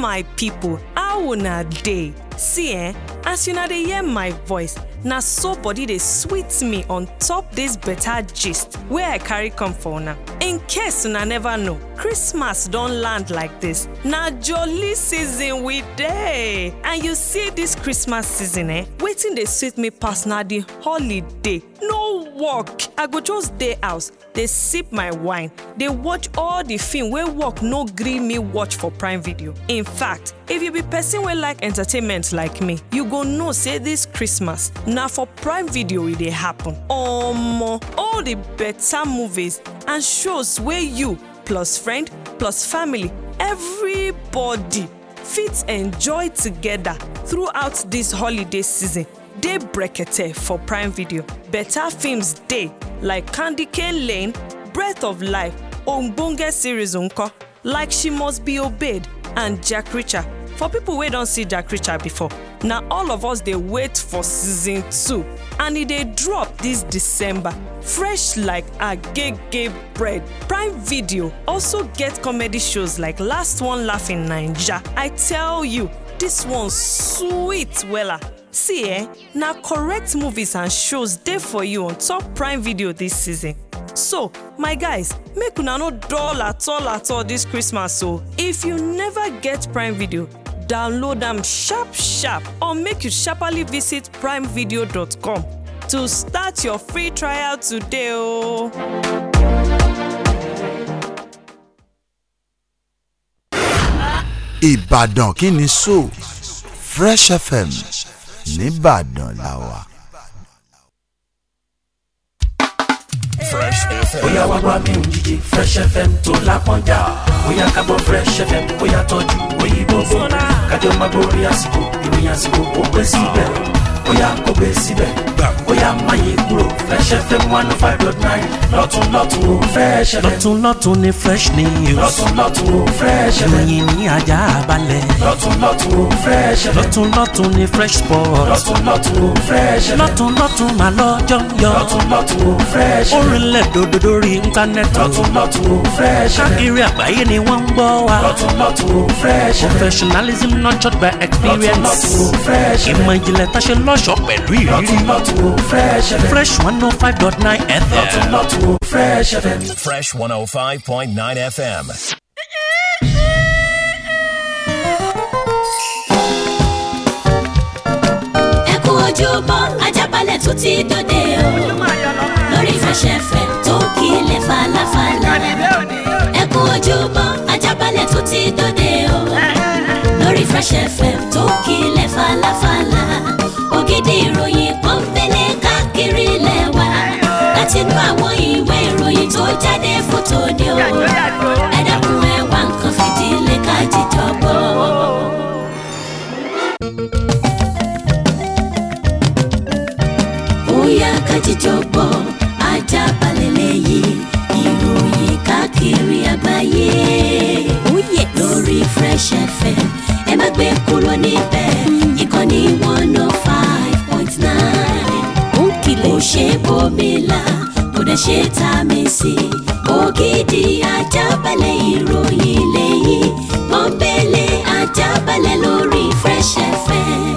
my people, how una dey see eh as una dey hear my voice na so body dey sweet me on top dis beta gist wey i carry come for una in case una never know christmas don land like dis na jolly season we dey and you see dis christmas season eh Waiting they sweet me pass na the holiday no work i go just dey house They sip my wine They watch all the film where work no gree me watch for prime video in fact if you be person where like entertainment like me you go know say this christmas Now for prime video it e dey happen omo all the better movies and shows where you plus friend plus family everybody fit enjoy together throughout this holiday season dey brekete for prime video better films dey like candy cane lane breath of life ogbonge series nko like she must be obeyed and jack reacher for people wey don see jack reacher before na all of us dey wait for season two and e dey drop this december fresh like agege bread prime video also get comedy shows like last one laugh in naija i tell you this one sweet wella see eh na correct movies and shows dey for you on top prime video this season so my guys make una no dull at all at all dis christmas o oh. if you never get prime video download am sharp sharp or make you sharply visit primevideo.com to start your free trial today o. Ìbàdàn kí ni so Fresh FM nìbàdàn làwà. fresh fm. bóyá wá wá mi ò jíjẹ fresh fm tó lápọ́njà bóyá kábọ̀ fresh fm bóyá tọ́jú òyìnbó bò kájọ máa gbórí àsìkò ìròyìn àsìkò ó pẹ́ síbẹ̀ bóyá kò gbé síbẹ̀ bóyá má yí kúrò Fresh FM one five dot nine lọ́tún lọ́tún ó Fresh FM. lọ́tún lọ́tún ni fresh news. lọ́tún lọ́tún ó Fresh FM. ìròyìn ní ajá balẹ̀. lọ́tún lọ́tún ó Fresh FM. lọ́tún lọ́tún ni fresh sport. lọ́tún lọ́tún ó Fresh FM. lọ́tún lọ́tún má lọ́jọ́ yọ. lọ́tún lọ́tún ó Fresh FM. orinlẹ̀ dòdò lórí íńtánẹ́ẹ̀tì. lọ́tún lọ́tún ó Fresh FM. káàkiri àgbáyé ni wọ́n ń gbọ́ wa. lọ́tún lọ́tún ó Fresh FM. professionalism nurtured by experience. lọ́tún lọ́tún Fresh FM. ìmọ̀ ìjìnlẹ̀ tá ṣọ́ pẹ̀lú ìrọ̀rùn. lọ́tùlọ́tù o fresh fm. fresh one oh five dot nine fm. lọ́tùlọ́tù o fresh fm. fresh one oh five point nine fm. Oh ẹ ojúbọ ajábalẹ̀ tó ti dòde o lórí fresh fm tó kílẹ̀ falafala ẹ ojúbọ ajábalẹ̀ tó ti dòde o lórí fresh fm tó kílẹ̀ falafala ògidì ìròyìn kan fẹlẹ káàkiri ilẹ̀ wa láti inú àwọn ìwé ìròyìn tó jáde fótó ni o ẹ dákun ẹ wá nǹkan fìdílé ká jíjọ gbọ́. bóyá ká jíjọ gbọ́ ajá balẹ̀ lẹ́yìn ìròyìn káàkiri àgbáyé oh lórí Fresh FM ẹ má gbé kúrò níbẹ̀ bòmílà kò dẹ̀ ṣe tá a mi sí. ògidì ajábalẹ̀ ìròyìn lẹ́yìn pọ́npẹ́lẹ́ ajábalẹ̀ lórí Fresh FM.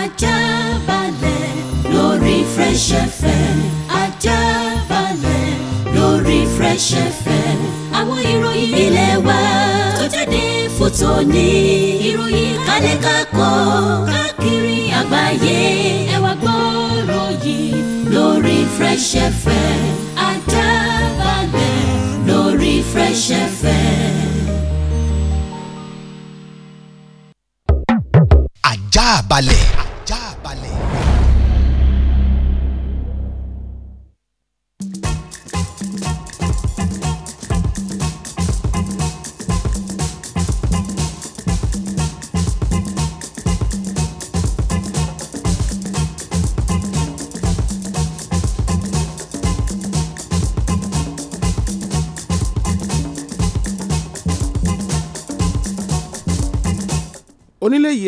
Ajábalẹ̀ lórí Fresh FM. Ajábalẹ̀ lórí Fresh FM. àwọn ìròyìn ilé wa ní fòtò ní ìròyìn kálẹ̀ kakọ́ káàkiri àgbáyé ẹ wá gbọ́rọ̀ yìí lórí Fresh FM Ajaabale lórí Fresh FM. Ajaabale.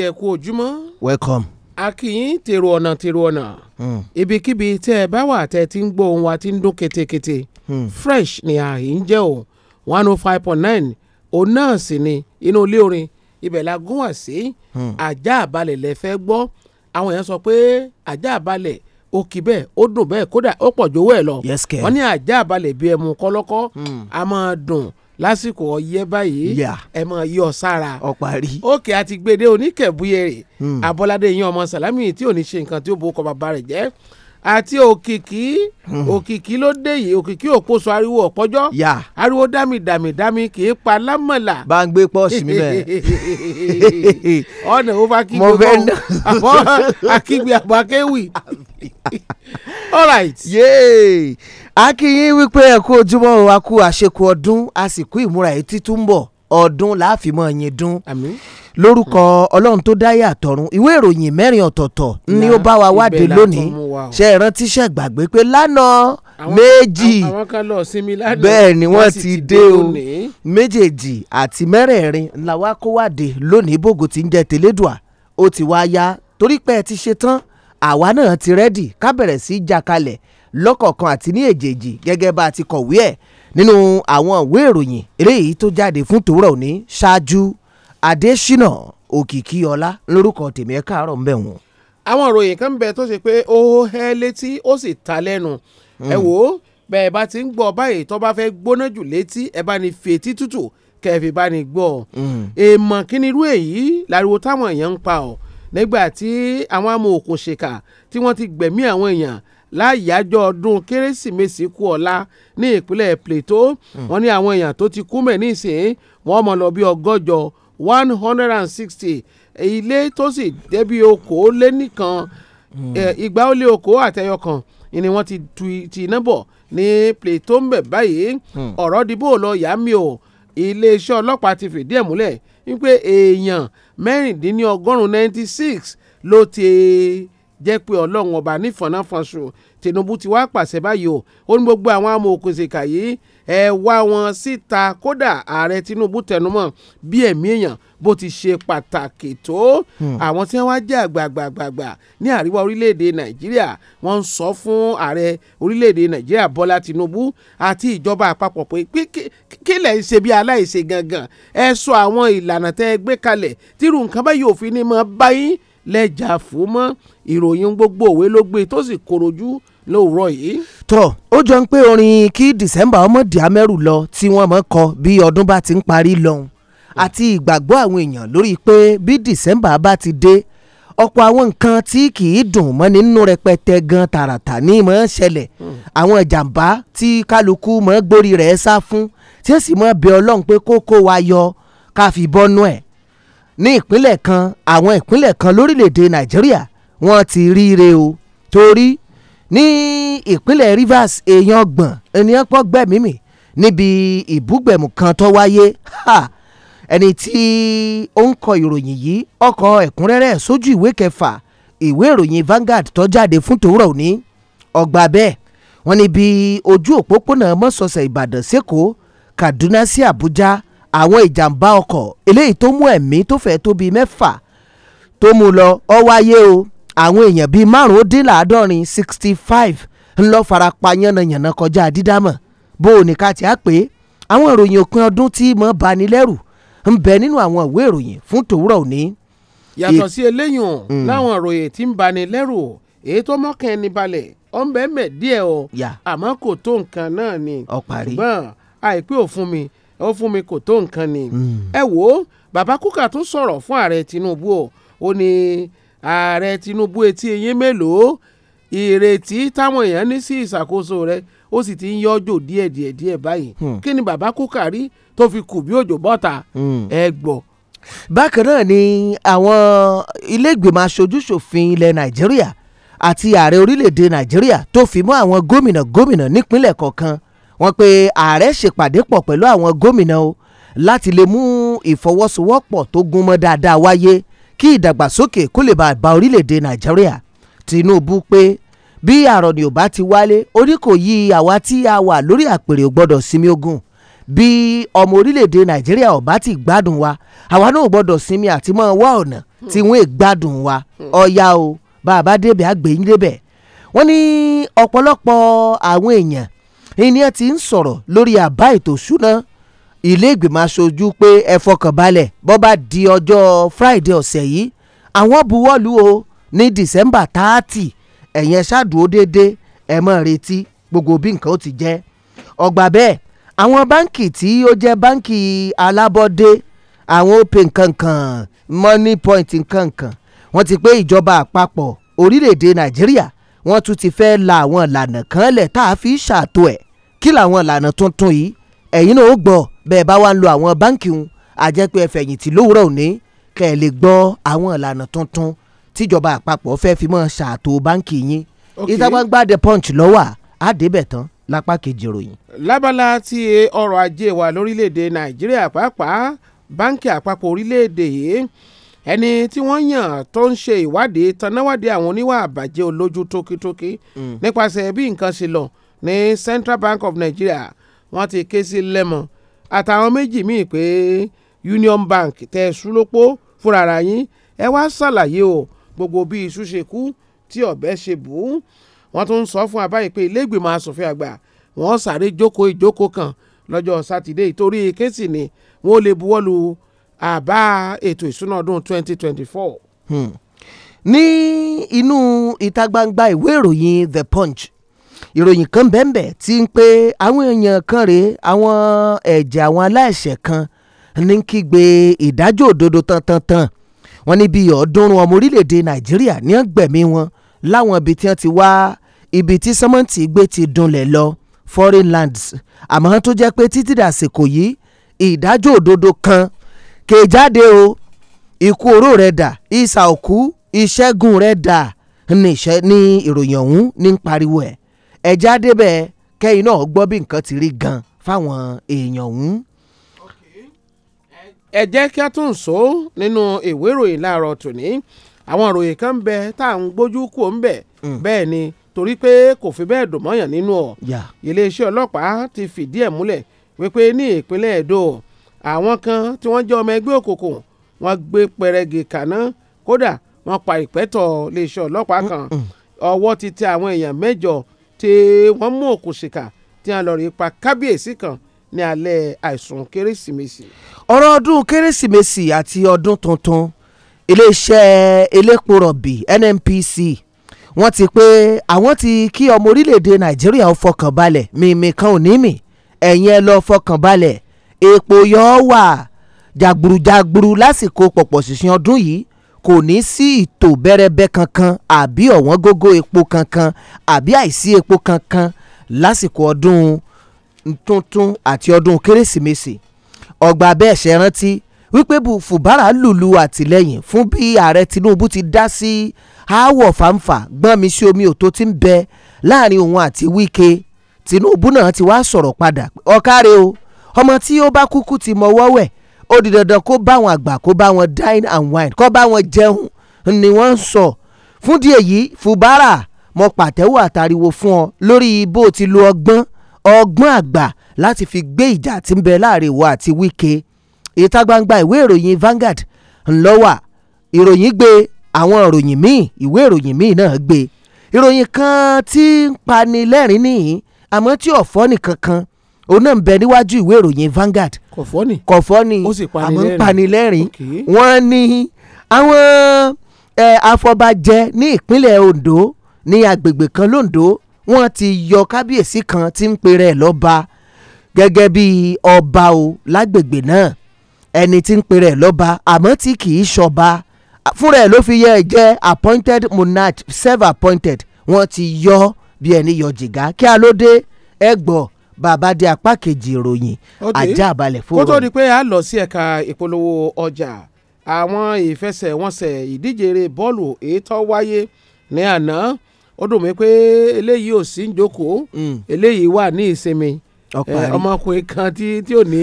ẹ kú ojúmọ́. welcome. a kì í tèrò ọ̀nà tèrò ọ̀nà. Hmm. ibikíbi tẹ́ ẹ bá wà tẹ́ ti ń gbọ́ ohùn wa ti ń dún ketekete. Hmm. fresh ni àyè ń jẹ́ o one oh five point nine òun náà sì ni inú ilé orin ibẹ̀ la gún wá sí hmm. ajá àbálẹ̀ lẹ fẹ́ gbọ́ àwọn èèyàn sọ pé ajá àbálẹ̀ ó kì bẹ́ẹ̀ ó dùn bẹ́ẹ̀ kódà ó pọ̀ jówó ẹ̀ lọ wọ́n ní ajá àbálẹ̀ bíi ẹmu kọ́lọ́kọ́ a máa dùn lásìkò ọyẹ báyìí ẹ mọ yọ sára ọparí òkè àti gbèdé oníkẹbùyẹrẹ hmm. abọ́ládé yín ọmọ sàlámì tí ò ní ṣe nǹkan tí ó bo ọkọ bàbá rẹ̀ jẹ́ àti òkìkí hmm. òkìkí ló dé yìí òkìkí òkóso ariwo ọ̀pọ̀jọ́ ariwo dámi dámi dámi kì í pa lámọ̀là. bá ń gbé pọ́ọ̀sì mi bẹ́ẹ̀. ọ̀nà òfa kígbe kan àbọ̀ akígbe àbọ̀ akéwì. all right. Yeah a kí yín wípé ẹ kú ojúmọ́ o a kú àṣekù ọdún a sì kú ìmúra èyí títún bọ̀ ọdún láàfimọ̀ yín dún lórúkọ ọlọ́run tó dáyé àtọ̀run ìwé ìròyìn mẹ́rin ọ̀tọ̀ọ̀tọ̀ ni ó bá wa wáde lónìí ṣe é rántí ṣe gbàgbé pé lánàá méjì bẹ́ẹ̀ ni wọ́n ti dé o méjèèjì àti mẹ́rẹ̀ẹ̀rin la wá kó wáde lónìí bògò tí ń jẹ tẹ́lẹ́dùà ó ti wá ya torí pé ẹ ti ṣe tán àwa náà ti rẹ́dì ká bẹ̀rẹ̀ sí í jà kalẹ̀ lọ́kọ̀ọ̀kan àti ní èjèèjì gẹ́gẹ́ bá a ti kọ̀wé ẹ̀ nínú àwọn ìwé ìròyìn eléyìí tó jáde fún tòwúrọ̀ òní ṣáájú Adésínà Òkìkíọlá lórúkọ tèmi ẹ̀ káàárọ̀ ń bẹ̀ wọ́n. àwọn ìròyìn kan bẹ tó ṣe pé ó hẹ́ létí ó sì ta lẹ́nu hmm. ẹ wò ó bẹ́ẹ̀ bá ti ń gbọ́ báyìí tó bá fẹ́ gbóná jù létí ẹ bá ní fètí tútù kẹfì bá ní gbọ́ hmm. èèmọ̀ kí ni irú èyí láriwo táwọn èèyàn ń pa ọ́ nígbà tí àwọn amòòkùnṣèkà tí wọ́n ti gbẹ̀mí àwọn èèyàn láyàájọ́ ọdún kérésìmesì kú ọ̀la ní ìpínlẹ̀ Plateau hmm. wọ́n ní àwọn èèyàn tó ti kú mẹ́ nísìnyí wọ́n mọ̀ lọ bí ọgọ́jọ one hundred and sixty ilé tó sì débi okòólénìkan igba hmm. eh, ó lé okòó àtẹyọ kan ni wọ́n ti ti iná bọ̀ ní Plateau ń bẹ̀ báyìí hmm. ọ̀rọ̀ dìbò lọ yá mi o iléeṣẹ́ ọlọ́pàá ti fìdí ẹ̀ múlẹ̀ wípé èèyàn mẹ́rìndínlọ́gọ́rùn-ún ninety six ló ti jẹ́ pé ọlọ́run ọba nífọ̀nàfọ̀nṣù Tinubu ti wá pàṣẹ báyìí o ó ní gbogbo àwọn amòòkùnṣèkà yìí ẹ wá wọn síta kódà ààrẹ Tinubu tẹnumọ́ bí ẹ̀mí èèyàn bó ti ṣe pàtàkì tó hmm. àwọn tí wọ́n wá jẹ́ àgbààgbààgbà ní àríwá orílẹ̀-èdè Nàìjíríà wọ́n ń sọ fún ààrẹ orílẹ̀-èdè Nàìjíríà Bọ́lá Tinubu àti ìjọba àpapọ̀ pé kí lẹ̀ ń ṣe bí aláìṣe gangan ẹ sọ àwọn ìlànà tẹ́ gbé kalẹ̀ tírú nǹkan báyìí òfin ni mo bá yín lẹ́jà fún mọ́ ìròyìn gbogbo òwe ló gbé e tó sì korojú lóòrọ̀ yìí. tọ ó jọ ń pé orin kí December ọmọdé amẹ́rù lọ tí wọ́n mọ̀ kọ bí ọdún bá ti ń parí lọ́hùn àti ìgbàgbọ́ àwọn èèyàn lórí pé bí December bá ti dé ọ̀pọ̀ àwọn nǹkan tí kì í dùn mọ́ nínú rẹpẹtẹ gan tààràtà ní mọ́ ṣẹlẹ̀ àwọn ìjàmbá tí kálukú mọ́ gbórí rẹ̀ sá fún tí ó sì mọ́ bẹ Ọlọ́run pé kó wa yọ ká bọ́nú ẹ̀ ní ìpínlẹ̀ kan àwọn ìpínlẹ̀ kan lórílẹ̀‐èdè nàìjíríà wọ́n ti rí ire o torí ní ìpínlẹ̀ Rivers èèyàn gbọ̀n ènìyàn pọ̀ gbẹ̀mímì níbi ìbúgbẹ̀mù kan tó wáyé ẹni tí ó ń kọ ìròyìn yìí ọkọ̀ ẹ̀kúnrẹ́rẹ́ sójú ìwé kẹfà ìwé ìròyìn Vanguard tó jáde fún tòwúrọ̀ òní ọgbà bẹ́ẹ̀ wọ́n ní bí ojú òpópónà mọ́sọ̀ọ̀sẹ̀ Ìbàdàn sẹ́kọ̀ọ́ Kaduna sí Àbújá àwọn ìjàmbá ọkọ̀ eléyìí tó mú ẹ̀mí tó fẹ́ tó bíi mẹ́fà tó mú lọ ó wáyé o àwọn èèyàn bíi márùndínláàádọ́rin sixty five ńlọ farapa yánnayànna kọjá dídámọ̀ bó o ní ká ti á pé àwọn ìròyìn òpin ọdún tí mo bá ní lẹ́rù ń bẹ nínú àwọn ìwé ìròyìn fún tòwúrọ̀ òní. yàtọ̀ sí eléyìí mm. láwọn ìròyìn tí ń bani lẹ́rù èyí tó mọ́kàn ẹni balẹ̀ ó ń bẹ́ẹ̀ mẹ́ díẹ̀ o àmọ́ kò tó nǹkan náà ni ṣùgbọ́n àìpé òfun mi ó fún mi kò tó nǹkan ni. Hmm. ẹ wò ó bàbá kúkà tún sọ̀rọ̀ fún ààrẹ tinubu o ó ní ààrẹ tinubu etí eyín mélòó ìrètí táwọn èèyàn ní sí ìṣàkóso rẹ̀ ó sì ti ń yọjò díẹ̀ díẹ̀ díẹ̀ báyìí hmm. kí ni bàbá kúkà rí tó fi kù bí òjò bọ́ta hmm. ẹ gbọ́. bákan náà ni àwọn ilé ìgbìmọ̀ aṣojúṣòfin nàìjíríà àti ààrẹ orílẹ̀-èdè nàìjíríà tó fi mọ́ àwọn gómìnà gómìnà nípínlẹ̀ kọ̀ọ̀kan wọ́n pe ààrẹ ṣèpàdé pọ̀ pẹ̀lú àwọn gómìnà o láti lè mú ìfọwọ́sowọ́pọ̀ tó gúnmọ́ dáadáa wáyé kí ìdàgbàsókè kó lè bá bá orílẹ̀-èdè nàìjíríà Tinubu pé bí àròní ò bá ti wálé orí kò yí àwa tí a wà lórí àpèrè ò gbọ́dọ̀ sinmi ogun bí ọmọ orílẹ̀-èdè nàìjíríà ò bá ti gbádùn wa àwa náà ò gbọ́dọ̀ sinmi àti mọ́ wá ọ̀nà tí wọ́n gbádùn wa ọ̀ya o bá débẹ̀ àgbẹ̀yìn débẹ̀ wọ́n ní ọ̀pọ̀lọpọ̀ àwọn èèyàn ènìyàn ti ń sọ̀rọ̀ lórí àbá ètò ìṣúná ilé ìgbìmọ̀ aṣojú pé ẹ fọkàn bọ́ bá di ọjọ́ Friday ọ̀sẹ̀ yìí àwọn buwọ́lu o ní December thirty ẹ̀yẹn ṣáàdúró déédéé ẹ mọ̀ retí gbogbo bí nǹkan ó ti jẹ́ ọgbà bẹ́ẹ̀ àwọn báǹkì tí ó jẹ́ báǹkì alábọ́dé àwọn open kankan money point kankan wọ́n ti pé ìjọba àpapọ̀ orílẹ̀-èdè Nàìjíríà wọ́n tún ti fẹ́ la àwọn ìlànà kan lẹ̀ tá a fi ṣàtò ẹ̀ kí làwọn ìlànà tuntun yìí ẹ̀yin náà ó gbọ́ bẹ́ẹ̀ bá wá ń lo àwọn báǹkì ń àjẹpẹ́ ẹ̀fẹ̀yìntì lówùrọ̀ òní kẹ́ ẹ̀ lè gbọ́ àwọn ìlànà tuntun tíjọba àpapọ̀ fẹ́ fi mọ́ ṣàtò báǹkì yín ìta the punch lọ́wọ́ àdébẹ̀ tán lápá kejì ròyìn. lábala ti ọrọ̀ ajé wa lórílẹ̀‐èdè nàìjíríà pàápàá báǹkì àpapọ̀ orílẹ̀‐èdè yìí ẹni tí wọ́n yàn tó ń ṣe ìwádìí tanáwádìí àwọn oníwà àbàjẹ́ olójú tókítókí hmm. nípasẹ̀ bí nǹkan ṣe lọ ní Central Bank of Nigeria wọ́n ti ké sí lẹ́mọ̀ àtàwọn méjì míì pé Union Bank tẹ̀ ṣú lópó fúnra yín ẹ wá ṣàlàyé o gbogbo bí iṣu ṣe kú tí ọ̀bẹ ṣe bù ú wọ́n tún sọ fún abáyé pé ilé ìgbìmọ̀ asòfin àgbà wọ́n sáré jókòó ìjókòó kan lọ́jọ́ sátidé ìtorí kéèsì ni wọ́n lè buwọ́lu àbá ètò ìsúná ọdún 2024. Hmm. ní inú ìta gbangba ìwé ìròyìn The Punch ìròyìn kan bẹ́ẹ̀nbẹ́ tí ń pé àwọn èèyàn kan rèé àwọn ẹ̀jẹ̀ àwọn aláìṣẹ̀ kan ní kígbe ìdájọ́ òdodo tantantan wọ́n ní bíi ọ̀ọ́dúnrún ọmọ orílẹ̀‐èdè nàìjíríà ní ọ̀gbẹ̀mí wọn láwọn ibi tí wọ́n ti wá ibi tí sẹ́mọ́ǹtì gbé ti dunlẹ̀ lọ foreign lands àmọ́ tó jẹ́ pé títí dàsìkò yìí ìdájọ́ òdodo kan kéjáde o ikú oró rẹ̀ dà ìsà òkú ìṣẹ́gun rẹ̀ dà ní ìròyìn ọ̀hún ní pariwo ẹ̀ ẹja débẹ̀ kẹ́yìn náà gbọ́ bí nǹkan ti rí gan fáwọn èèyàn ọ̀hún. ẹ jẹ́ kí a tún sọ nínú ìwé ìròyìn láàárọ̀ tòní àwọn ìròyìn kan ń bẹ tá à ń gbójú kú ó ń bẹ mm. bẹ́ẹ̀ ni torí pé kò fi bẹ́ẹ̀ dùn mọ́yàn nínú ọ̀ iléeṣẹ́ ọlọ́pàá ti fìdí ẹ̀ múlẹ̀ wípé ní ìpínlẹ̀ Èdò àwọn kan tí wọ́n jẹ́ ọmọ ẹgbẹ́ òkùnkùn wọ́n gbé pẹrẹgì kaná kódà wọ́n pa ìpẹ́tọ̀ iléeṣẹ́ ọlọ́pàá kan ọwọ́ ti tẹ àwọn èèyàn mẹ́jọ tí wọ́n mú òkú ṣìkà tí wọ́n lọ rí pa kábíyèsí kan ní alẹ́ àìsùn kérésìmesì. ọ̀rọ̀ ọdún kérésìmesì àti ọdún tuntun iléeṣẹ́ elépo rọ̀bì NNPC wọ́n ti pé àwọn ti kí ọmọ orílẹ̀-èdè nàìjíríà ó fọkàn balẹ̀ kan ò ní mì ẹ̀yin ẹ lọ fọkàn balẹ̀ èèpo yọ̀ọ́ wà jàgbùrùjàgbùrù lásìkò pọ̀pọ̀ ṣìnṣìn ọdún yìí kò ní sí ìtò bẹ́rẹ́bẹ́ kankan àbí ọ̀wọ́n gógó epo kankan àbí àìsí epo kankan lásìkò ọdún tuntun àti ọdún kérésìmesì ọgbà bẹ́ẹ̀ ṣe rántí wípé fùbárà lùlù àtìlẹ́yìn fún bí ààrẹ Tinubu ti dá sí aáwọ̀ fàǹfà gbọ́nmi sí omi òtó ti ń bẹ láàrin òun àti Wike Tinubu náà ti wá sọ̀rọ̀ padà ọ̀kárẹ́ o ọmọ tí ó bá kúkú ti mọwọ́ wẹ̀ ó di dandan kó bá wọn àgbà kó bá wọn dine and wine kó bá wọn jẹun ni wọ́n ń sọ fún díẹ̀ yìí fubara mo pàtẹ́wọ́ àtàriwo fún ọ lórí bó o ti lo ọgbọ́n ọgbọ́n àgbà láti fi gbé ìjà tí ń bẹ láàrin ìwọ àti Wike ìta gbangba ìwé ìròyìn Vanguard ńlọ́wà ìròyìn gbé àwọn ìròyìn míì ìwé ìròyìn míì náà gbé ìròyìn kan tí ń pani lẹ́rìn-ín nìyí àmọ́ tí ọ̀fọ́ nìkan kan òun náà ń bẹ níwájú ìwé ìròyìn Vanguard kọ̀fọ́nì kọ̀fọ́nì àmọ́ ń panilẹ́rìn wọ́n ní àwọn afọbajẹ ní ìpínlẹ̀ Ondo ní agbègbè kan l'Ondo wọ́n ti yọ kábíyèsí kan tí ń pèrè lọ́ba gẹ́gẹ́ bí ọba o lágbègbè náà ẹni tí ń pèrè lọ́ba àmọ́ tí kì í ṣọba fúnra ẹ̀ ló fi yẹ ẹ jẹ́ appointed monarch self appointed wọ́n ti yọ bí ẹni yọ jìgá kí a ló dé ẹ gbọ́ bàbá dé apá kejì ìròyìn ajá balẹ̀ fún wọn. kó tó di pé a lọ sí ẹ̀ka ìpolówó ọjà àwọn ìfẹsẹ̀wọnsẹ̀ ìdíje bọ́ọ̀lù èyí tó wáyé ní àná ó dùn mí pé eléyìí ò sí ń jókòó hmm. eléyìí wà ní ìsinmi ọmọkùnrin kan tí ò ní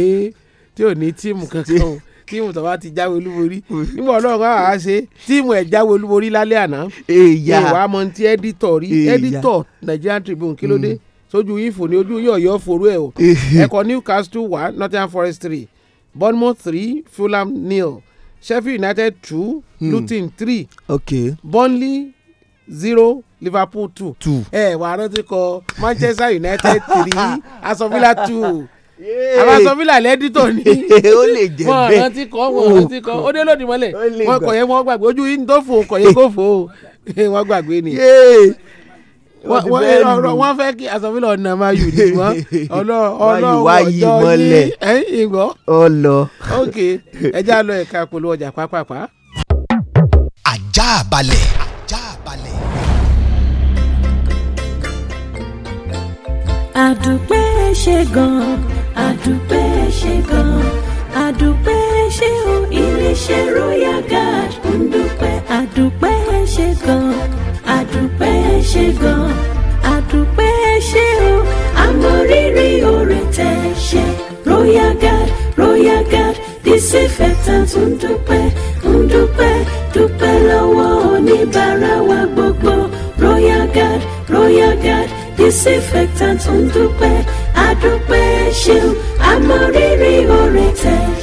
tí ò ní tíìmù kankan o tíìmù tó bá ti jáwé olúborí nígbà ọlọ́run kan àá ṣe tíìmù ẹ̀ jáwé olúborí lálẹ́ àná ìwà mọ̀ntí ẹ́dítọ̀ rí ẹ́dítọ̀ Nigerian Tribune kí ló dé. Mm sójú ifo ni ojú yọ̀ọ̀yọ̀ forú ẹ̀ o ẹ̀kọ́ Newcastle one Nottingham Forest three Bournemouth three Fulham nil Sheffield United two hmm. Luton three okay. Burnley zero Liverpool two ẹ Eh, á rántí kọ Manchester United three Aston Villa two àwọn Aston Villa lẹ́dítọ̀ ni ó lè jẹ bẹ́ẹ̀ wọ́n rántí kọ́ wọ́n rántí kọ́ ó dé lòdì mọ́lẹ̀ wọ́n kọ̀ yẹn wọ́n gbàgbé ojú yìí ń tó fò kọ̀ yẹn kó fò wọ́n gbàgbé ni wọ́n fẹ́ kí àsọfílẹ̀ ọ̀nà máa yù ní wọn ọlọ́wọ́ ọjọ́ ní ìgbọ́. ọlọ. ok ẹ já lọ ẹ̀ka polówó ọjà pápápá. ajá balẹ̀. ajá balẹ̀. àdùpẹ́ ṣe gan-an àdùpẹ́ ṣe gan-an àdùpẹ́ ṣe o iléeṣẹ́ royal guard ń dúpẹ́ àdùpẹ́ ṣe gan-an àdùpẹ́ ṣe gan àdùpẹ́ ṣe o àmọ̀rírì oore tẹ̀ ṣe royal guard royal guard disinfectant ń dúpẹ́ ń dúpẹ́ dúpẹ́ lọ́wọ́ oníbàárà wa gbogbo royal guard royal guard disinfectant ń dúpẹ́ àdùpẹ́ ṣe o àmọ̀rírì oore tẹ̀ ṣe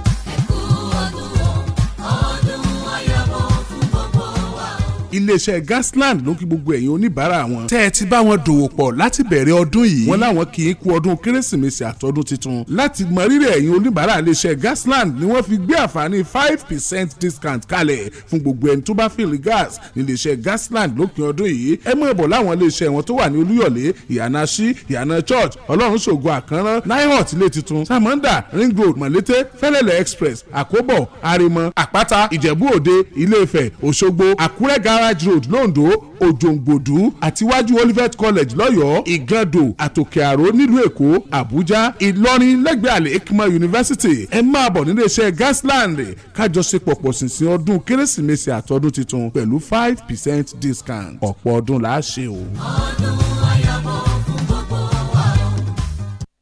iléeṣẹ́ Gasland ló kí gbogbo ẹ̀yin oníbàárà wọn tẹ́ ẹ ti bá wọn dòwò pọ̀ láti bẹ̀rẹ̀ ọdún yìí wọn láwọn kì í kú ọdún kérésìmesì àtọdún tuntun láti mọ rírì ẹ̀yin oníbàárà iléeṣẹ́ Gasland ni wọ́n fi gbé àǹfààní five percent discount kalẹ̀ fún gbogbo ẹni tó bá fìlì gas níléeṣẹ́ Gasland lópin ọdún yìí ẹ mọ̀ ẹ̀bọ̀ láwọn iléeṣẹ́ wọn tó wà ní Olúyọ̀lé ìyànà sí ìyànà church ọlọ́run ṣògo àkànrán nihot ilé tuntun samanda ring road mọ̀lété fẹ́lẹ́lẹ̀ express àkóbọ̀ àrèmọ àpáta ìjẹ̀bú òde ilé Ifẹ̀ òṣogbo àkúrẹ́ garage road londo òjòǹgbòdú àtiwájú olivet college lọ́yọ̀ọ́ ìgàndò àtòkèàró nílùú èkó àbújá ìlọrin lẹ́gbẹ̀ẹ́ àlè ekima university ẹ máa bọ̀ nílé iṣẹ́ gasland kájọṣepọ̀ pọ̀ ọdún kérésìmesì àtọdún tuntun pẹ̀lú five percent discount ọ̀pọ̀ ọdún là ṣe o. ọdún ayọ̀ fún gbogbo wa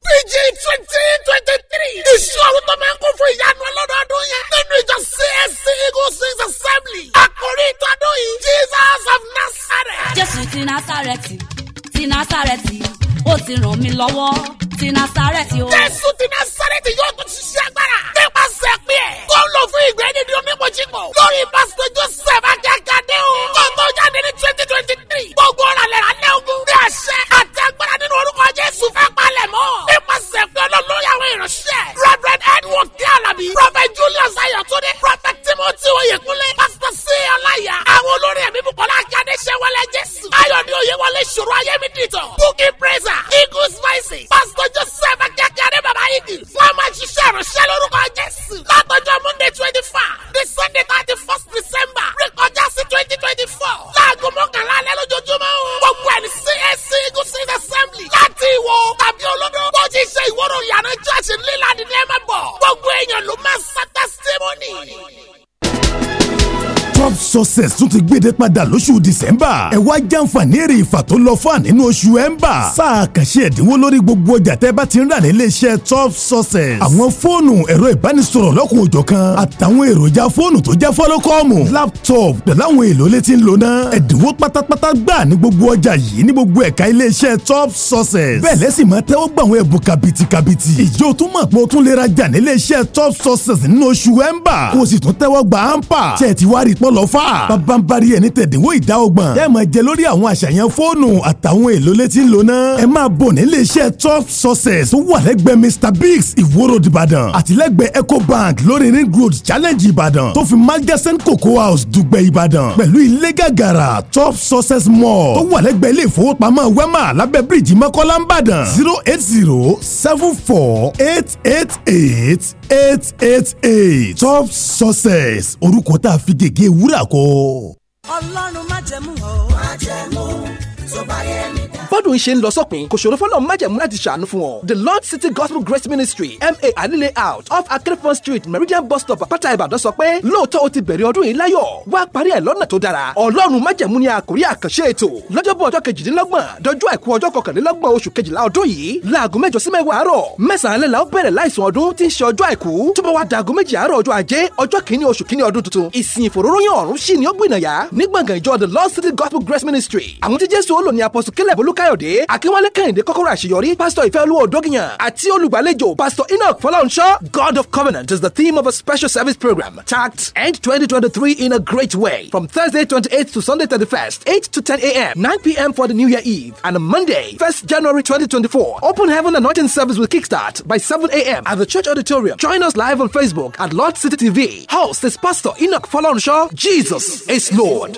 pg twenty twenty three. iṣẹ́ àwọn tó máa ń kún fún ìyanu ọlọ́dọọdún yẹn. nínú ìjọ CAC Eagle Sings Assembly. àkórí ìtọ́dún yìí Jesus of Nazareth. Jésù ti Nazareth ti Nazareth ó ti ràn mí lọ́wọ́ ti nasareti o. jésù ti nasareti yóò tún ṣiṣẹ́ agbára. nípasẹ̀ pé ẹ̀. kó lò fún ìgbẹ́ nínú onímọ̀jìmọ̀. lórí pásítọ̀ joseph akíákadé o. kó tó jáde ní twenty twenty three. gbogbo ọ̀rọ̀ alẹ́ rà lẹ́hùn. ní àṣẹ àti agbára nínú orúkọ jésù fẹ́ palẹ̀ mọ́. nípasẹ̀ pé ọlọ́lórí àwọn ìránṣẹ́. reverend edward kí alábí. prophet julius ayọ̀túndé. prophet timothy oyèkúnlé. pásítọ̀ sí ọláyà. àwọn olórin ẹ̀mí bukola akíáde ṣẹ́wọ́lẹ̀ jésù. ayọ̀dẹ oyèwọlé ṣòro ayé mi dìtọ̀. bukki praiser eagles voices. pásítọ̀ jésù ẹ̀ máa kíákíá ní bàbá yìí dì. fún ọmọ ìṣiṣẹ́ ìránṣẹ́ lórúkọ jésù. látọjọ́ monday twenty four ní sunday thirty first december rékọjá sí twenty twenty four. láago mọ́kànlá alẹ́ lójoojúmọ́ o. gbogbo ẹni CAC eagles assembly. láti ìwọ tàbí olódó. bó ti ṣe ìwọ́rò ìyànà church ńlẹ́lá ni ẹ máa bọ̀. gbogbo èèyàn ló máa ń sá testimony top success tún ti gbéde padà lóṣù december ẹ wá jàǹfààní èrè ìfà tó lọ fún ànínú oṣù ember sáà kàṣe ẹ̀dínwó lórí gbogbo ọjà tẹ́ bá ti ń rà nílé iṣẹ́ top success àwọn fóònù ẹ̀rọ ìbánisọ̀rọ̀ lọ́kùn òjọ̀ kan àtàwọn èròjà fóònù tó jẹ́ fọ́lọ́kọ́ọ̀mù laptop pẹ̀lú àwọn èlò létí ń lò náà ẹ̀dínwó pátápátá gbà ní gbogbo ọjà yìí ní gbogbo ẹ̀ka ilé iṣẹ́ top success bẹ́ẹ̀ lẹ́sìn máa tẹ́wọ́ gbà àwọn ẹ̀bùn kàbìtì kàbìtì ìjọ tún mọ̀ pé o tún lè rajà ampa tẹ̀ tí lọ́lọ́fà bábánbárí ẹ̀ ní tẹ̀dínwó ìdá ọgbọ̀n tẹ́ máa jẹ lórí àwọn àṣàyàn fóònù àtàwọn èlò létí ń ẹ máa bọ̀ nílé iṣẹ́ top success wà lẹ́gbẹ̀ẹ́ Mr Biggs Iwo Ìbàdàn àtìlẹ́gbẹ̀ẹ́ Ecobank lórí ring road challenge Ìbàdàn tó fi magasin cocoa house Dùgbẹ̀ Ìbàdàn pẹ̀lú ilé gàgàrà top success mall tó wà lẹ́gbẹ̀ẹ́ ilé ìfowópamọ́ Wema lábẹ́ bíríìjì Mọ́kọ́lá ń bàdàn zero eight zero seven four eight eight eight eight eight eight top success orúkọ tá a fi gègé wúrà kọ. ọlọ́run má jẹ́ mú ọ. má jẹ́ mú bọ́dún ṣe ń lọ sópin kò ṣòro fọlọ́ májẹ̀mú láti ṣàánú fún ọ. the lord city gospel grace ministry ma alile out off akérèfọ́n street meridian bus stop àpáta ìbàdàn sọ pé lóòótọ́ o ti bẹ̀rẹ̀ ọdún yìí láyọ̀ wá parí ẹ̀ lọ́nà tó dára ọlọ́run májẹ̀mú ni àkórí àkànṣe ètò lọ́jọ́bọ̀ ọjọ́ kejìdínlọ́gbọ̀n dọjọ́ àìkú ọjọ́ kọkànlélọ́gbọ̀n oṣù kejìlá ọdún yìí láago mẹ́jọ sí mẹ́wàá àárọ̀ mẹ́sàn-án lẹ́la ó bẹ̀rẹ̀ láìsùn ọdún tí ń ṣe ọjọ́ àìkú tó bá wá dàgọ́ méjì àárọ̀ ọjọ́ ajé ọjọ́ the lord city gospel grace ministry àwọn tí jésù sóòlù ni apọ́sù kílẹ̀bù kẹ́hìndé òdógìyàn àti olùgbàlejò enoch god of is the theme of a special service program tagged end 2023 in a great way from thursday 28th to sunday 31st 8 to 10 a.m 9 p.m for the new year eve and monday 1st january 2024 open heaven anointing service will kickstart by 7 a.m at the church auditorium join us live on facebook at lord city tv host is pastor enoch jesus is lord.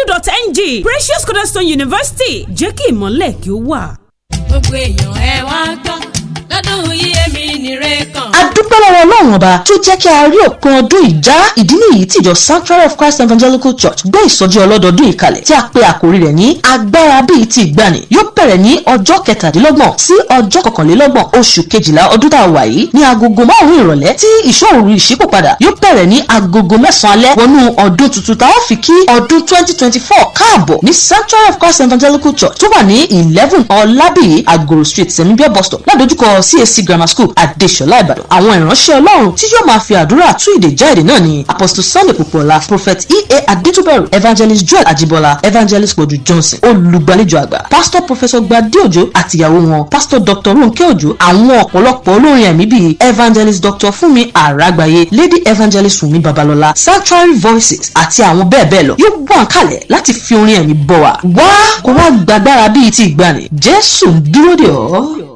edu.ng Precious Cornerstone University jẹ́ kí ìmọ̀lẹ̀ kí ó wà. gbogbo èèyàn ẹ wá gbọ́ lọ́dún yìí èmi nìre kan. a dúpẹ́ lọ́wọ́ ọlọ́run ọba tó jẹ́ kí a rí òpin ọdún ìjà ìdí nìyí tí ìjọ sanctuary of christ evangelical church gbé ìsọjí ọlọ́dọọdún ìkàlẹ̀ tí a pe àkórí rẹ̀ ní agbára bíi ti ìgbàanì yóò bẹ̀rẹ̀ ní ọjọ́ kẹtàdínlọ́gbọ̀n sí ọjọ́ kọkànlélọ́gbọ̀n oṣù kejìlá ọdún tá a wà yìí ní agogo márùn-ún ìrọ̀lẹ́ tí ìṣòro ìṣípòpadà yóò bẹ̀rẹ̀ ní agogo mẹ́sàn-án alẹ́ wọnú ọdún tuntun tá a fi kí ọdún twenty twenty four káàbọ̀ ní sanctuary of christ evangelical church tó wà ní eleven ọlábìyí agoro street sẹ́mibíọ́ bus stop ládojúkọ hall CAC grammar school Adéṣọlá Ìbàdàn àwọn ìránṣẹ́ Ọlọ́run tí yóò máa fi àdúrà tú ìdè já náà ni Apostle Sunday Popoola Prophet EA Adétúbẹ̀rù Evangelist Joel Ajibola Evangelist Modu Johnson olùgbàlejò àgbà Pastor Professor Gbadé Òjó àtìyàwó wọn Pastor Dr. Ronke Òjó àwọn ọ̀pọ̀lọpọ̀ olórin ẹ̀mí bíi Evangelist Dr. Fúnmi Aragbaye, Lady Evangelist Wunmi Babalọlá Sanctuary Voices àti àwọn bẹ́ẹ̀ bẹ́ẹ̀ lọ yóò wà kálẹ̀ láti fi orin ẹ̀mí bọ̀ wá wá kó wá gbàgbára bíi ti ìgbàanì Jésù ń dúró dè ọ́.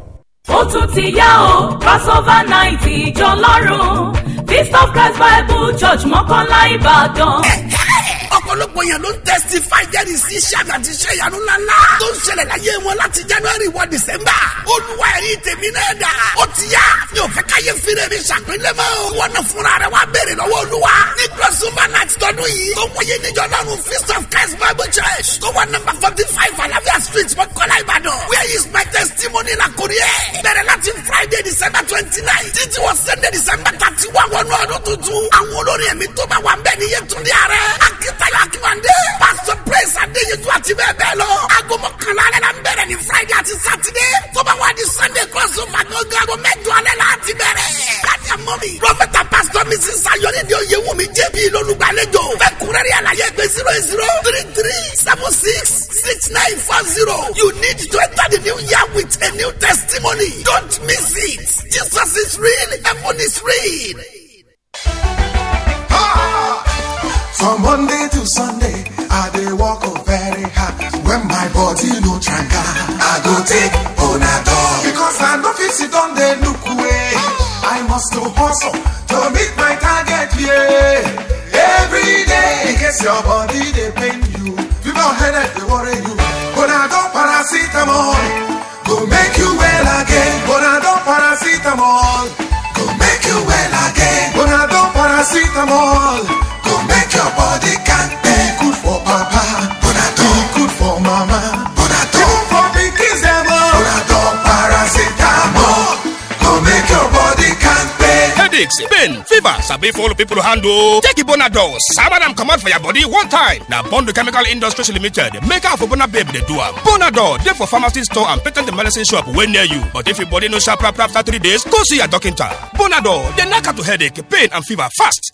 ó tún ti yá o crossover night ìjọ lọ́rùn feast of christ bible church mọ́kànlá ìbàdàn oh, ọ̀pọ̀lọpọ̀ yẹn ló ń testify jẹ́rìí sí iṣẹ́ àgbàtí iṣẹ́ ìyanu ńláńlá tó ń ṣẹlẹ̀ láyé wọn láti january wọ december olúwa ẹ̀rí tèmi náà dà ó ti yá mi ò fẹ́ káyé fire mi ṣàpínlẹ̀ mọ́ o wọn náà fúnra rẹ̀ wá béèrè lọ́wọ́ olúwa ní crossover night tọdún yìí tó wáyé níjọ lọ́run feast of christ bible church tó wà number forty five alavia street mọ́kànlá ìbàdàn where is my testimony la kò rí ẹ̀ bẹ̀rẹ̀ láti friday december twenty nine títí wọ sunday december thirty one wọnú ọdún tuntun àwọn olórin ẹ̀mí tó bá wà ń bẹ̀ níyẹn tún ní ààrẹ akitaya akimande pastor praise adéyẹjú àti bẹ́ẹ̀ bẹ́ẹ̀ lọ. aago mọ́kànlá alẹ́ la ń bẹ̀rẹ̀ ní friday àti saturday tó bá wà ní sunday cross over gangan aago mẹ́jọ alẹ́ la ti bẹ̀rẹ̀. láti ẹ̀mọ́ mi. prọfẹ̀tà pastor mrs sayoni ni oyè wumi jp lọ́lùgbàlejò. fẹ́kúrẹ́rì àlàyé pé zero zero three three seven six six nine four zero. you need to enter the new year with a new testimony. don't miss it. jesus is real heaven is real. From Monday to Sunday, I dey walk up very hard. When my body no tranga, I go take dog Because I no fit sit on the look way. I must to hustle to meet my target, yeah. Every day, in case your body dey pain you, fever headache dey worry you. don't paracetamol go make you well again. don't paracetamol go make you well again. don't paracetamol. sabi for all people hand o take ibonadol sabi am comot for your body one time na bondo chemical Industries limited maker of obonababe dey do am bonadol dey for pharmacy store and patent medicine shop wey near you but if your body no sharp after three days go see your doctor bonadol dey knack out headache pain and fever fast.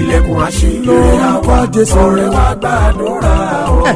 ilẹ̀kùn àṣeyọrẹ àwa jésù ọ̀rẹ́ wa gbàdúrà o.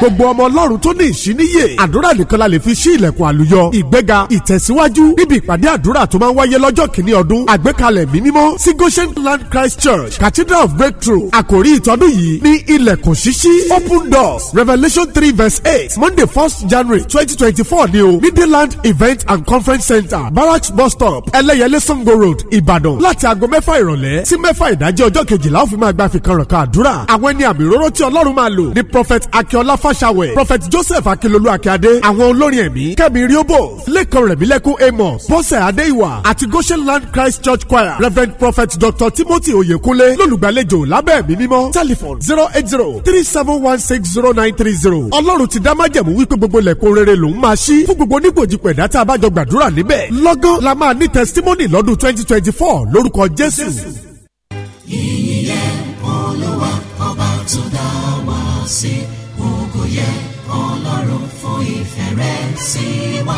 gbogbo ọmọ ọlọ́run tó ní ìṣíníyè àdúrà nìkan la lè fi ṣí ilẹ̀kùn àlùyọ ìgbéga ìtẹ̀síwájú níbi ìpàdé àdúrà tó máa ń wáyé lọ́jọ́ kìíní ọdún àgbékalẹ̀ mi mímọ́ sí Goshen Land Christ Church Cathedral of Breakthrough àkòrí ìtọ́dún yìí ní ilẹ̀kùn ṣíṣí open doors Revelation three verse eight Monday first January twenty twenty four ni o Midland Event and Conference Center Barracks bus stop Ẹlẹ́yẹlé Sango Road Ìbàdàn láti aago mẹ́fà ìrọ̀lẹ́ sí mẹ́fà ìdájẹ́ ọjọ́ kejì kejìlá ó fi máa gba fìkan ràn ká àdúrà àwọn ẹni àmì òróró tí ọlọ́run máa lò ní prophet akiola fashawe prophet joseph akilolu akiade àwọn olórin ẹ̀mí kẹ́mi riobo lẹ́kan rẹ̀mílẹ́kún amos bọ́sẹ̀ adéìwà àti goshen land christ church choir reverend prophet dr timothy oyekunle lólùgbàlejò lábẹ́ ẹ̀mí mímọ́ telephone zero eight zero three seven one six zero nine three zero ọlọ́run ti dá májẹ̀mú wípé gbogbo lẹ̀kọ́ rere lòún máa ṣí fún gbogbo onígbòjìpẹ̀ la máa ní testimony lọ́dún twenty twenty four lórúkọ jésù. nasi ukuje rẹ̀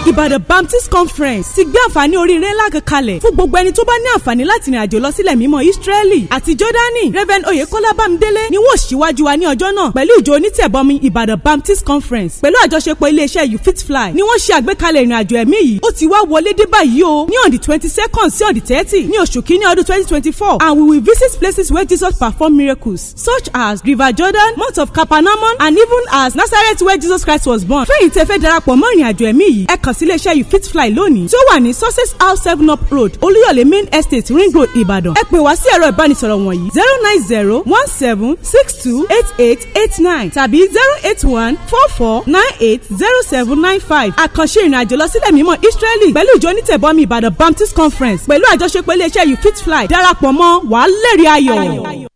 Ìbàdàn Baptist Conference ti gbé àǹfààní oríire ńlá kan kalẹ̀ fún gbogbo ẹni tó bá ní àǹfààní láti rìn àjò lọ sílẹ̀ mímọ́ Ísírẹ́lì àti Jọ́dánì Reverend Oyèkọ́lá Bámidélé ni wọ́n ṣíwájú wa ní ọjọ́ náà pẹ̀lú ìjọ onítẹ̀bọmi Ìbàdàn Baptist Conference pẹ̀lú àjọṣepọ̀ iléeṣẹ́ You Fit Fly ni wọ́n ṣe àgbékalẹ̀ ìrìn àjò ẹ̀mí yìí ó ti wá wọlé dé báyìí o ní on the twenty second sí on the thirty ní oṣù kínní ọdún twenty twenty four and we will visit places where Jesus performed miracles such as River Jordan, Mount of Capernaum and even as Nazareth where Jesus Christ was born. fẹ́yìntì ẹ fẹ́ darapọ̀ mọ́ ìrìn àjò ẹ̀mí yìí ẹ kàn sí iléeṣẹ́ you fit fly lónìí tí ó wà ní success house seven up road olúyọ̀lé main estate ring road ìbàdàn ẹ pè wá sí ẹ̀rọ ìbánisọ̀rọ̀ wọ̀nyí zero nine zero one seven six two eight eight eight nine tàbí zero eight one four four nine eight zero seven nine five àkànṣe ìrìn àjò lọ sílẹ̀ mímọ́ israeli pẹ̀lú ìjọ onítẹ̀bọmi ìbàdàn baptist conference pẹ̀lú àjọṣepọ̀ iléeṣẹ́ you fit fly darapọ̀ mọ́ wàá lẹ́rìí ayọ̀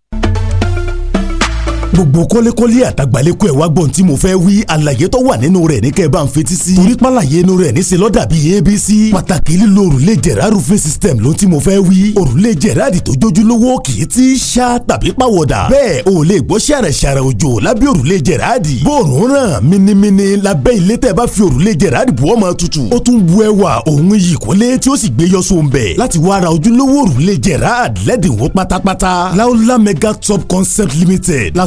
gbogbo kọ́lékọ́lé àtàgbàlékọ́ ẹ̀ wá gbọ́n tí mo fẹ́ wí àlàyé tó wà nínú rẹ̀ ní kẹ́ ẹ bá ń fetí sí. torí pàlàyé inú rẹ̀ níṣẹ́ lọ́dà bíi abc pàtàkì lílo òrùlé jẹ̀rá roofing system ló tí mo fẹ́ wí. òrùlé jẹ̀rá àdì tó jójúlówó kì í ti ṣá tàbí pàwọ̀dà. bẹ́ẹ̀ o lè gbọ́ ṣàrẹ̀ṣàrẹ̀ òjò lábẹ́ òrùlé jẹ̀rá àdì. bóòrùn ràn minimini lábẹ́ ilé tẹ́ bá fi òrùlé jẹ̀rá àdì bu ọmọ tutù. ó tún bu ẹwà òun iyì kọ́lé tí ó sì gbé yọ sóńbẹ̀. láti wá ra ojúlówó òrùlé mega top concept limited la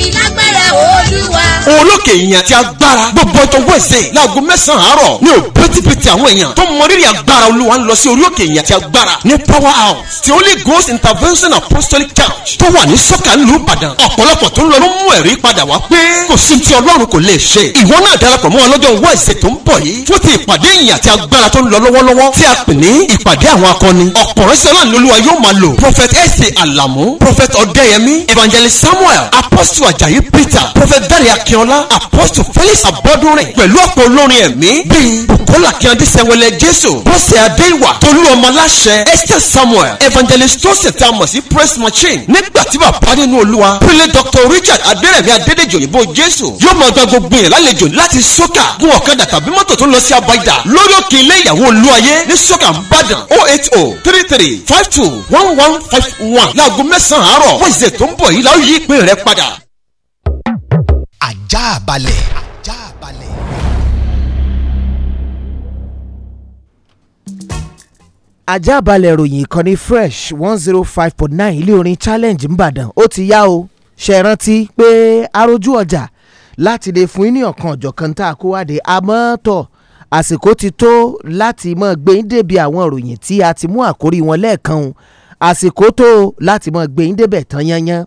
mi lágbára. olúwa. olókè èèyàn ti agbára gbogbo ọjọ́ wẹ̀sẹ̀ láago mẹ́sàn-án àárọ̀ ní o bẹ́tìbẹ́tì àwọn èèyàn tó mọrírì agbára olúwa ń lọ sí olókè èèyàn ti agbára ní power house ti holy ghost intervention apostolic church tó wà ní sọ́kà ńlú ìbàdàn ọ̀pọ̀lọpọ̀ tó ń lọ ló mú ẹ̀rí padà wá pé kò sí ti ọlọ́run kò lè ṣe ìwọ náà darapọ̀ mọ́ ọlọ́jọ́ wẹ̀sẹ̀ tó ń bọ̀ yìí fún ti ìpàdé èèyàn ti agbára tó ń lọ lọ́wọ́lọ́wọ́ tí a pè ní ìpàdé àwọn akọni ọ̀pọ̀rọ̀ sọ́lá lolúwa yóò máa lò prophet ẹ̀sìn evangelist samuel apostle ajayi peter pastor prophet dare akínọlá apostle felix abọ́dúnrìn pẹ̀lú ọ̀pọ̀ olórin ẹ̀mí bíi bukola kíndé sẹ́wẹ́lẹ́ jésù bọ́sẹ̀ adéwà tolú ọmọ aláṣẹ esther samuel evangelist joseph tá a mọ̀ sí press machine nígbà tí bàbá nínú olúwa pélé dr richard adérẹ̀mí adédèjì òyìnbó jésù yóò máa gba gbogbo yẹn lálejò láti sókà gun ọ̀kadà tàbí mọ́tò tó lọ sí abáyídà lórí òkè ilé ìyàwó olúwayé ní sókà nìbàdàn oh eight oh three three five two one one five one láago mẹ́sàn-án àárọ̀ wọ́n ìṣe tó ń bọ̀ yìí la ó yí ìpín rẹ̀ padà. Ajabale. Ajabale. Ajabale. balẹ̀. ròyìn ìkànnì fresh one zero five point nine ilé orin challenge nìbàdàn ó ti yá o ṣe rántí pé arojú ọjà láti lè fún yín ní ọ̀kan ọ̀jọ̀kan tá a kó wáde àmọ́ tọ̀ àsìkò ti tó láti mọ̀ gbẹ̀yìn débi àwọn ìròyìn tí a ti mú àkórí wọn lẹ́ẹ̀kan o àsìkò tó láti mọ̀ gbẹ̀yìn débẹ̀ tán yányán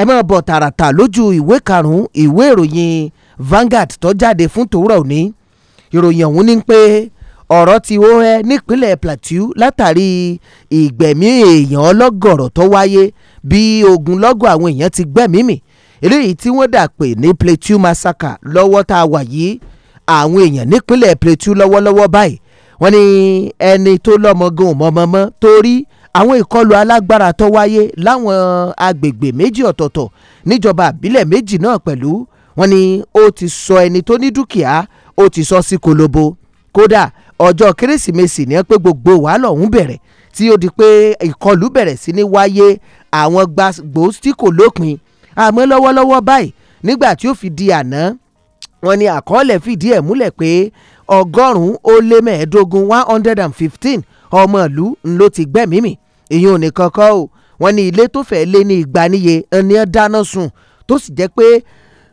ẹ máa bọ̀ tààràtà lójú ìwé karùn-ún ìwé ìròyìn Vanguard tó jáde fún tòwúrọ̀ òní ìròyìn ọ̀hún ní pé ọ̀rọ̀ ti wó ẹ́ nípínlẹ̀ Plateau látàrí ìgbẹ̀mí èèyàn ọlọ́gọ̀rọ̀ tó wáyé bí ogunlọ́gọ̀ àwọn èèyàn ti gbẹ̀mí mì eléyìí tí wọ́n dà pé ní Plateau massacre lọ́wọ́ tá a wà yìí àwọn èèyàn nípínlẹ̀ Plateau lọ́wọ́lọ́wọ́ báyìí wọ́n ní ẹni tó lọ́mọ gan mọ́mọ́mọ́ torí àwọn ìkọlù alágbára tó wáyé láwọn agbègbè méjì ọ̀tọ̀ọ̀tọ̀ níjọba àbílẹ̀ méjì náà pẹ̀lú wọn ni ó ti sọ ẹni tó ní dúkìá ó ti sọ sí kolobo kódà ọjọ́ kérésìmesì ni pé gbogbo wàhálà ọ̀hún bẹ̀rẹ̀ tí ó di pé ìkọlù bẹ̀rẹ̀ sí ní wáyé àwọn gbàgbó tí kò lópin àmọ́ lọ́wọ́lọ́wọ́ báyìí nígbà tí ó fi di àná wọn ni àkọọ́lẹ̀ fìdí ẹ̀ múlẹ̀ pé ọgọ́rùn-ún ó lé mẹ́ẹ̀ẹ́dógún one hundred and fifteen ọmọ ìlú ló ti gbẹ́mìí mì èyí ò ní kankan o wọ́n ní ilé tó fẹ́ lé ní ìgbà ẹni ẹ dáná sun tó sì jẹ́ pé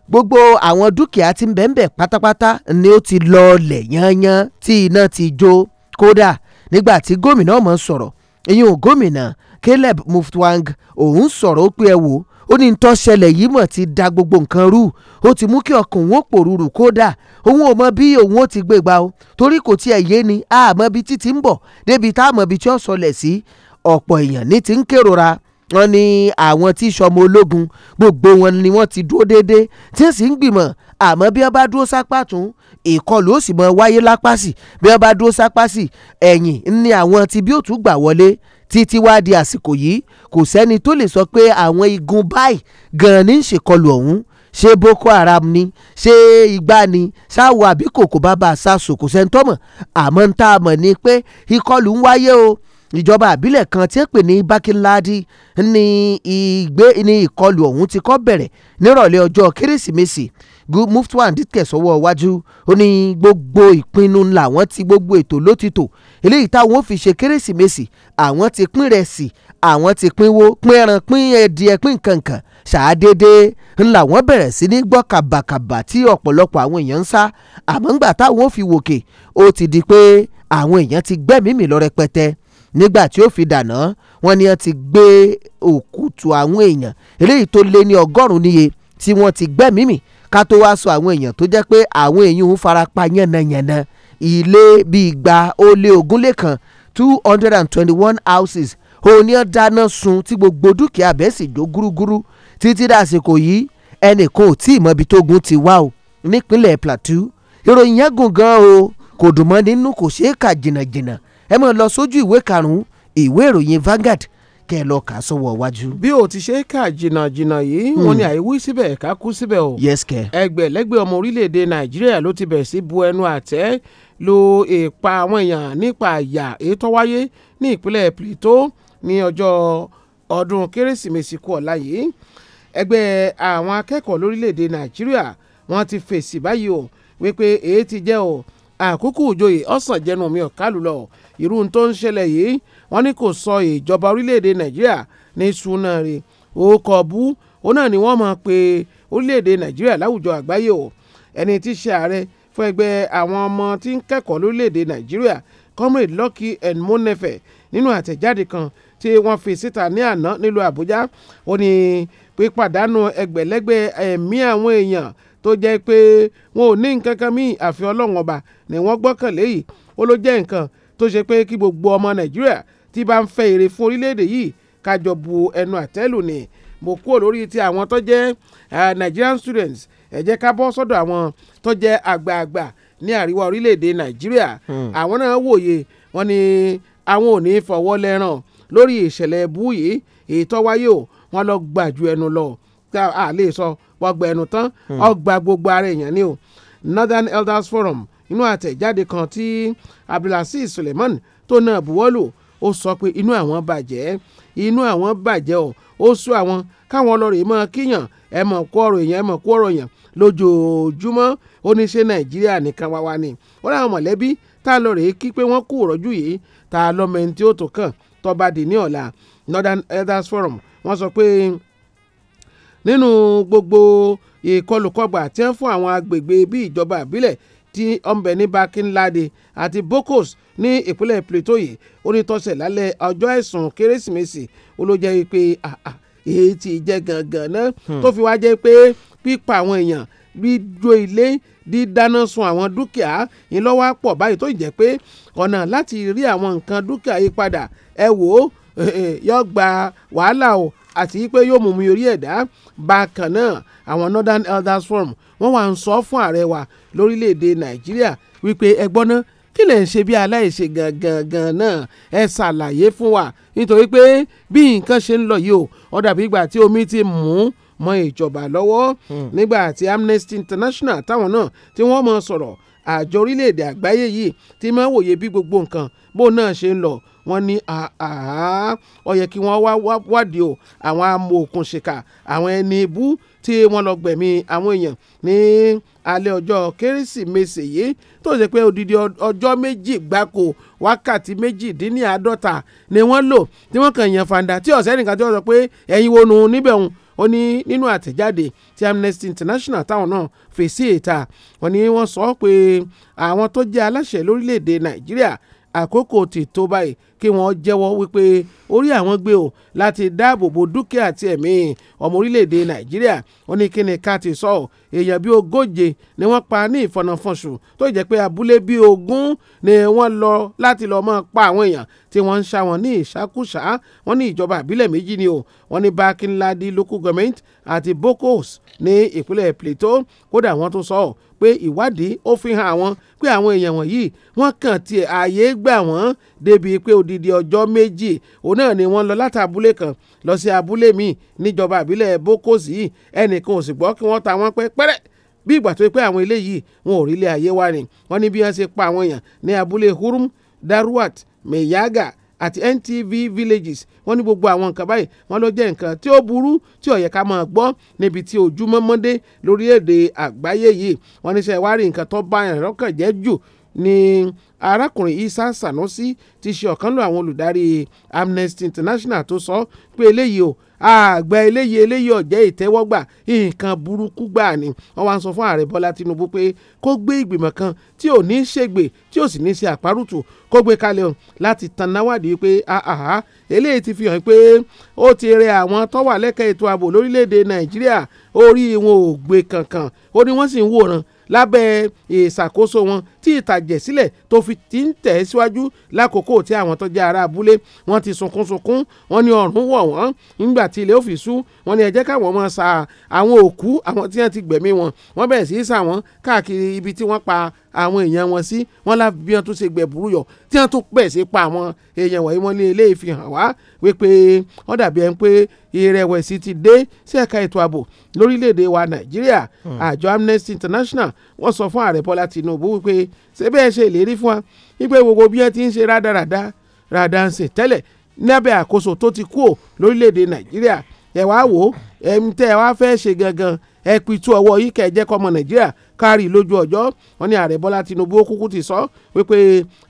gbogbo àwọn dúkìá tí ń bẹ pátápátá ni ó ti lọọlẹ̀ yányán tí iná ti jó kódà nígbà tí gómìnà mọ̀ sọ̀rọ̀ èyí ò gómìnà Caleb Mutwang òun sọ̀rọ̀ ó pé ẹ wò ó ní tó ṣẹlẹ̀ yìí mọ̀ ti da gbogbo nǹkan rú ó ti mú kí ọkàn òun ó pòrúurú kódà òun ò mọ bí òun ó ti gbé o torí kò tiẹ̀ yé ni àmọ́ bí títí ń bọ̀ débi tá àmọ́ bí tí ó sọlẹ̀ sí ọ̀pọ̀ èèyàn ní ti ń kérora wọ́n ní àwọn tí sọmọ ológun gbogbo wọn ni wọ́n ti dúró déédéé tí sì ń gbìmọ̀ àmọ́ bí wọ́n bá dúró sápá tún ìkọlù ó sì mọ wáyé lápásì bí wọ́n bá dúró sápásì ẹ̀yìn ni àwọn tí bí ó tún gbà wọlé títí wá di àsìkò yìí kò sẹ́ni tó lè sọ pé àwọn igun báyìí gan-an ní ṣèkọlù ọ̀hún ṣé boko haram ni ṣé igbá ni ṣáwọ àbí kòkó bàbá sasò kò sẹ́ńtọ́mọ̀ àmọ́ ń tá a mọ̀ ni pé ìkọlù ń wáyé o ìjọba àbílẹ̀ kan tí ń pè ní Bákínládì ní ìgbé ní ìkọlù ọ̀hún ti kọ́ bẹ̀rẹ̀ nírọ̀lẹ́ ọjọ́ kérésìmesì muftua nditke sọwọ́ iwájú ó ní gbogbo ìpinnu ńlá àwọn ti gbogbo ètò ló ti tò eléyìí táwọn ò fi ṣe kérésìmesì àwọn ti pín rẹ̀ sí àwọn ti pínwó pín ẹran pín ẹdìẹ pín kankan ṣàdédé ńlá wọn bẹ̀rẹ̀ sí ní gbọ́ kàbàkàbà tí ọ̀pọ̀lọpọ̀ àwọn èèyàn ń sá àmọ́ ńgbà táwọn ò fi wòkè ó ti di pé àwọn èèyàn ti gbẹ́mìí mì lọ rẹpẹtẹ nígbà tí ó fi dànà wọ́n ní wọ́n ti gbé òkùtù àwọn èèyàn eléyìí tó lé ní ọgọ́rùn-ún níye tí wọ́n ti gbẹ́mìí ká tó wá sọ àwọn èèyàn tó jẹ́ pé àwọn èèyàn ń farapa yànnàyànnà ilé bíi igba ó lé ogún lé kan two hundred and twenty-one houses òun ni wọ́n dáná sun tí gbogbo dúkìá bẹ́ẹ̀ sì jó gúrúgúrú títí dàsìkò yìí ẹnìkan ò tí ì mọbi tógun ti wá o nípínlẹ̀ Plateau ìròyìn yẹn gùn gan o kò dùn mọ́ nínú kò ṣeé kà jìnnàjìnnà ẹ mọ̀ lọ sójú ìwé karùn-ún ìwé ìròyìn Vanguard kẹ́ ẹ lọ kà á sọ́wọ́ iwájú. bí o ti ṣe kà jìnnàjìnnà yìí hmm. wọ́n ní àìwí síbẹ̀ ká kú síbẹ̀ o. yes kẹ. ẹgbẹ̀lẹ́gbẹ̀ ọmọ orílẹ̀-èdè nàìjíríà ló ti bẹ̀rẹ̀ sí bu ẹnu àtẹ́ lu ìpa àwọn èèyàn nípa àyà ètò wáyé ní ìpínlẹ̀ Plateau ní ọjọ́ ọdún kérésìmesì kú ọ̀la yìí. ẹgbẹ́ àwọn akẹ́kọ̀ọ́ lórílẹ̀-èdè nàìjíríà wọ́n ti fèsì báyìí o wípé èyí ti jẹ́ o àkókò òjòyè ọ̀sán jẹnu mi ò kálù lọ irú tó ń ṣẹlẹ̀ yìí wọ́n ní kò sọ ìjọba orílẹ̀-èdè nàìjíríà ní súná rẹ̀ òkò bú òun náà ni wọ́n máa pe orílẹ̀-èdè nàìjíríà láwùjọ àgbáyé o ẹni tí í ṣe ààrẹ fún ẹgbẹ́ àwọn ọmọ tí ń kẹ́kọ̀ọ́ lórílẹ̀-èdè nàìjíríà comrade lucky nmonefe nínú àtẹ̀jáde kan tí wọ́n fi síta ní àná nílùú àbújá ó ní pípàdánù ẹgbẹ̀lẹ́gbẹ̀ ẹ̀mí àwọn èèyàn tó jẹ́ pé wọn ò ní nǹkan kan míì àfi ọlọ́run ọba ni wọ́n gbọ́kànlé yìí ó ló jẹ́ nǹkan tó ṣe pé kí gbogbo ọmọ nàìjíríà tí bá ń fẹ́ èrè fún orílẹ̀-èdè yìí kájọ bu ẹnu àtẹ́lù ni mo kúrò lórí ti àwọn tó jẹ́ Nigerian students ẹ jẹ́ ká bọ́ sọ́dọ̀ àwọn tó jẹ́ àgbààgbà ní àríwá orílẹ̀-èdè nàìjíríà hmm. àwọn náà wòye wọn ni àwọn ò ní fọwọ́ lẹ́ràn lórí ìṣẹ̀lẹ̀ ẹ̀bú yìí èyí tó wáyé o wọn lọ gbà ju ẹnu lọ a lè sọ wọ́n gbà ẹnu tán hmm. ọgbà gbogbo ara èèyàn ni o Northern Elders Forum inú àtẹ̀jáde kan tí Abdulaziz Suleiman tó náà buwọ́lù ó sọ pé inú àwọn bàjẹ́ inú àwọn bàjẹ́ o ó sú àwọn káwọn lọ́ọ́ rè mọ́ kíyàn ẹ mọ̀ kó ọ̀rọ̀ èèyàn ẹ mọ̀ kó ọ̀rọ̀ èèyàn lójoojúmọ́ ó ní ṣe Nàìjíríà nìkan wá wá ni ó láwọn mọ̀lẹ́bí tá a lọ́ọ́ rè kí pé wọ́n kú ìrọ́jú yìí tá a lọ́mọ ẹni tí ó tó kàn tọ́ba dì ní ọ̀la Northern Elders Forum wọ́n sọ pé nínú gbogbo ìkọlùkọgbà tí wọ́n fún àwọn agbègbè bíi ìjọba àbílẹ̀ Ti ọ̀nbẹ ní Barkin-Ladi àti Bokos ní ìpínlẹ̀ Plateau yìí ó ní tọ́sẹ̀ lálẹ́ ọjọ́ ẹ̀sùn kérésìmesì ó ló jẹ́ pé èyí ti jẹ́ gangan náà hmm. tó fi wá jẹ́ pé pípa àwọn èèyàn jíjó ilé dídáná sun àwọn dúkìá ńlọ́wọ́ pọ̀ báyìí tó jẹ́ pé ọ̀nà láti rí àwọn nǹkan dúkìá yìí padà ẹ wò ó yọ gba wàhálà o àti pé yóò mú mi orí ẹ̀dá bákan náà àwọn Northern Elders Forum wọ́n wá ń sọ fún ààrẹ wa lórílẹ̀‐èdè Nàìjíríà wípé ẹgbọ́n náà kí lè ń ṣe bí aláìṣe gangan náà ẹ ṣàlàyé fún wa nítorí pé bí nǹkan ṣe ń lọ yìí o ó dàbí ìgbà tí omi ti mú mọ́ ìjọba lọ́wọ́ hmm. nígbà tí Amnesty International táwọn náà tí wọ́n mọ̀ sọ̀rọ̀ àjọ orílẹ̀-èdè àgbáyé yìí ti máa ń wòye bí gbogbo nǹkan bó náà ṣe ń lọ wọ́n ní ó yẹ kí wọ́n wá wádìí o àwọn amòòkùnṣìkà àwọn ẹni ibú tí wọ́n lọ gbẹ̀mí àwọn èèyàn ní alẹ́ ọjọ́ kérésìmesì yìí tó ṣe pé odidi ọjọ́ méjì gbáko wákàtí méjìdínláàádọ́ta ni wọ́n lò tí wọ́n kàn yàn fàǹdà tí ọ̀sẹ́ nìkan tí wọ́n sọ pé ẹ̀yin wo nù níbẹ̀ òun ó ní nínú àtẹ̀jáde tí Amnesty International táwọn náà fèsì ìta wọ́n ní wọ́n sọ pé àwọn tó jẹ́ aláṣẹ lórílẹ̀‐èdè Nàìjíríà àkókò ti tó báyìí kí wọ́n jẹ́wọ́ wípé orí àwọn gbé o láti dáàbò bo dúkìá àti ẹ̀mí ọmọ orílẹ̀-èdè nàìjíríà ó ní kíni ká ti sọ ọ́ èèyàn bíi ogóje ni wọ́n pa ní ìfọ̀nàfọ̀nṣù tó jẹ́ pé abúlé bíi ogún ni wọ́n lọ láti lọ́ọ́ máa pa àwọn èèyàn tí wọ́n ń ṣá wọn ní ìṣàkúṣà wọ́n ní ìjọba àbílẹ̀ méjì ni o wọ́n ní Barkin Ladi local government àti Bokos ní ìpínlẹ̀ Plateau kódà wọ́n tún sọ pé ìwádìí ó fi hàn àwọn pé àwọn èèyàn wọ̀nyí wọ́n kàn ti ààyè gbà wọ́n débi pé odidi ọjọ́ méjì òun náà ni wọ́n lọ láti abúlé kan lọ sí abúlé míì níjọba àbílẹ̀ bókòsì yìí ẹnìkan ò sì gbọ́ kí wọ́n ta wọ́n pẹ́ pẹ́rẹ́ bí ìgbà tó pé àwọn eléyìí wọn ò rí ilé ayé wa ni wọ́n ní bí wọ́n ṣe pa àwọn èèyàn ní abúlé Hurum Darwat Meyaga àti NTV Villages wọ́n ní gbogbo àwọn nǹkan báyìí wọ́n ló jẹ́ nǹkan tí ó burú tí ó yẹ ká máa gbọ́ níbi tí ojúmọ́ mọ́dé lórílẹ̀‐èdè àgbáyé yìí wọ́n ní sẹ́wárì nǹkan tó bá ẹ̀rọ kàn jẹ́ jù ní arákùnrin Isa Sanusi ti ṣe ọ̀kan lọ àwọn olùdarí Amnesty International tó sọ pé eléyìí o àgbà eléyìí eléyìí ọ̀jẹ́ ìtẹ́wọ́gbà nǹkan burúkú gbà ni wọ́n wá ń sọ fún ààrẹ Bọ́lá Tinubu pé kó gbé ìgbìmọ̀ kan tí ò ní í ṣègbè tí ò sì ní í ṣe àparùtù kó gbé kalẹ̀ ọ̀hún láti tan náwádìí pé àhàhà eléyìí ti fi hàn pé ó ti rẹ àwọn tó wà lẹ́ka ètò ààbò lórílẹ̀‐èdè Nàìjíríà orí wọn ò gbé kankan ó ní wọ́n sì ń wòran lábẹ́ ìṣàkóso wọn tí ìtàjẹ̀sílẹ̀ tó fi ti ń tẹ̀ síwájú lákòókò tí àwọn tó jẹ́ ará abúlé wọn ti sunkúnsunkún wọn ni ọ̀run wọ̀ wọ́n nígbà tí ilé òfì sú wọn ni ẹ jẹ́ káwọn máa sa àwọn òkú àwọn tí wọ́n ti gbẹ̀mí wọn wọ́n bẹ̀rẹ̀ sí í sà wọ́n káàkiri ibi tí wọ́n pa àwọn èèyàn wọn sí wọn láfi bí wọn tún ṣe gbẹ̀búrú yọ tí wọn tún pẹ̀ sí pa àwọn èèyàn wọ̀nyí wọn lé ilé ìfihàn wá wípé wọn dàbí ẹni pé ìrẹ̀wẹ̀sì ti dé sí ẹ̀ka ètò ààbò lórílẹ̀‐èdè wa nàìjíríà hmm. àjọ Amnesty International wọ́n sọ fún ààrẹ Bọ́lá Tinubu wípé ṣé bẹ́ẹ̀ ṣe ìlérí fún wa wípé gbogbo bí wọ́n ti ń ṣe rádaràda ràdáǹsì tẹ́lẹ̀ lábẹ́ àkóso tó ti kú ò lórílẹ̀‐èdè nàìjíríà ẹ̀ wá wò ó ẹ̀ ń tẹ́ ẹ wá fẹ́ ṣe gangan ẹ pitú ọwọ́ yìí kẹ́ ẹ jẹ́ kọ́mọ nàìjíríà kárì lójú ọjọ́ wọn ní ààrẹ bọ́lá tinubu ó kúkú ti sọ wípé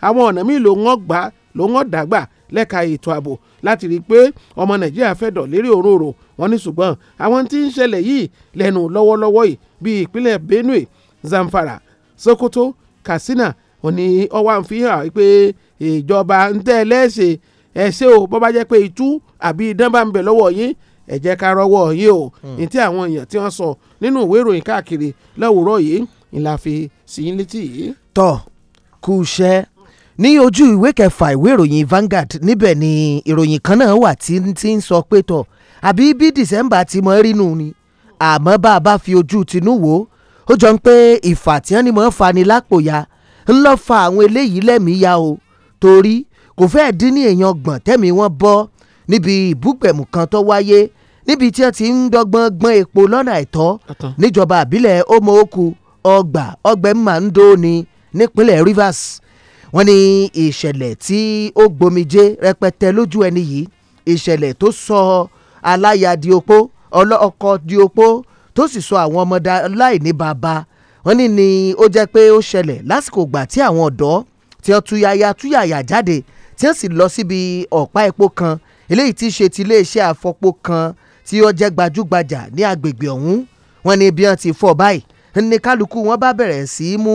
àwọn ọ̀nà míì ló ń gbà ló ń dàgbà lẹ́ka ètò ààbò láti rí i pé ọmọ nàìjíríà fẹ́ dọ̀ lérí òróró wọn ní ṣùgbọ́n àwọn tí ń ṣẹlẹ̀ yìí lẹ́nu lọ́wọ́lọ́wọ́ yìí bíi ìpínlẹ̀ benue zamfara sokoto katsina wọn ní ọwọ́ àǹfi hàn pé ìjọba ń tẹ́ ẹ lẹ́sẹ̀ ẹ̀ṣẹ́ o bọ́ bá jẹ́ pé ìtú àbí idán bá ń bẹ lọ́wọ́ yín ẹ jẹ́ ká rọ́wọ́ yìí o hmm. ní tí àwọn èèyàn tí wọ́n sọ nínú ìwé ìròyìn káàkiri lọ́wọ́rọ́ yìí ńlá fi sí i létí yìí. tọ́ kù ṣẹ́ ní ojú ìwé kẹfà ìwé ìròyìn Vanguard níbẹ̀ ni ìròyìn kan náà wà tí tí ń sọ pé tọ̀ àbí bí December ti mọ rínú ni àmọ́ bá a bá fi ojú tinú wò ó jọ ń pé ìfà tí wọ́n ní mọ́ fani lápò ya ńlọ́ fa àwọn eléyìí lẹ́mìí ya o torí kò fẹ́ẹ̀ dín ní èèyàn gbọ̀n tẹ́mi wọ́n bọ́ níbi ìbúgbẹ̀mù kan tó wáyé níbi tí wọ́n ti ń dọ́gbọ́n gbọ́n epo lọ́nà àìtọ́ níjọba àbílẹ̀ Omookwu ọgbà ọgbẹ́màndó ni nípínlẹ̀ Rivers wọ́n ní ìṣẹ̀lẹ̀ tí ó gbomijé rẹpẹtẹ lójú ẹni yìí ìṣẹ̀lẹ̀ tó sọ aláya di opó ọlọ́kọ di opó tó sì sọ àwọn ọmọdé aláìní bàbá wọ́n ní ni ó jẹ́ pé ó ṣẹlẹ̀ lásìkò ìgbà tí àwọn ọ̀dọ́ tí wọ́n tuyaya tuyaya jáde tí wọ́n sì lọ síbi ọ̀pá epo kan eléyìí ti ṣe ti iléeṣẹ́ àfọpo kan tí ó jẹ́ gbajúgbajà ní agbègbè ọ̀hún wọ́n ní bí wọ́n ti fọ́ báyìí ní kálukú wọn bá bẹ̀rẹ̀ sí í mú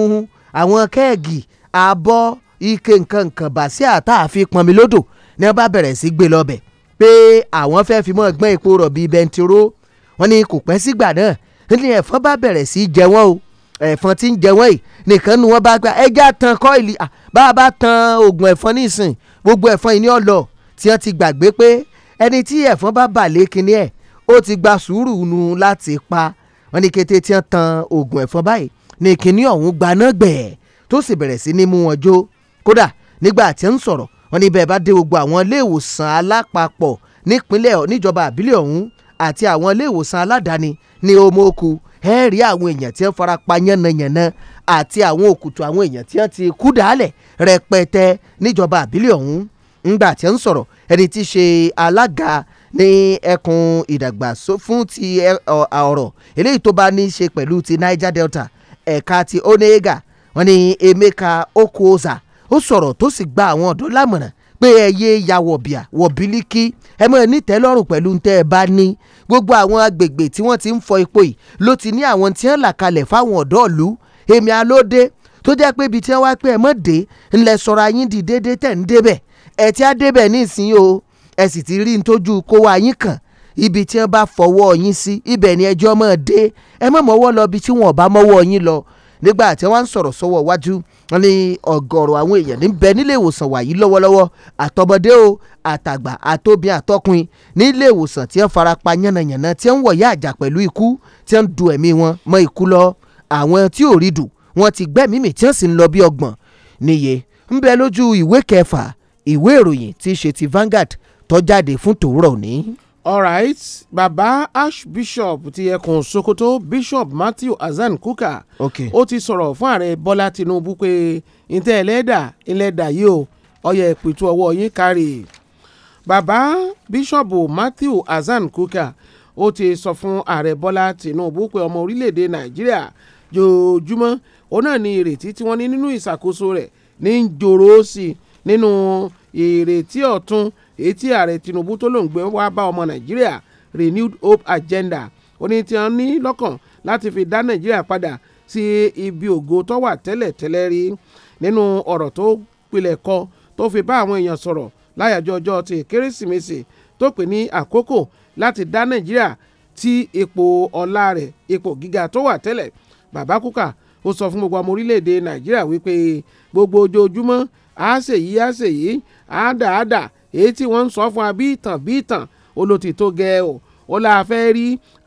àwọn kẹ́ẹ̀gì abọ́ ike nǹkan nǹkan bà sí àtà àfi pọnmi lódò ní wọ́n bá bẹ̀rẹ̀ sí gbé lọ́bẹ̀ pé àwọn fẹ́ fi mọ́ gbọ́n epo rọ̀bì bẹntiró wọ́n ní kò pẹ́ sígbà náà ní ẹ̀fọn bá bẹ̀rẹ̀ sí jẹ wọ́n o ẹ̀fọn tí ń jẹ wọ́n yìí nìkan nu wọ́n bá gba ẹja tan kọ́ìlì bá a bá tan oògùn ẹ̀fọn nísìn gbogbo ẹ̀fọn yìí ni ó lọ tí wọ́n ti gbàgbé pé ẹni tí ẹ̀fọn bá bà lé kinní ẹ̀ ó ti gba sùúrù nu láti pa wọ́n ní kété tí wọ́n tan oògùn ẹ̀fọn báyìí ní kinní ọ̀hún gbaná gbẹ̀ẹ́ tó sì bẹ̀rẹ̀ sí ní mú wọn jó kódà nígbà tí ń sọ̀rọ̀ wọ́n ní bẹ́ẹ̀ bá dé gbogbo àwọn ilé ìwòsàn alápapọ̀ nípínlẹ̀ níjọba àbílẹ̀ ọ̀hún àti àwọn ilé ìwòsàn aládàáni ní omooku ẹ rí àwọn èèyàn tí wọ́n fara pa yánnayànna àti àwọn òkùtù àwọn èèyàn tí wọ́n ti kú dàálẹ̀ rẹpẹtẹ níjọba àbílẹ̀ ọ̀hún ńgbà tí ó ń sọ̀rọ̀ ẹni tí í ṣe alága ní ẹkùn ìdàgbàsókè fún ti ọ̀rọ̀ eléyìí tó bá ní í ṣe pẹ̀lú ti Niger Delta ẹ̀ka ti onega wọn ni Emeka Okwuoza ó sọ̀rọ̀ tó sì gba àwọn ọ̀dọ́ lámọ̀ràn pé ẹ ya wọ̀bìà wọ̀bílíkì ẹ mọ̀ nítẹ́lọ́rùn pẹ̀lú tẹ́ ẹ bá ní gbogbo àwọn agbègbè tí wọ́n ti ń fọ epo yìí ló ti ní àwọn tí wọ́n là kalẹ̀ fáwọn ọ̀dọ́ ìlú èmi alóde tó jẹ́ pé ibi tí wọ́n wá pé ẹ mọ̀ dé ńlẹ̀ sọ̀rọ̀ ayín déédéé tẹ̀ ń débẹ̀ ẹ ti á débẹ̀ nísìnyí o ẹ sì ti rí nítojú kó wa yín kàn ibi tí wọ́n bá fọwọ́ yín sí ibẹ̀ ni ẹjọ́ mọ̀ dé ẹ má mọ́wọ́ lọ ibi tí wọ́n bá mọ́wọ́ yín lọ nígbà tí wọ́n sọ̀rọ̀ sọ́wọ́ wájú wọn ni ọ̀gọ̀rọ̀ àwọn èèyàn níbẹ̀ nílé ìwòsàn wàyí lọ́wọ́lọ́wọ́ àtọmọdé o àtàgbà àtòbí àtọkùnrin nílé ìwòsàn tí wọ́n fara pa yánnayànna tí wọ́n wọ̀yá àjà pẹ̀lú ikú tí wọ́n du ẹ̀mí wọn mọ́ ikú lọ àwọn tí ò rí dù wọ́n ti gbẹ́mímì tí wọ́n sì ń lọ bí ọgbọ̀n níye ń bẹ lójú ìwé kẹfà ìwé ìròyìn tí í ṣe ti Vanguard tó jáde fún tòwúrọ̀ òní. alright bàbá archbishop ti ẹkùn Sokoto bishop Matthew Hasan Kuka okay. ó ti sọ̀rọ̀ fún ààrẹ Bọ́lá Tinubu pé ntẹ́ ẹlẹ́dà ẹlẹ́dà yìí o ọyẹ ìpìtú ọwọ́ yín kárì. bàbá bishop Matthew Hasan Kuka ó ti sọ fún ààrẹ Bọ́lá Tinubu pé ọmọ orílẹ̀-èdè Nàìjíríà jòjúmọ́ òun náà ni ìrètí tí wọ́n ní nínú ìṣàkóso rẹ̀ ní ń jòrò sí i nínú ìrètí ọ̀tun èyí tí ààrẹ Tinubu tó lòún gbé wá bá ọmọ Nàìjíríà renewed hope agenda ó ní tí wọ́n ní lọ́kàn láti fi dá Nàìjíríà padà sí ibi ògo tó wà tẹ́lẹ̀tẹ́lẹ̀ rí nínú ọ̀rọ̀ tó pilẹ̀ kọ tó fi bá àwọn èèyàn sọ̀rọ̀ láyàjọ ọjọ́ ti kérésìmesì tó pè ní àkókò láti dá Nàìjíríà tí ipò ọlá rẹ̀ ipò gíga tó wà tẹ́lẹ̀ bàbá kúkà ó sọ fún gbogbo ọmọ orílẹ̀-èdè Nàìjíríà wípé gbogbo ojoojúmọ́ á ṣèyí á ṣèyí á dà á dà èyí tí wọ́n ń sọ fún wa bí ìtàn bí ìtàn olótì tó gẹ o ó la fẹ́ rí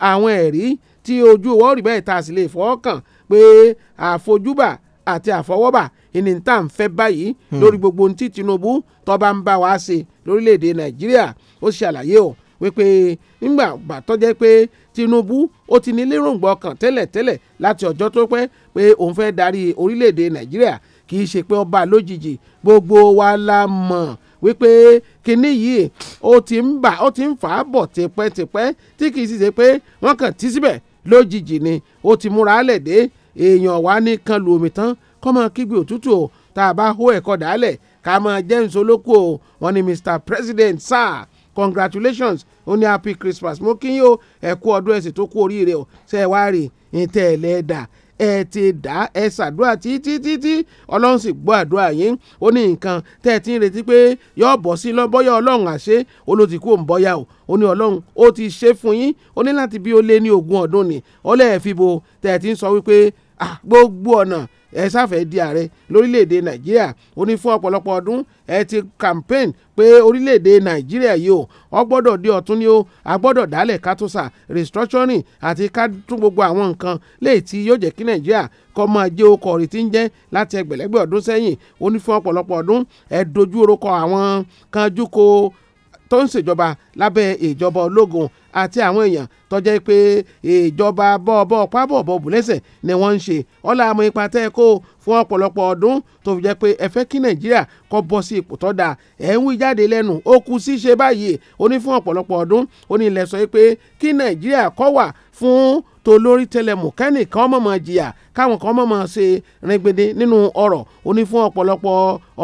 àwọn ẹ̀rí tí ojú owó rí bẹ́ẹ̀ tá a sì lè fọwọ́ kàn pé àfojúbà àti àfọwọ́bà ìní tá à ń fẹ́ báyìí hmm. lórí gbogbo ohun tí Tinubu tó bá ń bá wa ṣe lórílẹ̀‐èdè Nàìjíríà ó ṣe o wípé nígbà bàtọ́ jẹ́ pé Tinubu ó ti ní lérògbọ̀ kan tẹ́lẹ̀tẹ́lẹ̀ láti ọjọ́ tó pẹ́ pé òun fẹ́ darí orílẹ̀‐èdè Nàìjíríà kì í ṣe pé ó bá lójijì gbogbo wa la mọ̀ wípé kinní yìí ó ti ń bà ó ti ń fà á bọ̀ tipẹ́tipẹ́ tí kì í sì ṣe pé wọ́n kàn ti síbẹ̀ lójijì ni ó ti múra lẹ̀ dé èèyàn wa ní kan lu omi tán kọ́mọ kígbe òtútù o tá a bá hó ẹ̀kọ́ dálẹ̀ ká máa jẹ́ nsọlókù o wọ́n ní Mr. President sir congratulations ó ní happy Christmas mo kí yín o ẹ kú ọdún ẹ̀sìn tó kú oríire o ṣe é wá rí ìtẹ̀lẹ́dà ẹ ti dá ẹ ṣàdúrà títí títí ọlọ́run sì gbọ́ àdúrà yín ó ní nǹkan tẹ́ ẹ ti ń retí pé yóò bọ̀ sí lọ bọ́yá ọlọ́run àṣẹ olótìkú ò ń bọ́yá o ó ní ọlọ́run ó ti ṣe fún yín ó ní láti bí ó lé ní ogún ọdún ni ọlẹ́ẹ̀fíbo tẹ́ ẹ ti ń sọ wípé gbogbo ọ̀nà ẹ sáfẹ́ di ààrẹ lórílẹ̀‐èdè nàìjíríà ó ní fún ọ̀pọ̀lọpọ̀ ọdún ẹ ti campaign pé orílẹ̀‐èdè nàìjíríà yìí o ọ gbọ́dọ̀ di ọ̀tún ni o a gbọ́dọ̀ dálẹ̀ kátúnṣà restructuring àti ká gbogbo àwọn nǹkan léyìí tí yóò jẹ́ kí nàìjíríà kọ́ máa jẹ́ okò rí ti ń jẹ́ láti ẹgbẹ̀lẹ́gbẹ̀ ọdún sẹ́yìn ó ní fún ọ̀pọ̀lọpọ̀ ọdún ẹ dojú orúkọ àwọn kan jùkọ́ tó ń ṣèjọba lábẹ́ ìjọba ológun àti àwọn èèyàn tó jẹ́ pé ìjọba bọ́ọ̀bọ́ pábọ̀bọ̀ bùlẹ́sẹ̀ ni wọ́n ń ṣe ọlá àmọ́ ipa tẹ́ kó fún ọ̀pọ̀lọpọ̀ ọdún tó fi jẹ́ pé ẹ fẹ́ kí nàìjíríà kó bọ́ sí ipò tó dáa ẹ̀ ń wí jáde lẹ́nu ó kù sí ṣe báyìí ó ní fún ọ̀pọ̀lọpọ̀ ọdún ó ní ilẹ̀ sọ pé kí nàìjíríà kó wà fún tolórí tẹlẹmù kẹ́nìkan mọ̀mọ́ jìyà káwọn kan mọ̀mọ́ ṣe rìngbìndín nínú ọ̀rọ̀ ó ní fún ọ̀pọ̀lọpọ̀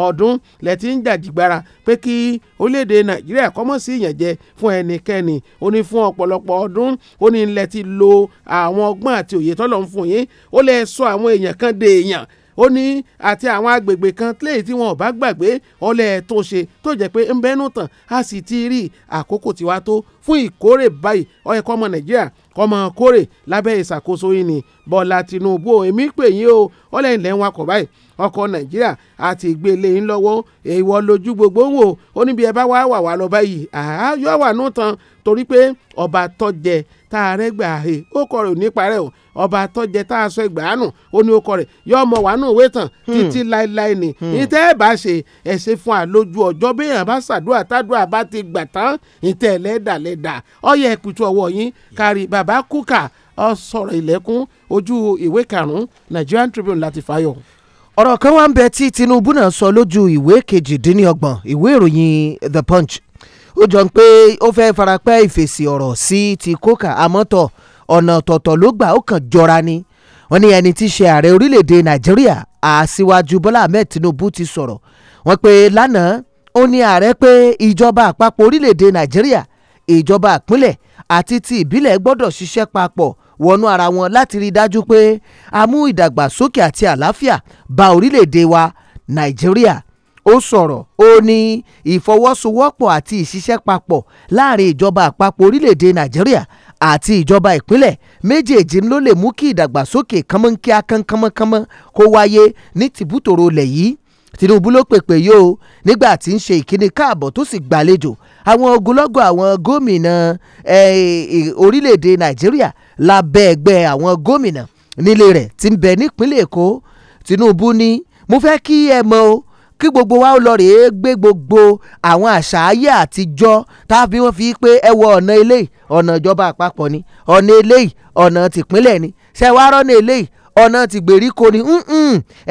ọdún lẹ́tí ń jàjìgbara pé kí orílẹ̀-èdè nàìjíríà kọ́mọ́ sí ìyànjẹ fún ẹnikẹ́ni ó ní fún ọ̀pọ̀lọpọ̀ ọdún ó ní ilẹ̀ lo àwọn ọgbọ́n àti òye tọ́lọ̀ ń fún yín ó lè sọ àwọn èèyàn kan dé èèyàn ó ní àti àwọn agbègbè kan léyìí tí wọn ò bá gbàgbé ọlẹ tó ṣe tó jẹ́ pé ń bẹnu tàn á sì ti rí àkókò tiwa tó fún ìkórè báyìí ọyẹkọ ọmọ nàìjíríà kọ́mọ kórè lábẹ́ ìṣàkóso yìí ni Bọ́lá Tinubu èmi pè yín o ọlẹ́yìn lẹ́yìn wakọ̀ báyìí ọkọ̀ Nàìjíríà àti ìgbélé yín lọ́wọ́ ìwọ lójú gbogbo ń wò ó níbi ẹ bá wà wà wà lọ báyìí àá yọ wà nù tán torí pé ọba tọ́jẹ tá a rẹ́ gbà he ó kọ rẹ̀ ò ní parẹ́ o ọba tọ́jẹ tá a sọ ìgbàánu ó ní ó kọ rẹ̀ yọ ọmọ wàánu òwe tán hmm. títí láéláé ni hmm. ìtẹ́ ẹ̀ bá ṣe ẹ̀ ṣe fún àlójú ọjọ́ bí èèyàn bá ṣàdúrà tádùá bá ti gbà tán ìtẹ́ ẹ̀ lẹ́dà ọyẹ ẹ̀kùtù ọwọ́ yín kárí bàb bàbá kúkà sọ̀rọ̀ ilẹ̀kùn ojú ìwé karùn-ún Nigerian Tribune láti fàyọ. ọ̀rọ̀ kan wá ń bẹ tí Tinubu náà sọ lójú ìwé kejìdínlọ́gbọ̀n ìwé ìròyìn The Punch ó jọ pé ó fẹ́ farapẹ́ ìfèsì ọ̀rọ̀ sí ti kókà àmọ́tọ̀ ọ̀nà ọ̀tọ̀ọ̀tọ̀ ló gbà ó kàn jọra ni wọ́n ní ẹni tí í ṣe ààrẹ orílẹ̀-èdè Nàìjíríà àṣìwájú Bọ́lá Ahmed Tinubu ti sọ̀rọ̀ wọ́n pé lánàá ó ní ààrẹ pé ìjọba àpapọ̀ orílẹ̀-èdè Nàìjíríà ìjọba àpínlẹ̀ àti ti ìbílẹ̀ gbọ́dọ̀ ṣiṣẹ́ papọ̀ wọnú ara wọn láti rí i dájú pé a mú ìdàgbàsókè àti àlàáfíà bá orílẹ̀-èdè wa Nàìjíríà ó sọ̀rọ̀ ó ní ìfọwọ́sowọ́pọ̀ àti ìṣiṣẹ́ papọ̀ láàrin ìjọba àpapọ̀ orílẹ̀-èdè Nàìjíríà àti ìjọba ìpínlẹ̀ méjèèjì ló lè mú kí ìdàgbàsókè kánmọ́nkíá kánmọ́nkánmọ́ kó wáyé ní tìbútòrò ilẹ̀ yìí Tinubu ló pèpè yìí nígbà tí ń ṣe ìkíni káàbọ̀ tó sì gbàlejò àwọn ogunlọ́gọ̀ àwọn gómìnà orílẹ̀-èdè nàìjíríà lábẹ́ ẹgbẹ́ àwọn gómìnà nílé rẹ̀ ti ń bẹ nípínlẹ̀ èkó tinubu ní mo fẹ́ kí ẹ mọ̀ o kí gbogbo wa ó lọ rèé gbé gbogbo àwọn àṣà ayé àtijọ́ tá a fi wọ́n fi pé ẹ wọ ọ̀nà eléyìí ọ̀nà ìjọba àpapọ̀ ni ọ̀nà eléyìí ọ̀nà tìpínlẹ̀ ni ṣẹ́wárọ́ ní eléyìí ọ̀nà ti gbèríko ni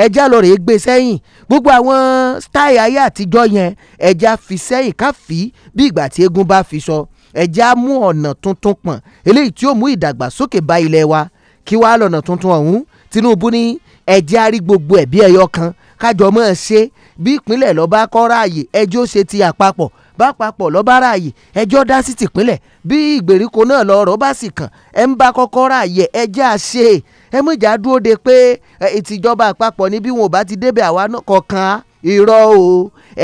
ẹja lọ rèé gbé sẹ́yìn gbogbo àwọn style ayé àtijọ́ yẹn ẹja fi sẹ́yìn ká fi bí ìgbà tí eégún bá fi sọ ẹja mú ọ̀nà tuntun pọ̀n eléyìí tí ó mú ìdàgbàsókè bá ilẹ̀ wa kí wàá lọ̀nà tuntun ọ̀hún Tinubu ní ẹjẹ́ á rí gbogbo ẹ̀ bí ẹyọ kan kájọ mọ́ ẹ ṣe bí ìpínlẹ̀ lọ́ba kọ́ ráàyè ẹjọ́ ṣe ti àpapọ̀ bá papọ̀ lọ́ba ráàyè ẹjọ́ dá sí tìpínlẹ̀ bí ìgbèríko náà lọ́rọ̀ bá sì kàn ẹ̀ ń bá kọ́kọ́ ráàyè ẹjẹ́ á ẹ mọ̀ ìjà dúró de pé ìtìjọba àpapọ̀ ní bí wọn ò bá ti débẹ̀ àwa náà kọ̀ọ̀kan irọ́ o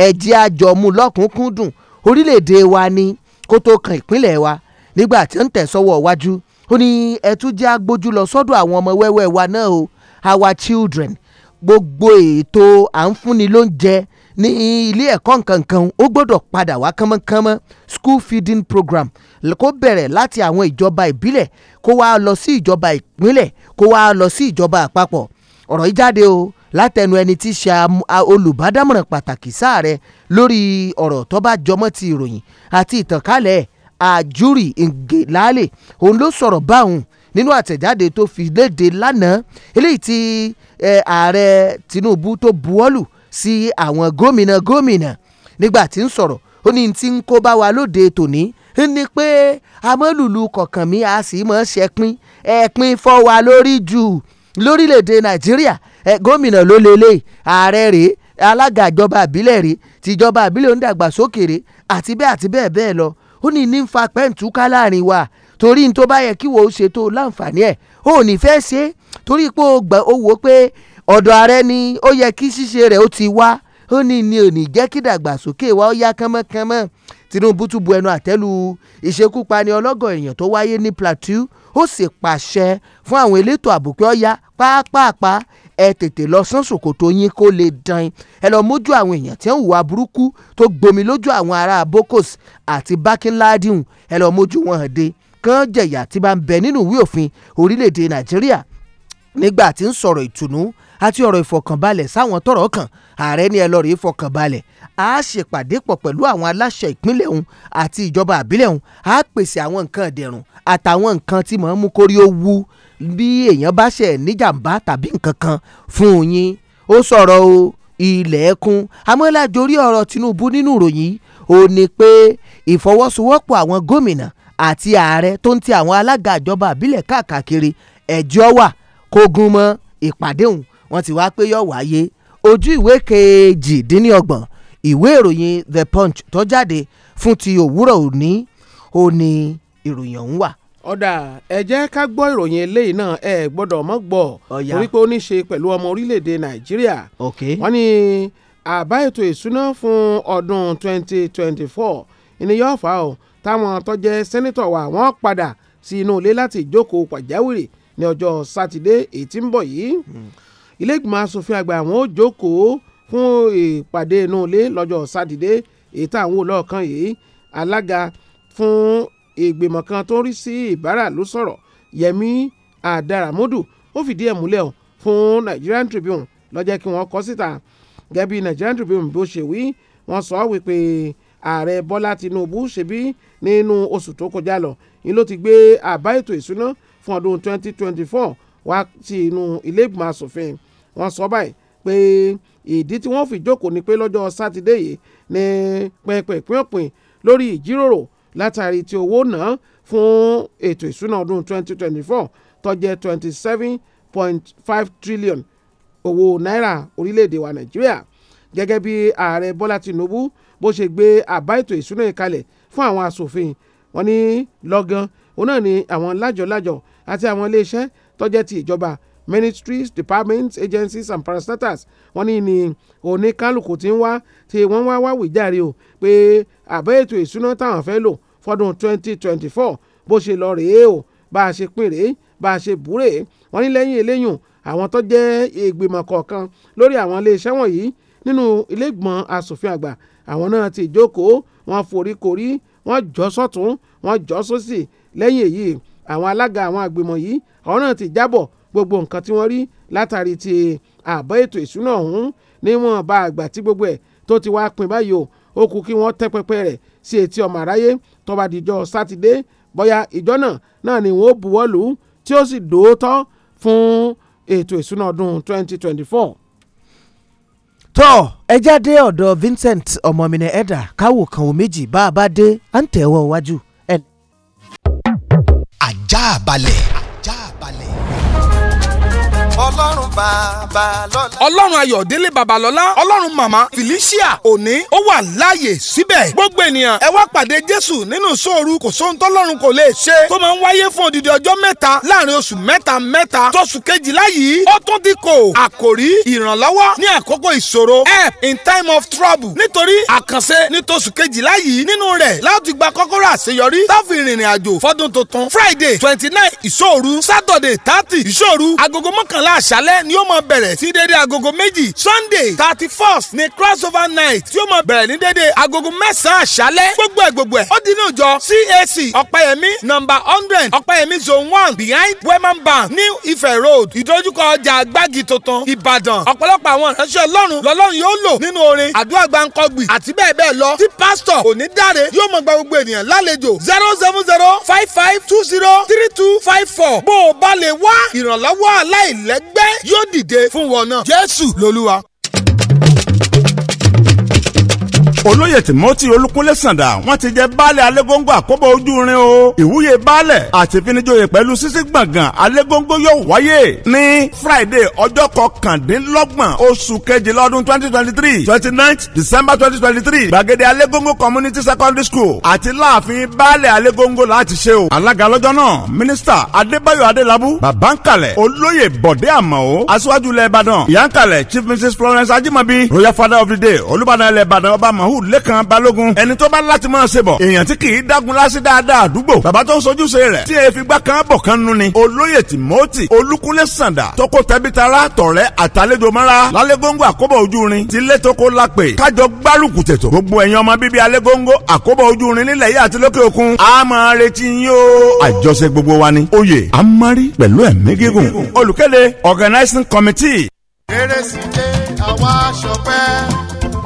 ẹ̀jẹ̀ àjọmú lọ́kùnkúndùn orílẹ̀-èdè wa ni kó tó kan ìpínlẹ̀ wa nígbà tí ń tẹ̀sọ́wọ́ wájú ó ní ẹ tún jẹ́ agbójú lọ sọ́dọ̀ àwọn ọmọ wẹ́wẹ́ wa náà o our children gbogbo ètò à ń fúnni lóúnjẹ ní ilé ẹ̀kọ́ nkankan ó gbọ́dọ̀ padà wá kánmọ́kánmọ́ school feeding program kó bẹ̀rẹ̀ láti àwọn ìjọba ìbílẹ̀ kó wá lọ sí ìjọba ìpínlẹ̀ kó wá lọ sí ìjọba àpapọ̀ ọ̀rọ̀ yìí jáde o látẹnu ẹni tí ṣe olùbádámọ̀ràn pàtàkì sáàrẹ lórí ọ̀rọ̀ tó bá jọmọ́ ti ìròyìn àti ìtànkálẹ̀ àjúrì ngelale òun ló sọ̀rọ̀ báwọn nínú àtẹ̀jáde tó fi léde lánàá eléyìí tí ààrẹ Tinubu tó buwọ́lù sí àwọn gómìnà gómìnà nígbà tí ń sọ̀rọ̀ ó ní ti ń kó bá wa lóde tòní ní pé amọ́lùlù kọ̀ọ̀kan mi a sì mọ̀ ṣẹ́pin ẹ̀pin fọ́ wa lórí jù lórílẹ̀‐èdè nàìjíríà gómìnà ló lélẹ̀ ààrẹ rèé alága ìjọba àbílẹ̀ rèé tìjọba àbílẹ̀ onídàgbàsókè rèé àti bẹ́ẹ̀ àti bẹ́ẹ̀ bẹ́ẹ̀ lọ ó ní ní fa pẹ́ǹtúká láàrin wa torí ní tó bá yẹ kí wo ṣètò láǹfààní ẹ̀ ó ní fẹ́ ṣe é torí pé ó gbà ó wò ó pé ọ̀dọ̀ ààrẹ ni ó yẹ kí ṣíṣe rẹ̀ ó ti wá ó ní ní ò ní jẹ́ kí dàgbàsókè wa ó yá kánmọ́kánmọ́ Tinubu tún bu ẹnu àtẹ́lu ìṣekúpani ọlọ́gọ̀ èèyàn tó wáyé ní Plateau ó sì pàṣẹ fún àwọn elétò ààbò pé ó yá pápápá ẹ tètè lọ sán ṣòkòtò yín kó lè dan ẹ lọ mójú àwọn èèyàn tí ń hùwà burúkú tó gbomi lójú àwọn ará Bokos àti Bakinladihun ẹ lọ mójú wọn hàn de kán jẹ̀yà tí bá ń bẹ nínú ìwé òfin orílẹ̀-èdè Nàìjíríà nígbà tí ń sọ̀rọ̀ ìtùnú àti ọ̀rọ̀ ìfọ̀kànbalẹ̀ sáwọn tọ́rọ̀ kàn ààrẹ ní ẹlọ́rì ìfọ̀kànbalẹ̀ a ṣèpàdé pọ̀ pẹ̀lú àwọn aláṣẹ ìpínlẹ̀ òun àti ìjọba àbílẹ̀ òun a pèsè àwọn nǹkan ẹ̀dẹ̀rùn àtàwọn nǹkan tí mò ń mú kórí ó wú bí èèyàn bá ṣe níjàmbá tàbí nǹkan kan fún yín ó sọ̀rọ̀ o ilẹ̀ ẹkún amọ́lájorí ọ̀rọ̀ Tinubu nínú ìròyìn ò ní pé ìfọwọ́sowọ́pọ̀ àwọn gómìnà àti ààrẹ tó ń ti àwọn alága ìjọba àbílẹ̀ káàkiri ẹ̀jọ́ wà kógun mọ́ ìpàdé wọ́n ti wá pé yóò wáyé ojú ìwé kejìdínlọ́gbọ̀n ìwé ìròyìn the punch tó jáde fún ti òwúrọ̀ òní òní ìròyìn ọ̀hún wà ọ̀dà ẹ jẹ́ ká gbọ́ ìròyìn eléyìí náà ẹ gbọ́dọ̀ mọ́ gbọ́ torí pé ó ní í ṣe pẹ̀lú ọmọ orílẹ̀-èdè nàìjíríà wọ́n ní àbá ètò ìsúná fún ọdún 2024 ìníyàn ọ̀fà o táwọn tó jẹ́ sẹ́nítọ̀ wa wọ́n padà sí inú ilé láti ìjókòó pàjáwìrì ní ọjọ́ sátidé èyí tí ń bọ̀ yìí hmm ilé ìgbìmọ̀ asòfin àgbà àwọn ò jókòó fún ìpàdé inú ilé lọ́jọ́ sátidé èyí táwọn ò lọ́ọ̀kan yìí alága fún ìgbìmọ̀ kan tó ń rí sí ìbára ló sọ̀rọ̀ yẹmi àdàràmọ́dù ó fìdí ẹ̀ múlẹ̀ fún Nigerian Tribune lọ́jẹ́ kí wọ́n kọ síta gẹ́bí Nigerian Tribune bó ṣe wí wọ́n sọ wípé ààrẹ Bọ́lá Tinubu ṣebí nínú oṣù tó kọjá lọ ni ló ti gbé àbá ètò ìsúná fún ọdún 2024 wá sí inú ilé ìgbìmọ̀ asòfin wọ́n sọ báyìí pé ìdí tí wọ́n fi jókòó ni pé lọ́jọ́ sátidé yìí ní pẹ̀pẹ̀pínpín lórí ìjíròrò látàrí ti owó náà fún ètò ìsúná ọdún 2024 tó jẹ́ 27.5 trillion owó náírà orílẹ̀-èdè wa nàìjíríà gẹ́gẹ́ bí ààrẹ bọ́lá tinubu bó ṣe gbé àbá ètò ìsúná ìkalẹ̀ fún àwọn asòfin wọ́n ní lọ́gán òun náà ni àwọn lájọ̀lájọ̀ àti àwọn iléeṣẹ́ tó jẹ́ ti ìjọba ministries departments agencies and parastatals wọ́n ní ní oníkálukú tí ń wá tí wọ́n wá wá wíjàre o pé àbẹ́ ètò ìsúná táwọn fẹ́ lò fọdún 2024 bó ṣe lọ rèé o bá a ṣe pín rèé bá a ṣe búrè wọ́n ní lẹ́yìn eléyùn àwọn tó jẹ́ ìgbìmọ̀ kọ̀ọ̀kan lórí àwọn iléeṣẹ́ wọ̀nyí nínú ilégbọ̀n asòfin àgbà àwọn náà ti jókòó wọ́n forí korí wọ́n jọ sọ́tún wọ́n jọ sósì lẹ́yìn èyí àwọn alága àwọn àgbìmọ̀ yìí àwọn náà ti jábọ̀ gbogbo nǹkan tí wọ́n rí látàrí ti àbọ̀ ètò ìsúná ọ̀hún níwọ̀n bá àgbà tí gbogbo ẹ̀ tó ti wá pin báyìí o ó kù kí wọ́n tẹ́ pẹpẹ rẹ̀ sí etí ọmọ àráyé tó bá dijọ́ sátidé bóyá ìjọ náà náà ni wọ́n buwọ́ lù ú tí ó sì dòótọ́ fún ètò ìsúná ọdún 2024 tó ẹ jáde ọ̀dọ̀ Vincent ọmọmìnira ẹ̀dà káwò kan ò méjì bá a bá dé à ń tẹ̀wọ́ wájú. ajá balẹ̀ ọlọ́run babalọ́lá. ọlọ́run ayọ̀délé babalọ́lá ọlọ́run màmá felicia òní ó wà láàyè síbẹ̀ gbogbo ènìyàn ẹ wá pàdé jésù nínú sóoru kò sóhun tọ́lọ́run kò lè ṣe tó máa ń wáyé fún odidi ọjọ́ mẹ́ta láàrin oṣù mẹ́ta mẹ́ta tóṣù kejìlá yìí ó tún ti kò àkòrí ìrànlọ́wọ́ ní àkókò ìṣòro help in time of trouble nítorí àkànṣe ní tóṣù kejìlá yìí nínú rẹ̀ láti gba kọ́kọ́rọ́ àṣeyọrí táfi ìrìnrìn àjò fọ́dún tuntun friday twenty nine ìṣòru saturday thirty ìṣòru agogo mọ́kànlá àṣálẹ́ ni ó máa bẹ̀rẹ̀ sí dédé agogo méjì sunday thirty first ni crossover night tí ó máa bẹ̀rẹ̀ ní dédé agogo mẹ́sàn-án àṣálẹ́ gbogbo ẹ̀ gbogbo ẹ̀ ó dín ní ìjọ cac ọ̀pẹ̀yẹmí number hundred ọ̀pẹ̀yẹmí zone one behind wemman bank new ife road ìdójúkọ ọjà agbági tuntun ìbàdàn ọ̀pọ̀lọpọ̀ àwọn ìránṣẹ́ ọlọ́run lọ́lọ́run yóò lò nínú orin àdúrà gbàǹkọ́gbì àti bẹ́ẹ̀ bẹ́ẹ̀ lọ tí pásítọ̀ òní dáre yóò mọ̀ gba gbogbo ènìyàn lálejò zero seven zero five five two zero three two five four bó o bá lè wá ìrànlọ́wọ́ aláìlẹ́gbẹ́ gbé yóò dìde fún wọn náà jésù lolúwa. olóyè timothy olúkúnlé sàǹdà wọ́n ti jẹ baálẹ̀ alégóńgó àkóbọ̀ ojúrin o ìwúyè baálẹ̀ àti ìfinijoyè pẹ̀lú sísí gbọ̀ngàn alégóńgó yóò wáyé ní friday ọjọ́ kọkàndínlọ́gbọ̀n oṣù kejì lọ́dún twenty twenty three twenty nine december twenty twenty three gbàgede alégóńgó community secondary school àti láàfin baálẹ̀ alégóńgó láti ṣe o alága lọ́jọ́ náà Minister adébáyọ̀ adélábù babankalẹ̀ olóyè bọ̀dé àmọ́ aṣíwájú ilẹ̀ chief mrs florence ajimabi royal father of the day olùbàdàn ilẹ̀ ìbàdàn yakubu lẹ́kan balógun ẹni tó bá láti máa ṣe bọ̀ èèyàn tí kì í dágun lásì dáadáa àdúgbò bàbá tó ń sojúṣe rẹ̀ tí èéfi gbá kan bọ̀ kan nu ni olóyè timothy olúkúnlé sàǹdà tọkọ tẹbitara tọ̀rẹ́ àtàlejò mọ́ra lálégóńgó àkóbọ̀ ojúrin ti létoko lápè kájọ gbárùkù tètò gbogbo ẹ̀yin ọmọ bíbí alégóńgó àkóbọ̀ ojúrin nílẹ̀ yìí àti lókè òkun a máa retí yín àjọṣe gbogbo wa ni oyè amari pẹ̀lú ẹ̀mí gígùn olùkéde organizing committee. kérésìdé àwa ṣọpẹ́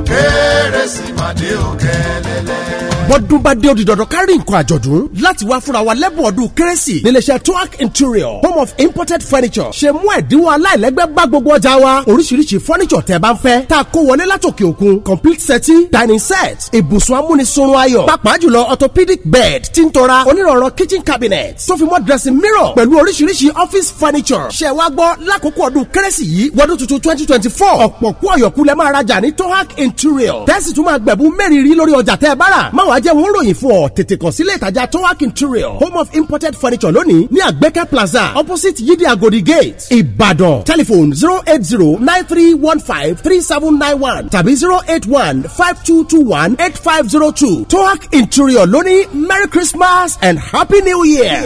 kérésì màdé òkèlélẹ́ bọ́dún bá dé odi dandan kárí nǹkan àjọ̀dún láti wá fúnra wa lẹ́bùn ọdún kérésì níléeṣẹ́ toac interior home of imported furniture ṣe mú ẹ̀dínwó aláìlẹ́gbẹ́ bá gbogbo ọjà wa oríṣiríṣi furniture tẹ́ bá ń fẹ́ tá a kó wọlé látòkè òkun complete setting dining set ibùsùn amúnisunrun ayọ̀ pàápàá jùlọ orthopedic bed tí ń tọ́ra onírọ̀rọ̀ kitchen cabinet tó fi mọ́ dressing mirror pẹ̀lú oríṣiríṣi office furniture ṣe wá gbọ́ lákòókò ọdún kérésì yìí wọ́dún tuntun twenty twenty four ọ̀pọ̀ kú ọ̀yọ̀kú lẹ́ máa rajà ní toac interior tẹ́sí tún máa gbẹ̀bú mẹ́rin rí lórí ọjà tẹ́ bá rà máa wá wàá jẹ́ wọ́n ròyìn fún ọ tètè kàn sílé ìtajà Towac interior home of imported furniture lónìí ní Àgbẹ̀kẹ́ plaza opposite Yídí Agodi gate Ìbàdàn telephone zero eight zero nine three one five three seven nine one tàbí zero eight one five two two one eight five zero two Towac interior lónìí merry christmas and happy new year.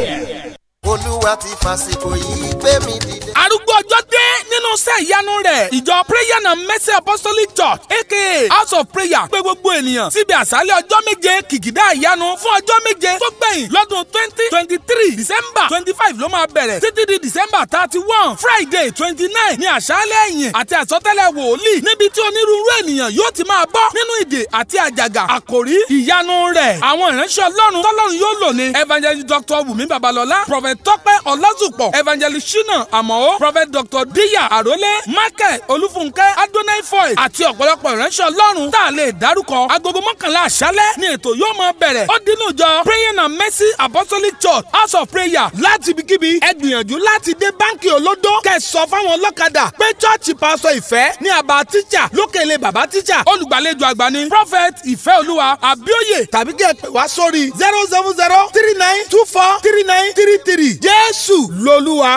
olúwa ti fàsìkò yìí gbé mi dìde arúgbó ọjọ́ dé nínú iṣẹ́ ìyanu rẹ̀ ìjọ prayer and mercy apostolic church aka house of prayer pé gbogbo ènìyàn síbi àṣálẹ̀ ọjọ́ méje kìkìdá ìyanu fún ọjọ́ méje tó gbẹ̀yìn lọ́dún twenty twenty three december twenty five ló máa bẹ̀rẹ̀ títí di december thirty one friday twenty nine ni àṣálẹ̀ ẹ̀yìn àti àsọtẹ́lẹ̀ wòlíì níbi tí onírúurú ènìyàn yóò ti máa bọ́ nínú ìdè àti àjàgà àkòrí ìyanu rẹ̀ àwọn ìránṣẹ́ ọlọ́run tọ́lọ́run yóò lò ní evangelist dr wumi babalọlá prophet tọ́pẹ́ ọlọ́zùpọ̀ evangelist shina àmọ́ prophet dr díyà àrólé market Olufunke adonai foy àti ọ̀pọ̀lọpọ̀ ìránṣẹ́ ọlọ́run tá a lè dárúkọ agogo mọ́kànlá àṣálẹ́ ni ètò yóò máa bẹ̀rẹ̀ ó dínú jọ praying and mercy apostolic church house of prayer láti ibikíbi ẹ gbìyànjú láti dé báńkì olódó kẹ́ sọ fáwọn ọlọ́kadà pé chọ́ọ̀chì pásọ ìfẹ́ ní àbá tíjà lókèlè bàbá tíjà olùgbàlejò àgbà ni prophet ìfẹ́ olúwa àbíòye tàbí kẹ́ ẹ pè wá sórí zero seven zero three nine two four three nine three three jésù lolúwa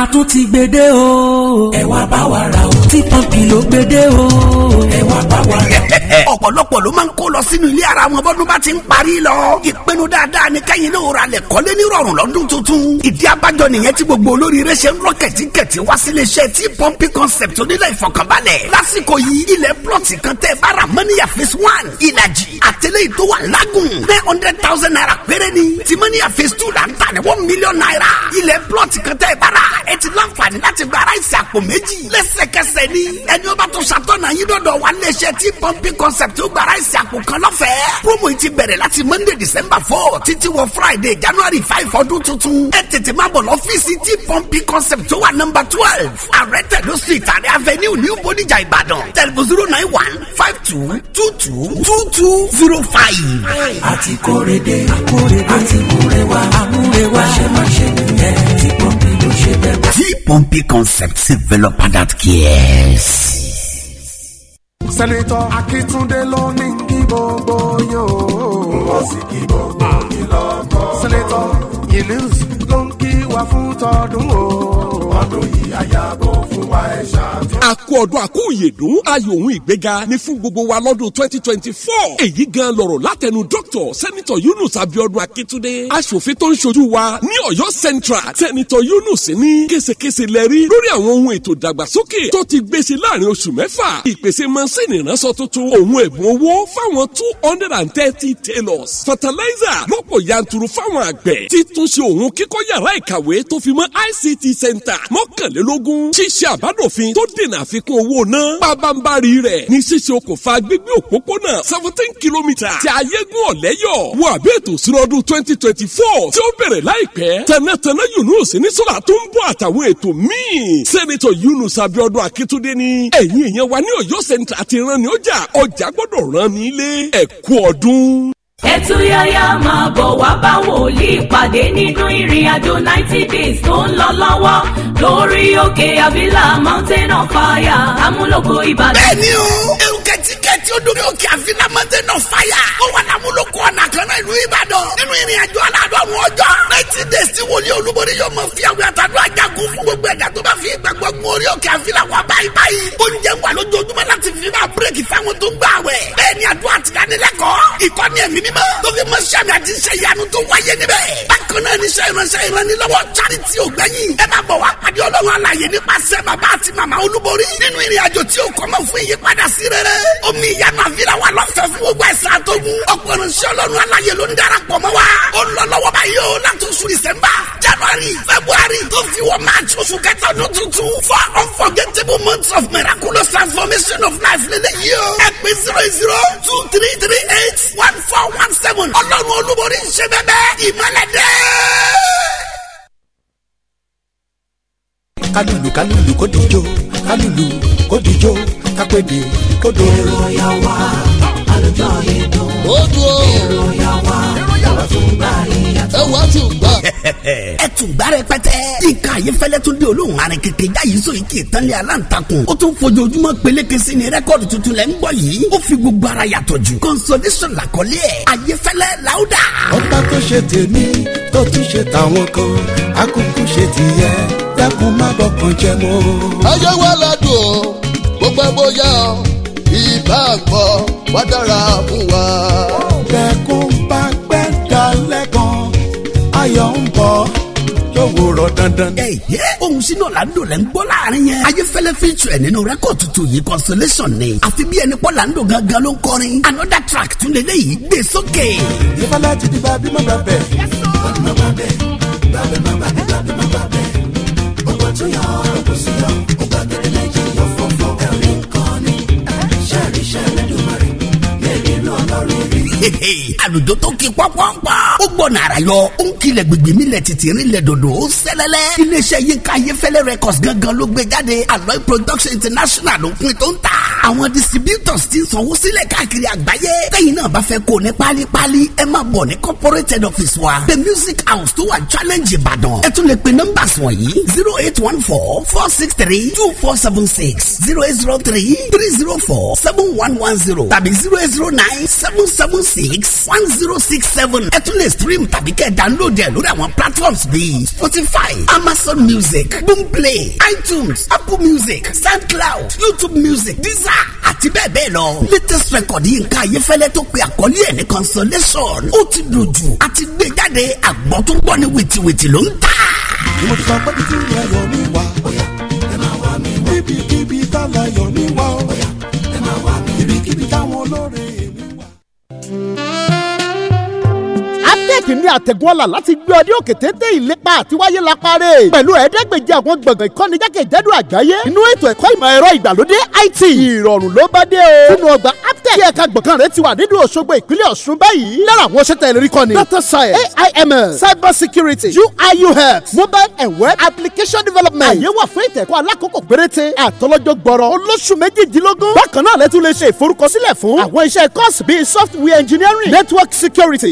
a tún ti gbede o. ẹ wá bá wa ra o. tí pọ́ǹpì ló gbede o. ẹ wá bá wa ra o ọ̀pọ̀lọpọ̀ ló máa ń kó lọ sínú ilé ara wọn bọ́dún bá ti ń parí lọ. ìpinnu dáadáa ni kẹ́yìn náà ra lẹ̀ kọ́lé ní rọrùn lọ́dún tuntun. ìdí abájọ nìyẹn tí gbogbo olóríire ṣe ń rọ kẹ̀tíkẹ̀tí wá sílé iṣẹ́ tí pọ́ǹpì concept onílẹ̀ ìfọ̀kànbalẹ̀. lásìkò yìí ilẹ̀ plọ̀tì kan tẹ́ bára mọ́níyà phase one ìlàjì àtẹlẹ́ ìtò wà lágùn nine hundred thousand naira péré ni ti mọ́níyà phase two là ń tà ní one million naira. ilẹ̀ plọ̀tì kan tẹ́ bára ẹ ti láǹfààní láti gba aráàsì àpò méjì lẹ́sẹ̀kẹsẹ̀ ni ẹni ó bá tó ṣàtọ̀nà yín dọ̀dọ̀ wà nílé iṣẹ́ VIP concept ó gba ráìsì àpò kan lọ́fẹ̀ẹ́. promo yìí ti bẹ̀rẹ̀ láti Monday December four títí wọ Friday January five ọdún tuntun. ẹ tètè má bọ̀ lọ́fíìsì tí pọ́ǹpì concept tó wà nọ́mbà twelve àrẹ tẹ̀lé street àrẹ avenue New Bodija Ìbàdàn tẹlifu zero nine one five two two two two two zero five. àti kórede àkórede àti múrewa àmúrewa ṣe má ṣe nìyẹn tí pọ́ǹpì ló ṣe bẹ́ẹ̀. tí pọ́ǹpì concept developer that cares sẹ́nitọ́ Akíntúndé ló ní kí gbogbo yóò. wọ́n sì kí gbogbo yìí lọ́kọ̀ọ́. sẹ́nitọ́ Yunus ló ń kí wa fún tọdún o àyàbò fún wa ẹ̀ ṣàtún. àkú ọdún àkú ìyèdún ayò ohun ìgbéga ni fún gbogbo wa lọ́dún twenty twenty four èyí gan lọ̀rọ̀ látẹnu dr sẹ́nitọ̀ yunus abiodun akitunde aṣòfin tó ń ṣojú wa ní ọ̀yọ́ central sẹ́nitọ̀ yunus ní késekése lẹ́rí lórí àwọn ohun ètò ìdàgbàsókè tó ti gbèsè láàrin oṣù mẹ́fà ìpèsè mọ́sìnì ìránṣọ tuntun ohun ẹ̀bùn owó fáwọn two hundred and thirty tailors fertilizer lọ́pọ̀ yanturu fáwọn àgbẹ̀ títúnṣe ohun kíkọ́ yàrá ìkàwé tó fi mọ́ ict center mọ́kànlél mọ́kànlélógún ṣíṣe àbádòfin tó dènà àfikún owó náà pabambari rẹ̀ ní ṣíṣe okòfà gbígbé òpópónà seventeen kilometre ti ayégún ọ̀lẹ́yọ̀ wọ àbí ètò ìṣúná ọdún twenty twenty four tí ó bẹ̀rẹ̀ láìpẹ́ tẹ̀nẹ́tẹ̀nẹ́ Yunus ní sọ́la tó ń bọ̀ àtàwọn ètò míì sẹ́nitọ̀ Yunus Abiodun Akitunde ni ẹ̀yin èèyàn wa ní Ọ̀yọ́ Central àti ìran ni ó ọjà gbọ́dọ̀ rán ní ilé ẹ̀kú ọdún ẹtúyáyá máa bọ̀ wá bá wòlíì pàdé nínú ìrìn àjò ninety days tó ń lọ lọ́wọ́ lórí òkè àbílà mountain of fire amúlòkọ ìbàdàn. bẹ́ẹ̀ni o ẹrù kẹtíkẹ tí ó dórí òkè àfínà mountain of fire. ó wà lámúlòkọ ọ̀nà kan náà ìlú ìbàdàn. nínú ìrìn àjò aládọ́run ọjọ́. ninety days tí wòlíì olúborí yóò mọ fi àwẹ̀ àtàdúrà jagun fún gbogbo ẹ̀dá tó bá fi ìgbàgbọ́ gun orí òkè àfínà wà báyìí báyìí. oúnjẹ wà lójoojúmọ́ láti fi máa bírèkì fáwọn tó ń gbà àwẹ̀. bẹ́ẹ̀ ni àdúrà ti dánilẹ́kọ̀ọ́. ìkọ́ni ẹ̀mí mímọ́ tó fi mọ sàmì àti iṣẹ́ ìyanu tó wáyé níbẹ̀. bákan náà ni iṣẹ́ ìránṣẹ́ ìrànlọ́wọ́ charity ògbẹ́yìn. ẹ máa bọ̀ wá pàdé ọlọ́run àlàyé nípasẹ̀ bàbá àti màmá olúborí nínú ìrìn àjò tí ó kọ́mọ fún ìyípadà sí rere. omi ìyanu àfihàn wa lọ́fẹ̀ẹ́ fún gbogbo ẹ̀sìn àtọ́gùn ọ̀pọ̀lọpọ̀ sí ọlọ́run aláyè ló ń darapọ̀ mọ́ wa ó ń lọ lọ́wọ́ báyìí o láti oṣù dìsẹ́mbà january february tó fi wọ march oṣù kẹta ọdún tuntun for unforgettable months of miraculous transformation of life lẹ́lẹ́ yìí o ẹ zero zero two three three eight one four one seven ọlọ́run olúborí ń ṣe bẹ́ẹ̀ ìmọ̀lẹ́dẹ́ kálùlù kálùlù kó dijó kálùlù kó dijó kápẹ́dé kó do. èrò ya wá àlùjọ yìí dùn èrò ya wá yàrá tó ń gbà. ẹ wá tùgbà. ẹ tùgbà rẹpẹtẹ. yíká ayéfẹ́lẹ́ tún dé olóhùn arin kékeré jáyé sóyè kì í tán ní aláǹtakùn. ó tún fojoojúmọ́ peléke sí ni rẹ́kọ̀dì tuntun lẹ́ ń gbọ́ yìí. ó fi gbogbo ara yàtọ̀ jù. consolation làkọlé ẹ̀ ayéfẹ́lẹ́ làwùdà. ọba tó ṣe tèmi tó tún ṣe tàwọn kan akókó ṣe tìyẹ dákun má bọkàn jẹ mọ́. ayé wa ládùn gbogbo bóyá ìbá àgbọ̀ wá dára fún wa. dákun ayọ̀ ń bọ̀ yóò rọ dandan. ẹ yẹ ohun sínú ọ̀làǹdò lẹ́ ń gbọ́ láàrin yẹn. ayéfẹ́lẹ́ fíjù ẹ̀ nínú rẹ́kọ̀d tuntun yìí consolation ni. àfi bí ẹni pọ́ làǹdò gangan ló ń kọrin. another track tún lè léyìí gbé sókè. ìbálá ti di bá bí má bá bẹ̀. bá bẹ̀ má bá bẹ̀ bá bẹ̀ má bá bẹ̀ bá bẹ̀ má ọgbọ́n tún yà ọ̀rọ̀ kò àlùjọ tó ki pọ́npọ́npọ́ ó gbọ́ nàrà yọ ó ń kilẹ̀ gbègbè mi lẹ̀ títì rí lẹ̀ dòdò ó sẹ́lẹ̀lẹ̀ iléeṣẹ́ yínká ayéfẹ́lẹ́ records gangan ló gbé jáde Aloy production international ló pin tó ń ta àwọn distributors ti sanwó sílẹ̀ káàkiri àgbáyé tẹ́yìn náà bá fẹ́ kó ní pálípálí ẹ máa bọ̀ ní corporate head office wa the music house tó wà challenge ìbàdàn ẹ tún lè pe numbers wọ̀nyí zero eight one four four six three two four seven six zero eight zero three three zero four seven one one zero tàbí zero eight zero nine seven seven six one zero six seven ẹ tún lè stream tàbí kẹ́ download ẹ lórí àwọn platforms bíi spotify amazon music boomplay itunes apple music soundcloud youtube music deezer àti bẹ́ẹ̀ bẹ́ẹ̀ lọ. latest record yìí nǹkan ayéfẹ́lẹ́ tó pe àkọlé ẹ̀ ní consolation ó ti dùn jù àti gbé jáde àgbọ̀ tó gbọ́ ní wìtìwìtì ló ń tà. mo sọ pé títí ayọ̀ mi wá ẹ máa wá mi wá ibikíbi tá láyọ̀ mi wá ẹ máa wá mi ibikíbi táwọn olóore mi wá kìíní àtẹ̀gùn ọ̀la láti gbé ọdí òkè téńté ìlépa àti wáyé la parẹ́ pẹ̀lú ẹ̀ẹ́dẹ́gbèje àwọn gbọ̀ngàn ìkọ́ni jákèjádò àgbáyé inú ètò ẹ̀kọ́ ìmọ̀ ẹ̀rọ ìgbàlódé IT ìrọ̀rùn ló bá dé o nínú ọgbà aptec ẹ̀ka gbọ̀ngàn rẹ ti wà nínú Òṣogbo ìpínlẹ̀ Ọ̀ṣun báyìí lára àwọn ṣẹ́tẹ̀ ìlérí kọ́ni data science AIML cyber security UIUX mobile and web application development àyè wà fún iṣẹ́ kọ́ọ̀sì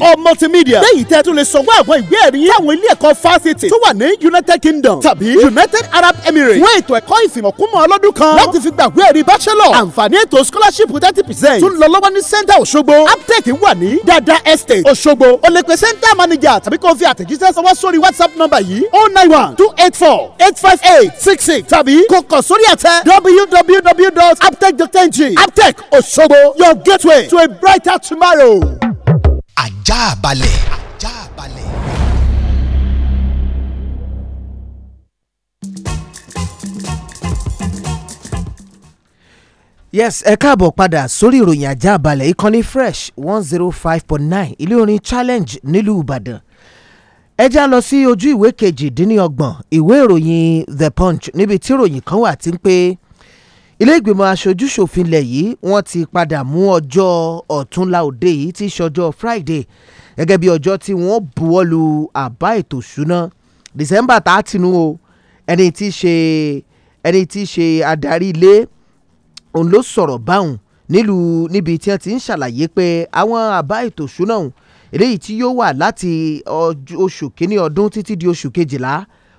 or multimedia lẹ́yìn báyìí tẹ́ tún lè sanwó àwọn ìwé ẹ̀rí yín táwọn ilé ẹ̀kọ́ fásitì tó wà ní United Kingdom tàbí United Arab Emirates fún ètò ẹ̀kọ́ ìfìmọ̀kúmọ̀ ọlọ́dún kan láti fi gbàgbé ẹ̀rí bachelor àǹfààní ètò scholarship thirty percent tún lọ lọ́wọ́ ní center Òṣogbo aptech wà ní Dada Estate Òṣogbo o lè pe center manager tàbí kó o fi àtẹ̀jíṣẹ́ sọwọ́ sórí WhatsApp number yìí oh nine one two eight four eight five eight six six tàbí kò kàn sórí àtẹ www.aptech.ng aptech Òṣogbo your gateway to a brighter tomorrow. ajá balẹ̀. yes ẹ káàbọ̀ padà sórí ìròyìn ajá balẹ̀ ìkànnì fresh one zero oh five point nine ilé orin challenge nílùú ìbàdàn ẹ já lọ sí ojú ìwé kejìdínlọ́gbọ̀n ìwé ìròyìn the punch níbi tí ìròyìn kan wà tí ń pé ilé ìgbìmọ̀ aṣojúṣòfin ilẹ̀ yìí wọ́n ti padà mú ọjọ́ ọ̀túnla òde yìí tí í ṣọjọ́ friday gẹ́gẹ́ bí ọjọ́ tí wọ́n buwọ́lu àbá ètò ìṣúná december tá a tinú o ẹni tí í ṣe ẹni tí ṣe adarí ilé òun ló sọ̀rọ̀ báwọn nílùú níbi tí wọ́n ti ń ṣàlàyé pé àwọn àbá ètò ìṣúná òun eléyìí tí yóò wà láti oṣù kínní ọdún títí di oṣù kejìlá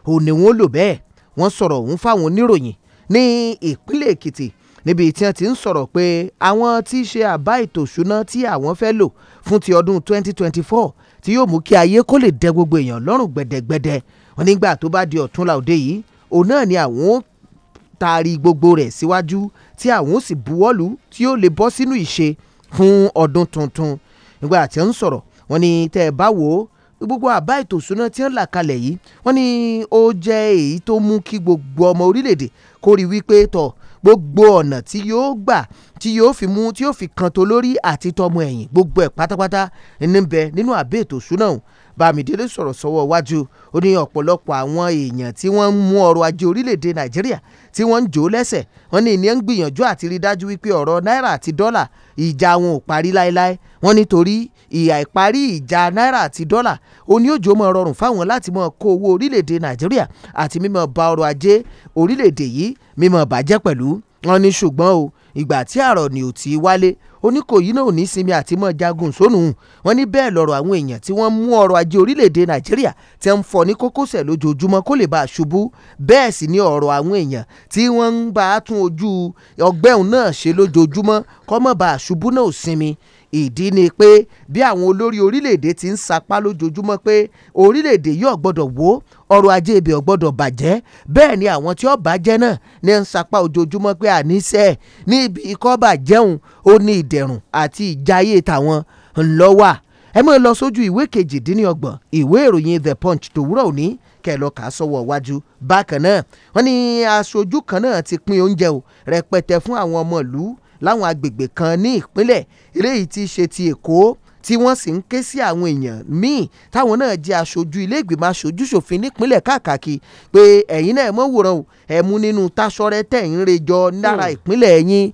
òun ni wọ́n lò bẹ́ẹ̀ wọ́n sọ̀rọ̀ òun fáwọn oníròyìn ní ìpínlẹ̀ Èkìtì níbi tí wọ́n ti ń sọ̀rọ̀ pé àwọn tí í ṣe àbá ètò ìṣúná tí àwọn fẹ́ lò fún ti ọdún 2024 tí yóò mú kí ayé kó lè dẹ gbogbo èèyàn lọ́rùn gbẹ̀dẹ̀gbẹ̀dẹ̀ wọn nígbà tó bá di ọ̀túnla òde yìí òun náà ni àwọn taari gbogbo rẹ̀ síwájú tí àwọn ó sì buwọ́lù tí ó lè bọ́ sínú ìṣe fún ọdún tuntun nígbà tí ó ń sọ̀rọ̀ wọ́n ní tẹ́ ẹ bá wò ó gbogbo àbá ètò ìṣúná tí ó ń là kalẹ̀ yìí wọ́n ní ó jẹ́ èyí tó mú kí gbogbo ọmọ orílẹ̀-èdè kó rí wípé tọ̀ gbogbo ọ̀nà tí yóò gbà tí yóò fi mú tí yóò fi kan tó lórí àti tọmọ ẹ̀yìn gbogbo ẹ̀ pátápátá ní nínú àbẹ́ ètò ìṣúná ọ̀hún Bámidélé sọ̀rọ̀ sọ́wọ́ iwájú ó ní ọ̀pọ̀lọpọ̀ àwọn èèyàn tí wọ́n ń mú ọrọ̀ ajé orílẹ̀-èdè Nàìjíríà tí wọ́n ń jò ó lẹ́sẹ̀ wọ́n ní ìní ń gbìyànjú àti rí dájú wípé ọ̀rọ̀ náírà àti dọ́là ìjà wọn ò parí láéláé wọ́n nítorí ìyà ìparí ìjà náírà àti dọ́là ó ní òjò mọ́ rọrùn fáwọn láti mọ́ kó owó orílẹ̀-èdè Nàìjíríà àti mímọ́ ba ọrọ̀ ajé orílẹ̀-èdè yìí mímọ́ bàjẹ́ pẹ̀lú wọ́n ní ṣùgbọ́n o ìgbà tí àrọ̀ ni ò tí wálé ó ní Ìkòyí náà ò ní sinmi àti mọ́ jagun sónù wọn ní bẹ́ẹ̀ lọ́rọ̀ àwọn èèyàn tí wọ́n mú ọrọ̀ ajé orílẹ̀-èdè nàìjíríà tí ń fọ́ ní kókósẹ̀ lójoojúmọ́ kó lè bá a ṣubú bẹ́ẹ̀ sì ni ọ̀rọ̀ àwọn èèyàn tí wọ́n ń bá a tún ojú ọgbẹ́ òun náà ṣe lójoojúmọ́ kó má bá a ṣubú náà ò sinmi ìdí ni pé bí àwọn olórí orílẹ̀-èdè ti ń sapá lójoojúmọ́ pé orílẹ̀-èdè yóò gbọ́dọ̀ wó ọrọ̀ ajé ibẹ̀ ò gbọ́dọ̀ bàjẹ́ bẹ́ẹ̀ ni àwọn tí ó bàjẹ́ náà ní ń sapá ojoojúmọ́ pé àníṣe níbi ikọ́ bàjẹ́hùn ó ní ìdẹ̀rùn àti ìjayé tàwọn ńlọ́wà ẹ mọ̀ lọ sójú ìwé kejìdínlọ́gbọ̀n ìwé ìròyìn the punch tòwúrọ̀ òní kẹlọ kà á sọ̀wọ́ wájú bákan náà wọ́n ní aṣojú kan náà ti pín oúnjẹ o rẹpẹtẹ fún àwọn ọmọ ìlú láwọn agbègbè kan ní ìpínlẹ̀ eléyìí ti ṣe ti Èkó tí wọ́n sì ń ké sí àwọn èèyàn míì táwọn náà jẹ́ aṣojú ilé ìgbìmọ̀ aṣojú ṣòfin nípínlẹ̀ káàkiri pé ẹ̀yin náà mọ̀ wòran o ẹ̀ mú nínú tasọ́rẹ́ tẹ̀ ń re jọ lára hmm. ìpínlẹ̀ yín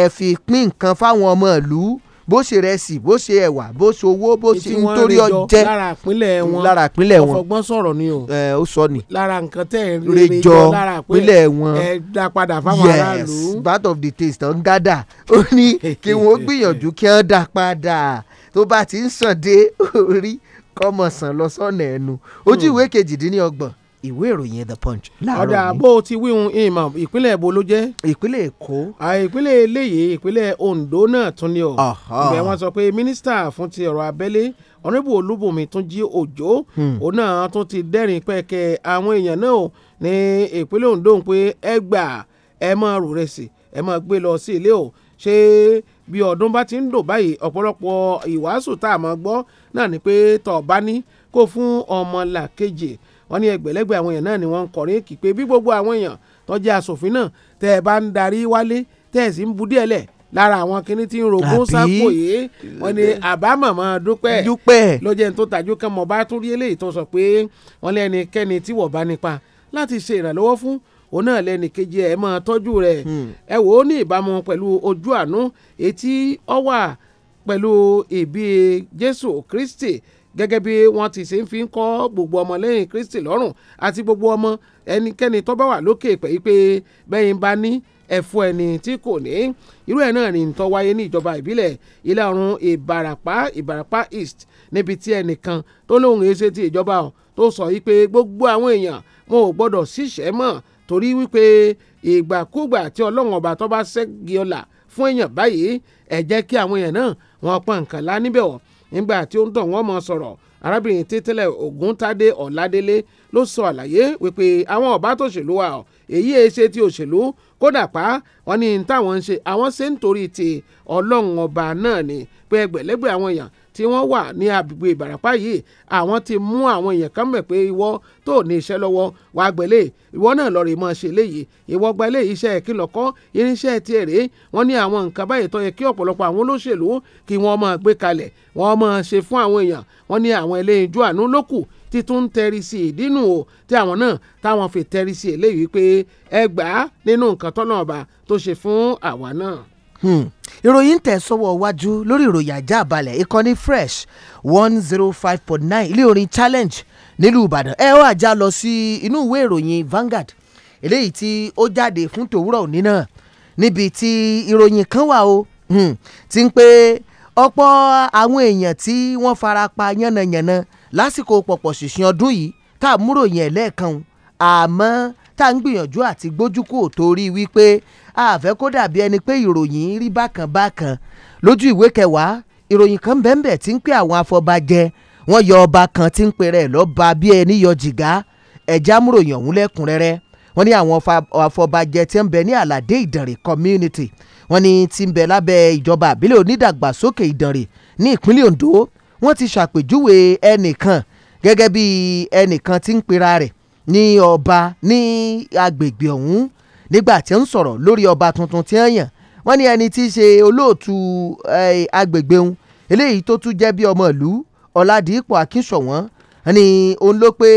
ẹ̀ fi pín nǹkan fáwọn ọmọ ìlú bó ṣe rẹsì bó ṣe ẹwà bó ṣe owó bó ṣe nítorí ọjẹ lára ìpínlẹ̀ hmm, wọn lára ìpínlẹ̀ wọn ọ̀fọ̀gbọ́n sọ̀rọ̀ ni o ẹ ó sọ ni lára nǹkan tẹ ẹ rere jọ lára ìpínlẹ̀ wọn ẹ dá padà fáwọn aráàlú yes part of the taste ọ̀n gádà ó ní kí wọ́n gbìyànjú kí wọ́n dá padà tó bá ti ń sàn dé orí kọ́mọ sàn lọ sọ́nà ẹnu ojú hmm. ìwé kejìdínlọ́gbọ̀n ìwé ìròyìn the punch láàárọ̀ yìí. ọ̀dà bó o ti wíhun ìmọ̀ ìpínlẹ̀ èbó ló jẹ́. ìpínlẹ̀ èkó. ìpínlẹ̀ eléyìí ìpínlẹ̀ ondo náà tún ni o. ìbẹ̀ wọ́n sọ pé mínísítà fún ti ọ̀rọ̀ abẹ́lé ọ̀rẹ́bù olúbùnmi tún jí òjò hmm. òun náà tún ti dẹ́rìn pẹ́kẹ́ àwọn èèyàn náà ní ìpínlẹ̀ ondo pé ẹ gbà ẹ máa rò rẹ̀ sí ẹ máa gbé lọ sí ilé o ṣé bí ọdún bá ti ń dò báyìí ọ̀pọ̀lọpọ̀ ìwàásù tá a mọ̀ gbọ́ náà ni pé tọ̀ bá ní kó fún ọmọ làkejì wọ́n ní ẹgbẹ̀lẹ́gbẹ̀ àwọn èèyàn náà ni wọ́n ń kọrin kì pé bí gbogbo àwọn èèyàn tó jẹ́ asòfin náà tẹ́ ẹ bá ń darí wálé tẹ́ ẹ sì ń bu díẹ̀ lẹ̀ lára àwọn kinní tí ń rogún sápò yìí wọ́n ní àbámọ̀mọ́ dúpẹ́ dúpẹ́ ló jẹ́ tó tajú kán mọ́ bá tún rí eléyìí tó sọ pé wọ́n lẹ́nikẹ́ni tí wọ́n bá nípa láti ṣe ìrànlọ́wọ́ fún òun náà lẹ́ni kejì ẹ̀ máa tọ́jú rẹ̀ hmm. ẹ wò ó ní ìbámu pẹ̀lú ojú àánú etí ọ wà pẹ̀lú ìbí Jésù Kristi gẹ́gẹ́ bí wọ́n ti ṣe ń fi kọ́ gbogbo ọmọ lẹ́yìn Kristi lọ́rùn àti gbogbo ọmọ ẹnikẹ́ni tó bá wà lókè pẹ̀ yí pé bẹ́yìn bá ní ẹ̀fọ́ ẹni tí kò ní irú ẹ̀ náà ni ń wáyé ní ìjọba ìbílẹ̀ ilé ọ̀run ìbàràpá ìbàràpá east níbi tí ẹnìkan tó lóun èso ti ìjọba ọ̀ tó sọ yí pé gbogbo àwọn èèyàn wọn ò gbọ́dọ̀ ṣiṣẹ́ mọ́ torí wípé ìgbàkúgbà tí ọlọ́run ọba tó bá ṣẹ́gi ọ̀la fún èèyàn báyìí ẹ jẹ́ kí àwọn èèyàn náà wọ́n pọn nǹkan lá níbẹ̀ ọ̀ nígbà tí ó ń tọ̀ wọ́n mọ sọ̀rọ̀ arábìnrin títẹ́lẹ̀ ògúntadé ọ̀ládélé ló sọ àlàyé wípé àwọn ọba tó ṣèlú wa ọ̀ èyí ẹ e ṣe ti òṣèlú kódà pa wọn ní táwọn ń ṣe àwọn ṣe ń torí ti ọlọ́run ọba náà ni pé ẹgbẹ̀lẹ́gbẹ̀ àwọn èèyàn tí wọ́n wà ní agbègbè ìbàràpá yìí àwọn ti mú àwọn èèyàn kan mọ̀ pé ìwọ tó ní iṣẹ́ lọ́wọ́ wà gbẹ̀lẹ́ ìwọ náà lọ́ọ́ rè mọ́ ṣe léyìí ìwọ gba ilé iṣẹ́ kìlọ̀ kọ́ irinṣẹ́ tiẹ̀ rèé wọ́n ní àwọn nǹkan báyìí tó yẹ kí ọ̀pọ̀lọpọ̀ àwọn olóṣèlú kí wọ́n máa gbé kalẹ̀ wọ́n máa ṣe fún àwọn èèyàn wọ́n ní àwọn ilé àánú lókù títún tẹrí sí ìdínú o tí àwọn náà táwọn fi tẹrí sí eléyìí pé ẹ gbà á nínú nǹkan tọ́nà ọba tó ṣe fún àwa náà. Hmm. ìròyìn tẹ̀ sọ́wọ́ wájú lórí ìròyìn ajá balẹ̀ ìkànnì fresh one zero five point nine ilé orin challenge nílùú ìbàdàn ẹ ó àjà lọ sí inú ìwé ìròyìn Vanguard eléyìí tí ó jáde fún tòwúrọ̀ òní náà níbi tí ìròyìn kan wà o hmm, ti ń pé ọ̀pọ̀ àwọn èèyàn tí wọ́n fara pa yánnayànna lásìkò pọ̀pọ̀ṣìnṣìn ọdún yìí tá a múrò yẹn lẹ́ẹ̀kan àmọ́ tá a ń gbìyànjú àti gbójúkò torí wípé àfẹ́ kó dàbí ẹni pé ìròyìn rí bákan bákan lójú ìwé kẹwàá ìròyìn kan bẹ́ẹ̀nbẹ́ẹ̀ tí ń pè àwọn afọbajẹ wọ́n yọ ọba kan tí ń pè rẹ̀ lọ́ba bí ẹni yọ jìgá ẹ̀já múròyìn ọ̀hún lẹ́kùnrẹ́rẹ́ wọ́n ní àwọn afọbajẹ tí ń bẹ ní àlàdé ìdànrè community wọ́n ní tí ń bẹ lábẹ́ ìjọba àbílẹ̀ onídàgbàsókè ìdànrè ní ìpínlẹ̀ Ondo wọ́n ti ṣàpèjúwe ẹnìkan gẹ́gẹ́ bí ẹnìkan tí ń pera rẹ̀ ní ọba ní agbègbè ọ̀hún nígbà tí ń sọ̀rọ̀ lórí ọba tuntun tí ń yàn wọ́n ní ẹni tí í ṣe olóòtú agbègbè ọ̀hún eléyìí tó tún jẹ́ bí ọmọ ìlú Ọ̀làdìpọ̀ Akínṣọ̀wọ́n ni òun ló pé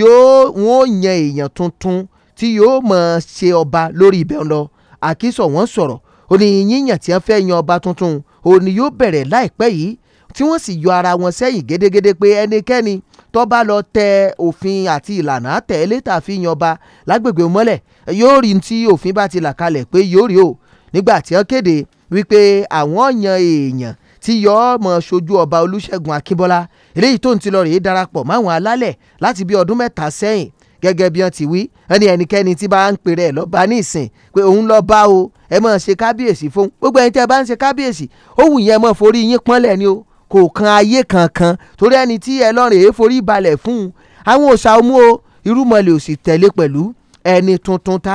yóò wọ́n yan èèyàn tuntun tí yóò mọ̀ ṣe ọba lórí ibẹ̀ lọ Akínṣọ̀wọ́n sọ̀rọ̀ ó ní yíyàn tí wọ́n fẹ́ yan ọba tuntun òun ni yóò bẹ̀rẹ̀ láìpẹ́ yìí tí wọ́n sì yọ ara wọn sẹ́yìn gédégédé pé ẹnikẹ́ni tó bá lọ tẹ òfin àti ìlànà tẹ̀lé tàfi yan ọba lágbègbè mọ́lẹ̀ yóò rí tí òfin bá ti là kalẹ̀ pé yóò rí o nígbà tí wọ́n kéde wípé àwọn yan èèyàn tí yọ ọmọ ṣojú ọba Olúṣẹ́gun Akínbọ́lá eléyìí tó ń ti lọ rèé darapọ̀ máwọn alálẹ̀ láti bí ọdún mẹ́ta sẹ́yìn gẹ́gẹ́ bí wọ́n ti wí wọ́n ní ẹnikẹ́ni tí bá ń pèrè ẹ̀ lọ́ba ní ìsìn pé òun lọ bá o ẹ máa ṣe kábíyèsí fún gbogbo ẹni tí ẹ bá ń ṣe kábíyèsí ó wù yẹn máa forí yín pọ́nlẹ̀ ni o kò kan ayé kankan torí ẹni tí ẹ lọ́rìn èé forí balẹ̀ fún un àwọn òòṣà ọmú o irúmọlẹ̀ ò sì tẹ̀lé pẹ̀lú ẹni tuntun tá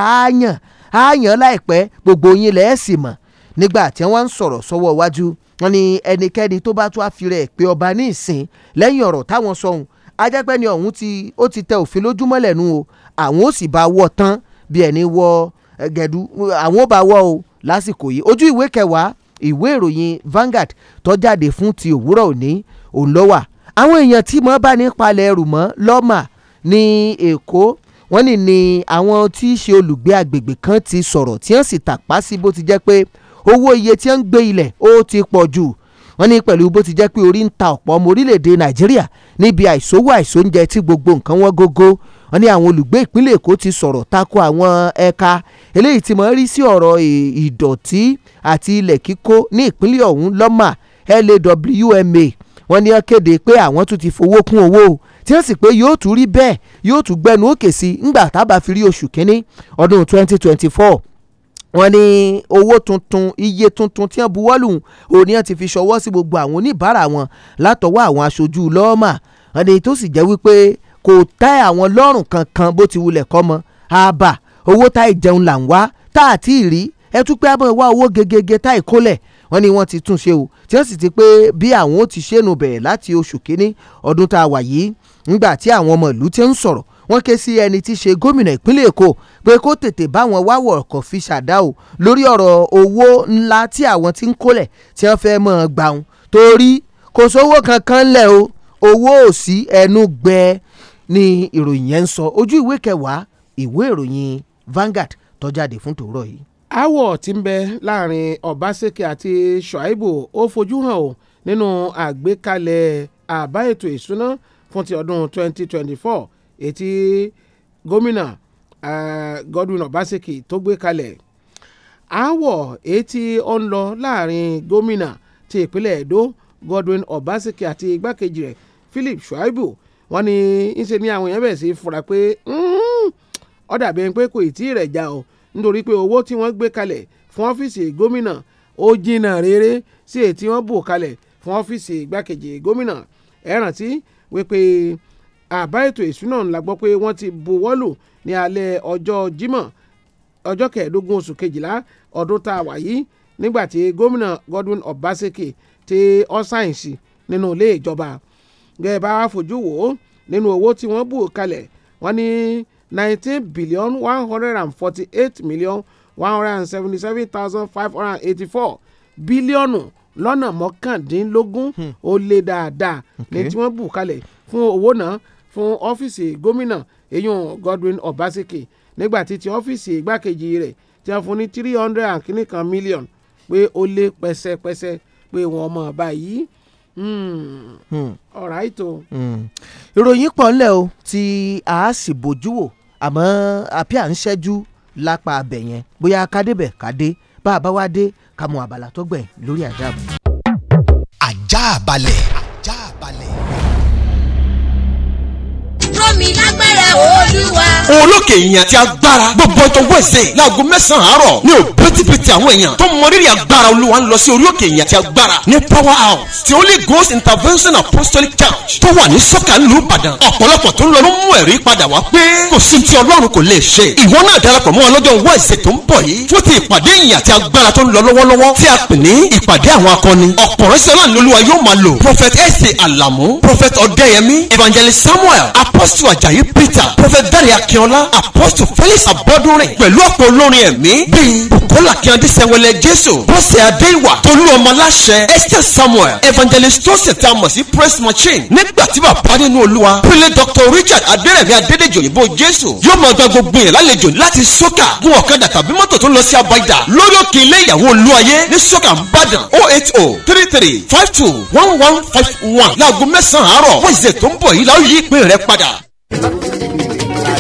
a yàn láìpẹ́ gbogbo yín lẹ́ẹ̀sì mọ̀ nígbà tí wọ́n ń sọ̀rọ̀ sọ́wọ́ iwájú wọn ni ẹnikẹ́ni tó bá tún á fi rẹ̀ pé ọba ní ìsìn lẹ́yìn ọ̀rọ̀ táwọn sọ̀hún ajẹ́pẹ́ ni ọ̀hún ti ó ti tẹ òfin lójúmọ́lẹ̀ nu o àwọn ó sì bá wọ tán bí ẹni wọ gẹ̀dú àwọn ó bá wọ o lásìkò yìí ojú ìwé kẹwàá ìwé ìròyìn Vanguard tó jáde fún ti òwúrọ̀ òní òun ló wà àwọn èèyàn tí mo bá ní palẹ̀ ẹrù mọ́ lọ́mà ní Èkó wọ́n ní ní àwọn tí í ṣe olùgbé agbègbè kan ti sọ̀rọ̀ tí wọ́n sì tàpá sí bó ti jẹ́ pé owó iye tí wọ́n ń gbé ilẹ̀ ó ti pọ̀ jù wọ́n ní pẹ̀lú bó ti jẹ́ pé orí ń ta ọ̀pọ̀ ọmọ orílẹ̀-èdè nàìjíríà níbi àìsówó àìsóúnjẹ tí gbogbo nǹkan wọn gógó wọ́n ní àwọn olùgbé ìpínlẹ̀ èkó ti sọ̀rọ̀ tako àwọn ẹ̀ka eléyìí tí mo rí sí ọ̀rọ̀ ìdọ̀tí àti ilẹ̀ kíkó ní ìpínlẹ̀ ọ̀hún lọ́mà LAWMA wọ́n ní wọ́n kéde pé àwọn tún ti fowó kún owó tí wọ́n sì pé yóò tún rí bẹ́ẹ̀ yóò tún gbẹnu òkè sí ngbà tá fi rí oṣù kínní ọdún 2024 wọ́n ní owó tuntun iye tuntun tí wọ́n buwọ́lù òní àti fi ṣọwọ́ sí gbogbo àwọn oníbàárà wọn látọwọ́ àwọn aṣojú lọ́ọ́mà wọ́n ní tó sì jẹ́ wípé kò tẹ́ àwọn lọ́rùn kankan bó ti wulẹ̀ kọ́ mọ́ àbà owó tá ìjẹun là ń wá tá à ti rí ẹ tún pé abọ́ ìwá owó gegege tá ìkólẹ̀ wọ́n ní wọ́n ti tún ṣe o tí wọ́n sì ti pé bí àwọn ó ti ṣe bẹ̀rẹ̀ láti oṣù kínní ọdún tá a wà yìí nígbà tí àwọn ọmọ ìlú ti ń sọ̀rọ̀ wọ́n ké sí ẹni tí í ṣe gómìnà ìpínlẹ̀ èkó pé kó tètè báwọn wá wọ̀ọ̀kọ̀ fi ṣàdá o lórí ọ̀rọ̀ owó ńlá tí àwọn ti ń kólẹ̀ tí wọ́n fẹ́ mọ̀ gbà wọn torí kò sówó kankan lẹ̀ o owó ò sí ẹnu gbẹ ni ìròyìn yẹn ń sọ ojú ìwé kẹwàá ìwé ìròyìn Vanguard tó jáde fún tòórọ̀ yìí. aáwọ̀ tí ń bẹ láàrin Obaseki àti Shuaibu ó fojú hàn o nínú àgbékalẹ̀ àbá ètò ìsúná fún ti ọdún 2024 etí gómìnà Godwin Obaseki tó gbé kalẹ̀ aáwọ̀ etí ó ń lọ láàrin gómìnà ti ìpínlẹ̀ Èdó Godwin Obaseki àti igbákejì rẹ̀ Philip Shuaibu wọ́n ní í ṣe ni àwọn èèyàn bẹ̀rẹ̀ sí í fura pé ó dàbí pé kò tí ì rẹ̀ já o nítorí pé owó tí wọ́n gbé kalẹ̀ fún ọ́fíìsì gómìnà ó jìnnà réré sí èyí tí wọ́n bò kalẹ̀ fún ọ́fíìsì igbákejì gómìnà ẹ rántí wípé àbá ètò ìsúná ńlá gbọ́ pé wọ́n ti buwọ́lù ní alẹ́ ọjọ́ Jímọ̀ ọjọ́ kẹẹ̀ẹ́dógún oṣù kejìlá ọdún tá a wà yìí nígbàtí gómìnà Godwin Obaseki ti ọ́sáyẹ̀nsì nínú ilé ìjọba gẹ́gẹ́ bá wa fojú wò ó nínú owó tí wọ́n bù kalẹ̀ wọ́n ní nineteen billion one hundred and forty-eight million one hundred and seventy-seven thousand five hundred and eighty-four bílíọ̀nù lọ́nà mọ́kàndínlógún hmm. ó lé dáadáa ní tí wọ́n bù kalẹ̀ fún owó náà fún ọ́fíìsì gómìnà eyín Godwin Obaseki nígbà tí ti ọ́fíìsì igbákejì rẹ̀ ti wọ́n fún ní three hundred and kìíní kan mílíọ̀nù pé ó lé pẹ́sẹ́pẹ́sẹ́ pé wọ́n mọ̀ báyìí hmm. hmm. alright o. Hmm. ìròyìn pọ̀ ńlẹ̀ o tí a sì bójú wò àmọ́ àbí à ń ṣẹ́jú lápá abẹ̀ yẹn bóyá kádébẹ̀ kádé bá a bá wá dé ká mọ àbàlà tó gbẹ̀yìn lórí àdá mi. balẹ̀. àjà balẹ̀ rọ̀ mí lágbára olúwa. òun olókè èèyàn ti agbára gbogbo ọjọ́ wẹ̀sẹ̀ láago mẹ́sàn-án àárọ̀ ní òbítíbitì àwọn èèyàn tó mọrírì agbára olúwa ń lọ sí orí òkè èèyàn ti agbára ní power house ti Holy Ghost intervention apostolic church tó wà ní sọ́kà ńlú Ìbàdàn ọ̀pọ̀lọpọ̀ tó ń lọ ló mú ẹ̀rí padà wá pé kò sí tí Ọlọ́run kò lè ṣe ìwọ náà darapọ̀ mọ́ ọlọ́jọ́ wẹ̀sẹ̀ tó ń bọ̀ yìí fún ti ìpàdé èèyàn àti agbára tó ń lọ lọ́wọ́lọ́wọ́ tí a pè ní ìpàdé àwọn akọni ọ̀pọ̀ rẹ́sítọ́ràn lolúwa yóò máa lò prophet ẹ̀sẹ̀ àlàmú prophet ọ̀dẹ́yẹmí evangelist samuel apostle apostle ajayi peter prophet dare akínọlá apostle felix abọ́dúnrìn pẹ̀lú ọ̀pọ̀ olórin ẹ̀mí bíi bukola kíndé sẹ́wẹ́lẹ́ jésù bọ́sẹ̀ adéwà tolú ọmọláṣẹ esther samuel evangelist joseph tá a mọ̀ sí press machine nígbà tí bàbá nínú olúwa pínlẹ̀ dr richard adérẹ̀mí adédèjì òyìnbó jésù yóò máa gba gbogbo yẹn lálejò láti sókà gun ọ̀kadà tàbí mọ́tò tó lọ sí abájá lórí òkè ilé ìyàwó olúwayé ní sókà nbàdàn oh eight oh three three five two one one five one láago mẹ́sàn-án àárọ̀ wọ́n ìṣe tó ń bọ̀ yìí la ìpín rẹ̀ padà Tá Música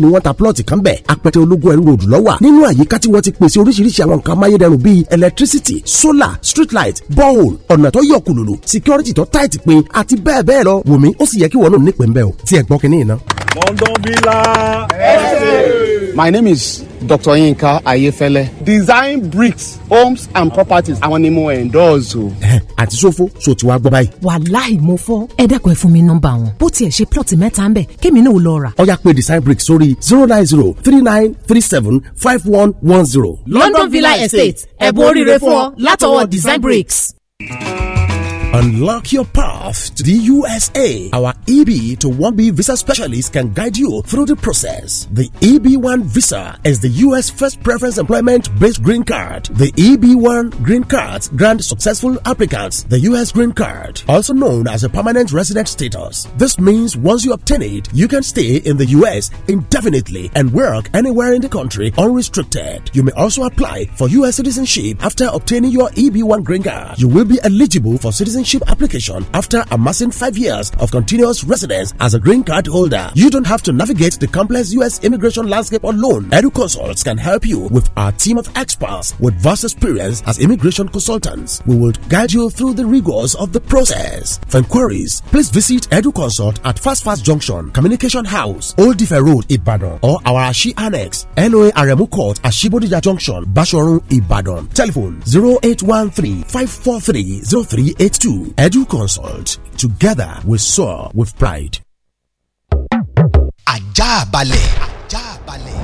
ni wọ́n ta plọ̀tì kan bẹ̀ apẹtẹ ológun ẹ̀rú ròdù lọ́wà nínú àyíká tí wọ́n ti pèsè oríṣiríṣi àwọn nǹkan amáyédẹrùn bíi electricity solar street light borehole ọ̀nà tó yọ kùlùlù security tó tight pin àti bẹ́ẹ̀ bẹ́ẹ̀ lọ wùmí ó sì yẹ kí wọ́n lòun nípìn bẹ́ẹ̀ o tí ẹ gbọ́ kínní yìí ná. London Villa. Hey! My name is Dr. Yinka Ayefẹlẹ design bricks homes and properties àwọn ni mo endorse o. àti sófo so ti wá gbọ́ báyìí. wàláì mo fọ́ ẹ ẹ fún mi nọ́mbà wọn bó tiẹ̀ ṣe plọ̀tì mẹ́ta ń bẹ̀ kémi náà lọ rà. ọ̀yá pé design bricks sórí zero nine zero three nine three seven five one one zero. London Villa Estate ẹ̀bùn oríire fún ọ látọwọ́ design bricks. Unlock your path to the USA. Our EB to 1B visa specialist can guide you through the process. The EB1 visa is the US first preference employment based green card. The EB1 green cards grant successful applicants the US green card, also known as a permanent resident status. This means once you obtain it, you can stay in the US indefinitely and work anywhere in the country unrestricted. You may also apply for US citizenship after obtaining your EB1 green card. You will be eligible for citizenship citizenship application after amassing five years of continuous residence as a green card holder. You don't have to navigate the complex U.S. immigration landscape alone. Consults can help you with our team of experts with vast experience as immigration consultants. We will guide you through the rigors of the process. For inquiries, please visit Consult at Fast Fast Junction, Communication House, Old Differ Road, Ibadan, or our Ashi Annex, NOA Aremu Court, Ashibodija Junction, Bashorun, Ibadan. Telephone 0813 543 0382. Edu, Edu Consult. Together we soar with pride. Ajá balẹ̀. Ajá balẹ̀.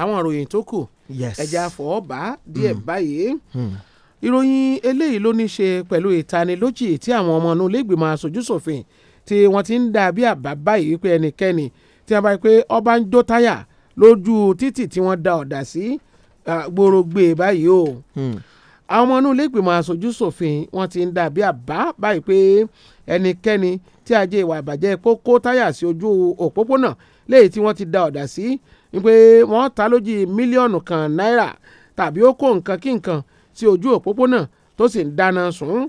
àwọn ìròyìn tó kù ẹ̀jẹ̀ àfọwọ́bá díẹ̀ hmm. báyìí hmm. ìròyìn eléyìí ló ní ṣe pẹ̀lú ìtanilójì tí àwọn ọmọ inú ilégbìmọ̀ aṣojúṣòfin tí wọ́n ti ń dà bí àbá báyìí pé ẹnikẹ́ni tí wọ́n bá pé ọba ń jó táyà lójú títì tí wọ́n da ọ̀dà sí gbòrògbè e báyìí o hmm. àwọn ọmọ inú ilé ìgbìmọ̀ aṣojú ṣòfin wọ́n ti ń dàbí àbá báyìí pé ẹnikẹ́ni tí ajé ìwà ìbàjẹ́ kókó táyà sí ojú òpópónà léyìí tí wọ́n ti da ọ̀dà sí wípé wọ́n ta lójì mílíọ̀nù kan náírà tàbí ó kó nǹkan kí nǹkan sí ojú òpópónà tó sì ń dáná sùn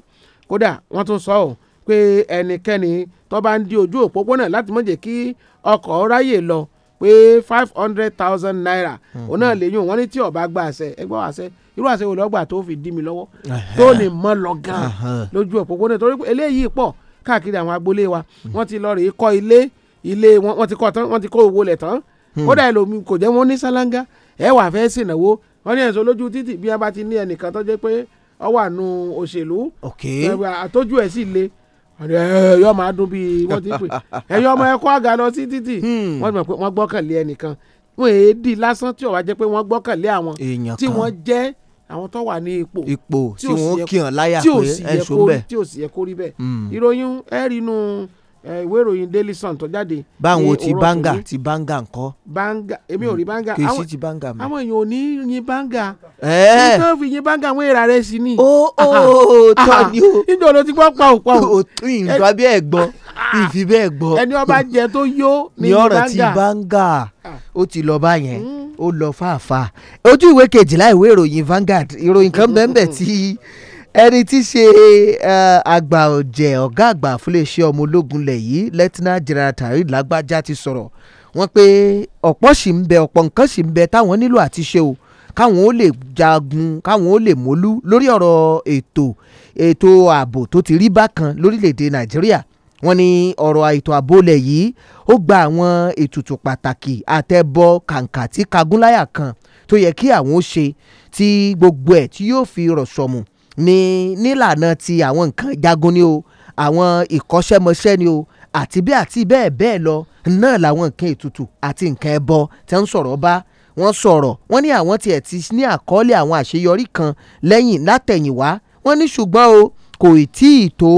kódà wọ́n tún sọ ọ́ pé ẹnikẹ́ni tó bá ń di ojú òpópónà láti má kí ọkọ̀ ráyè lọ pé five hundred thousand naira hmm. òun náà lè yún wọn ní tí ọba gba àṣẹ ẹgbẹ́ àṣẹ irú àṣẹ wo lọ́gbà tó fi dí mi lọ́wọ́ tó ní mọ́ lọ gan lójú òpópónà torí pé eléyìí pọ̀ káàkiri àwọn agboolé wa hmm. wọ́n ti lọ rèé kọ́ ilé ilé wọ́n ti kọ́ tán wọ́n ti kó owó lẹ̀ tán hmm. kódà ẹlòmíì kò jẹ́ wọ́n ní sálángá ẹ wà fẹ́ sìnàwó wọ́n ní ẹ̀sọ́ lójú títì bí wọ́n bá ti ní ẹnìkan tó jẹ́ pé ó wà òṣèlú àtọ́jú ẹ̀ sì le ẹyọ eh, máa dún bíi wọ́n ti pè ẹyọ ọmọ ẹ̀kọ́ àga lọ sí títì hmm. wọ́n mọ̀ pé wọ́n gbọ́kànlé ẹnìkan wọ́n èédì lásán tí ó wá jẹ́ pé wọ́n gbọ́kànlé àwọn tí wọ́n jẹ́ àwọn tó wà ní ipò ipò tí wọ́n kí hàn láyà pé ẹ̀ sọ bẹ́ẹ̀ tí ò sì yẹ kó rí bẹ́ẹ̀ hmm. ìròyìn ẹ̀rínú ìwé ìròyìn daily sun tó jáde. báwo ti banga ti banga ńkọ́. banga èmi ò rí hmm, banga. kì í sí ti banga mi. àwọn èèyàn ò ní yin banga. ẹ̀ẹ́ nítorí fi yin banga àwọn èrà rẹ̀ sí ni. ó ó tọ́ ni o. nítorí o ti gbọ́ pa òpá o. ìgbà bí ẹ̀ gbọ́ ìfi bẹ́ẹ̀ gbọ́. ẹni ọba jẹ tó yó ní banga. ní ọ̀rọ̀ ti banga ó ti lọ báyẹn hmm. ó lọ fàáfàá ojú ìwé kejìlá ìwé ìròyìn Vanguard ìròyìn kan bẹ́ẹ̀ bẹ́ẹ̀ tí ẹni tí í ṣe àgbà ọ̀jẹ̀ ọ̀gá àgbà fúnléeṣẹ́ ọmọ ológun lẹ̀ yìí lẹ́tínà general Tari Lágbájá ti sọ̀rọ̀ wọ́n pé ọ̀pọ̀ sì ń bẹ ọ̀pọ̀ nǹkan sì ń bẹ táwọn nílò àti ṣe o káwọn ó lè jagun káwọn ó lè mólú lórí ọ̀rọ̀ ètò ètò ààbò tó ti rí bákan lórílẹ̀‐èdè Nàìjíríà wọ́n ní ọ̀rọ̀ ètò ààbò lẹ̀ yìí ó gba àwọn ètùtù pàtàkì àtẹ̀bọ kàǹkà tí kagúnláyà kan tó yẹ kí àwọn ó ṣe tí gbogbo ẹ̀ tí yóò fi rọ̀ sọ̀mù ní nílànà ti àwọn nǹkan jagun ni o àwọn ìkọ́ṣẹ́mọṣẹ́ ni o àti bí àti bẹ́ẹ̀ bẹ́ẹ̀ lọ náà làwọn nǹkan ètùtù àti nǹkan ẹbọ tẹ́ ń sọ̀rọ̀ bá wọ́n sọ̀rọ̀ wọ́n ní àwọn tiẹ̀ ti ní àkọọ́lẹ̀ àwọn àṣeyọrí kan lẹ́yìn látẹ̀yìnwá wọ́n ní ṣùgbọ́n o kò tí ì tó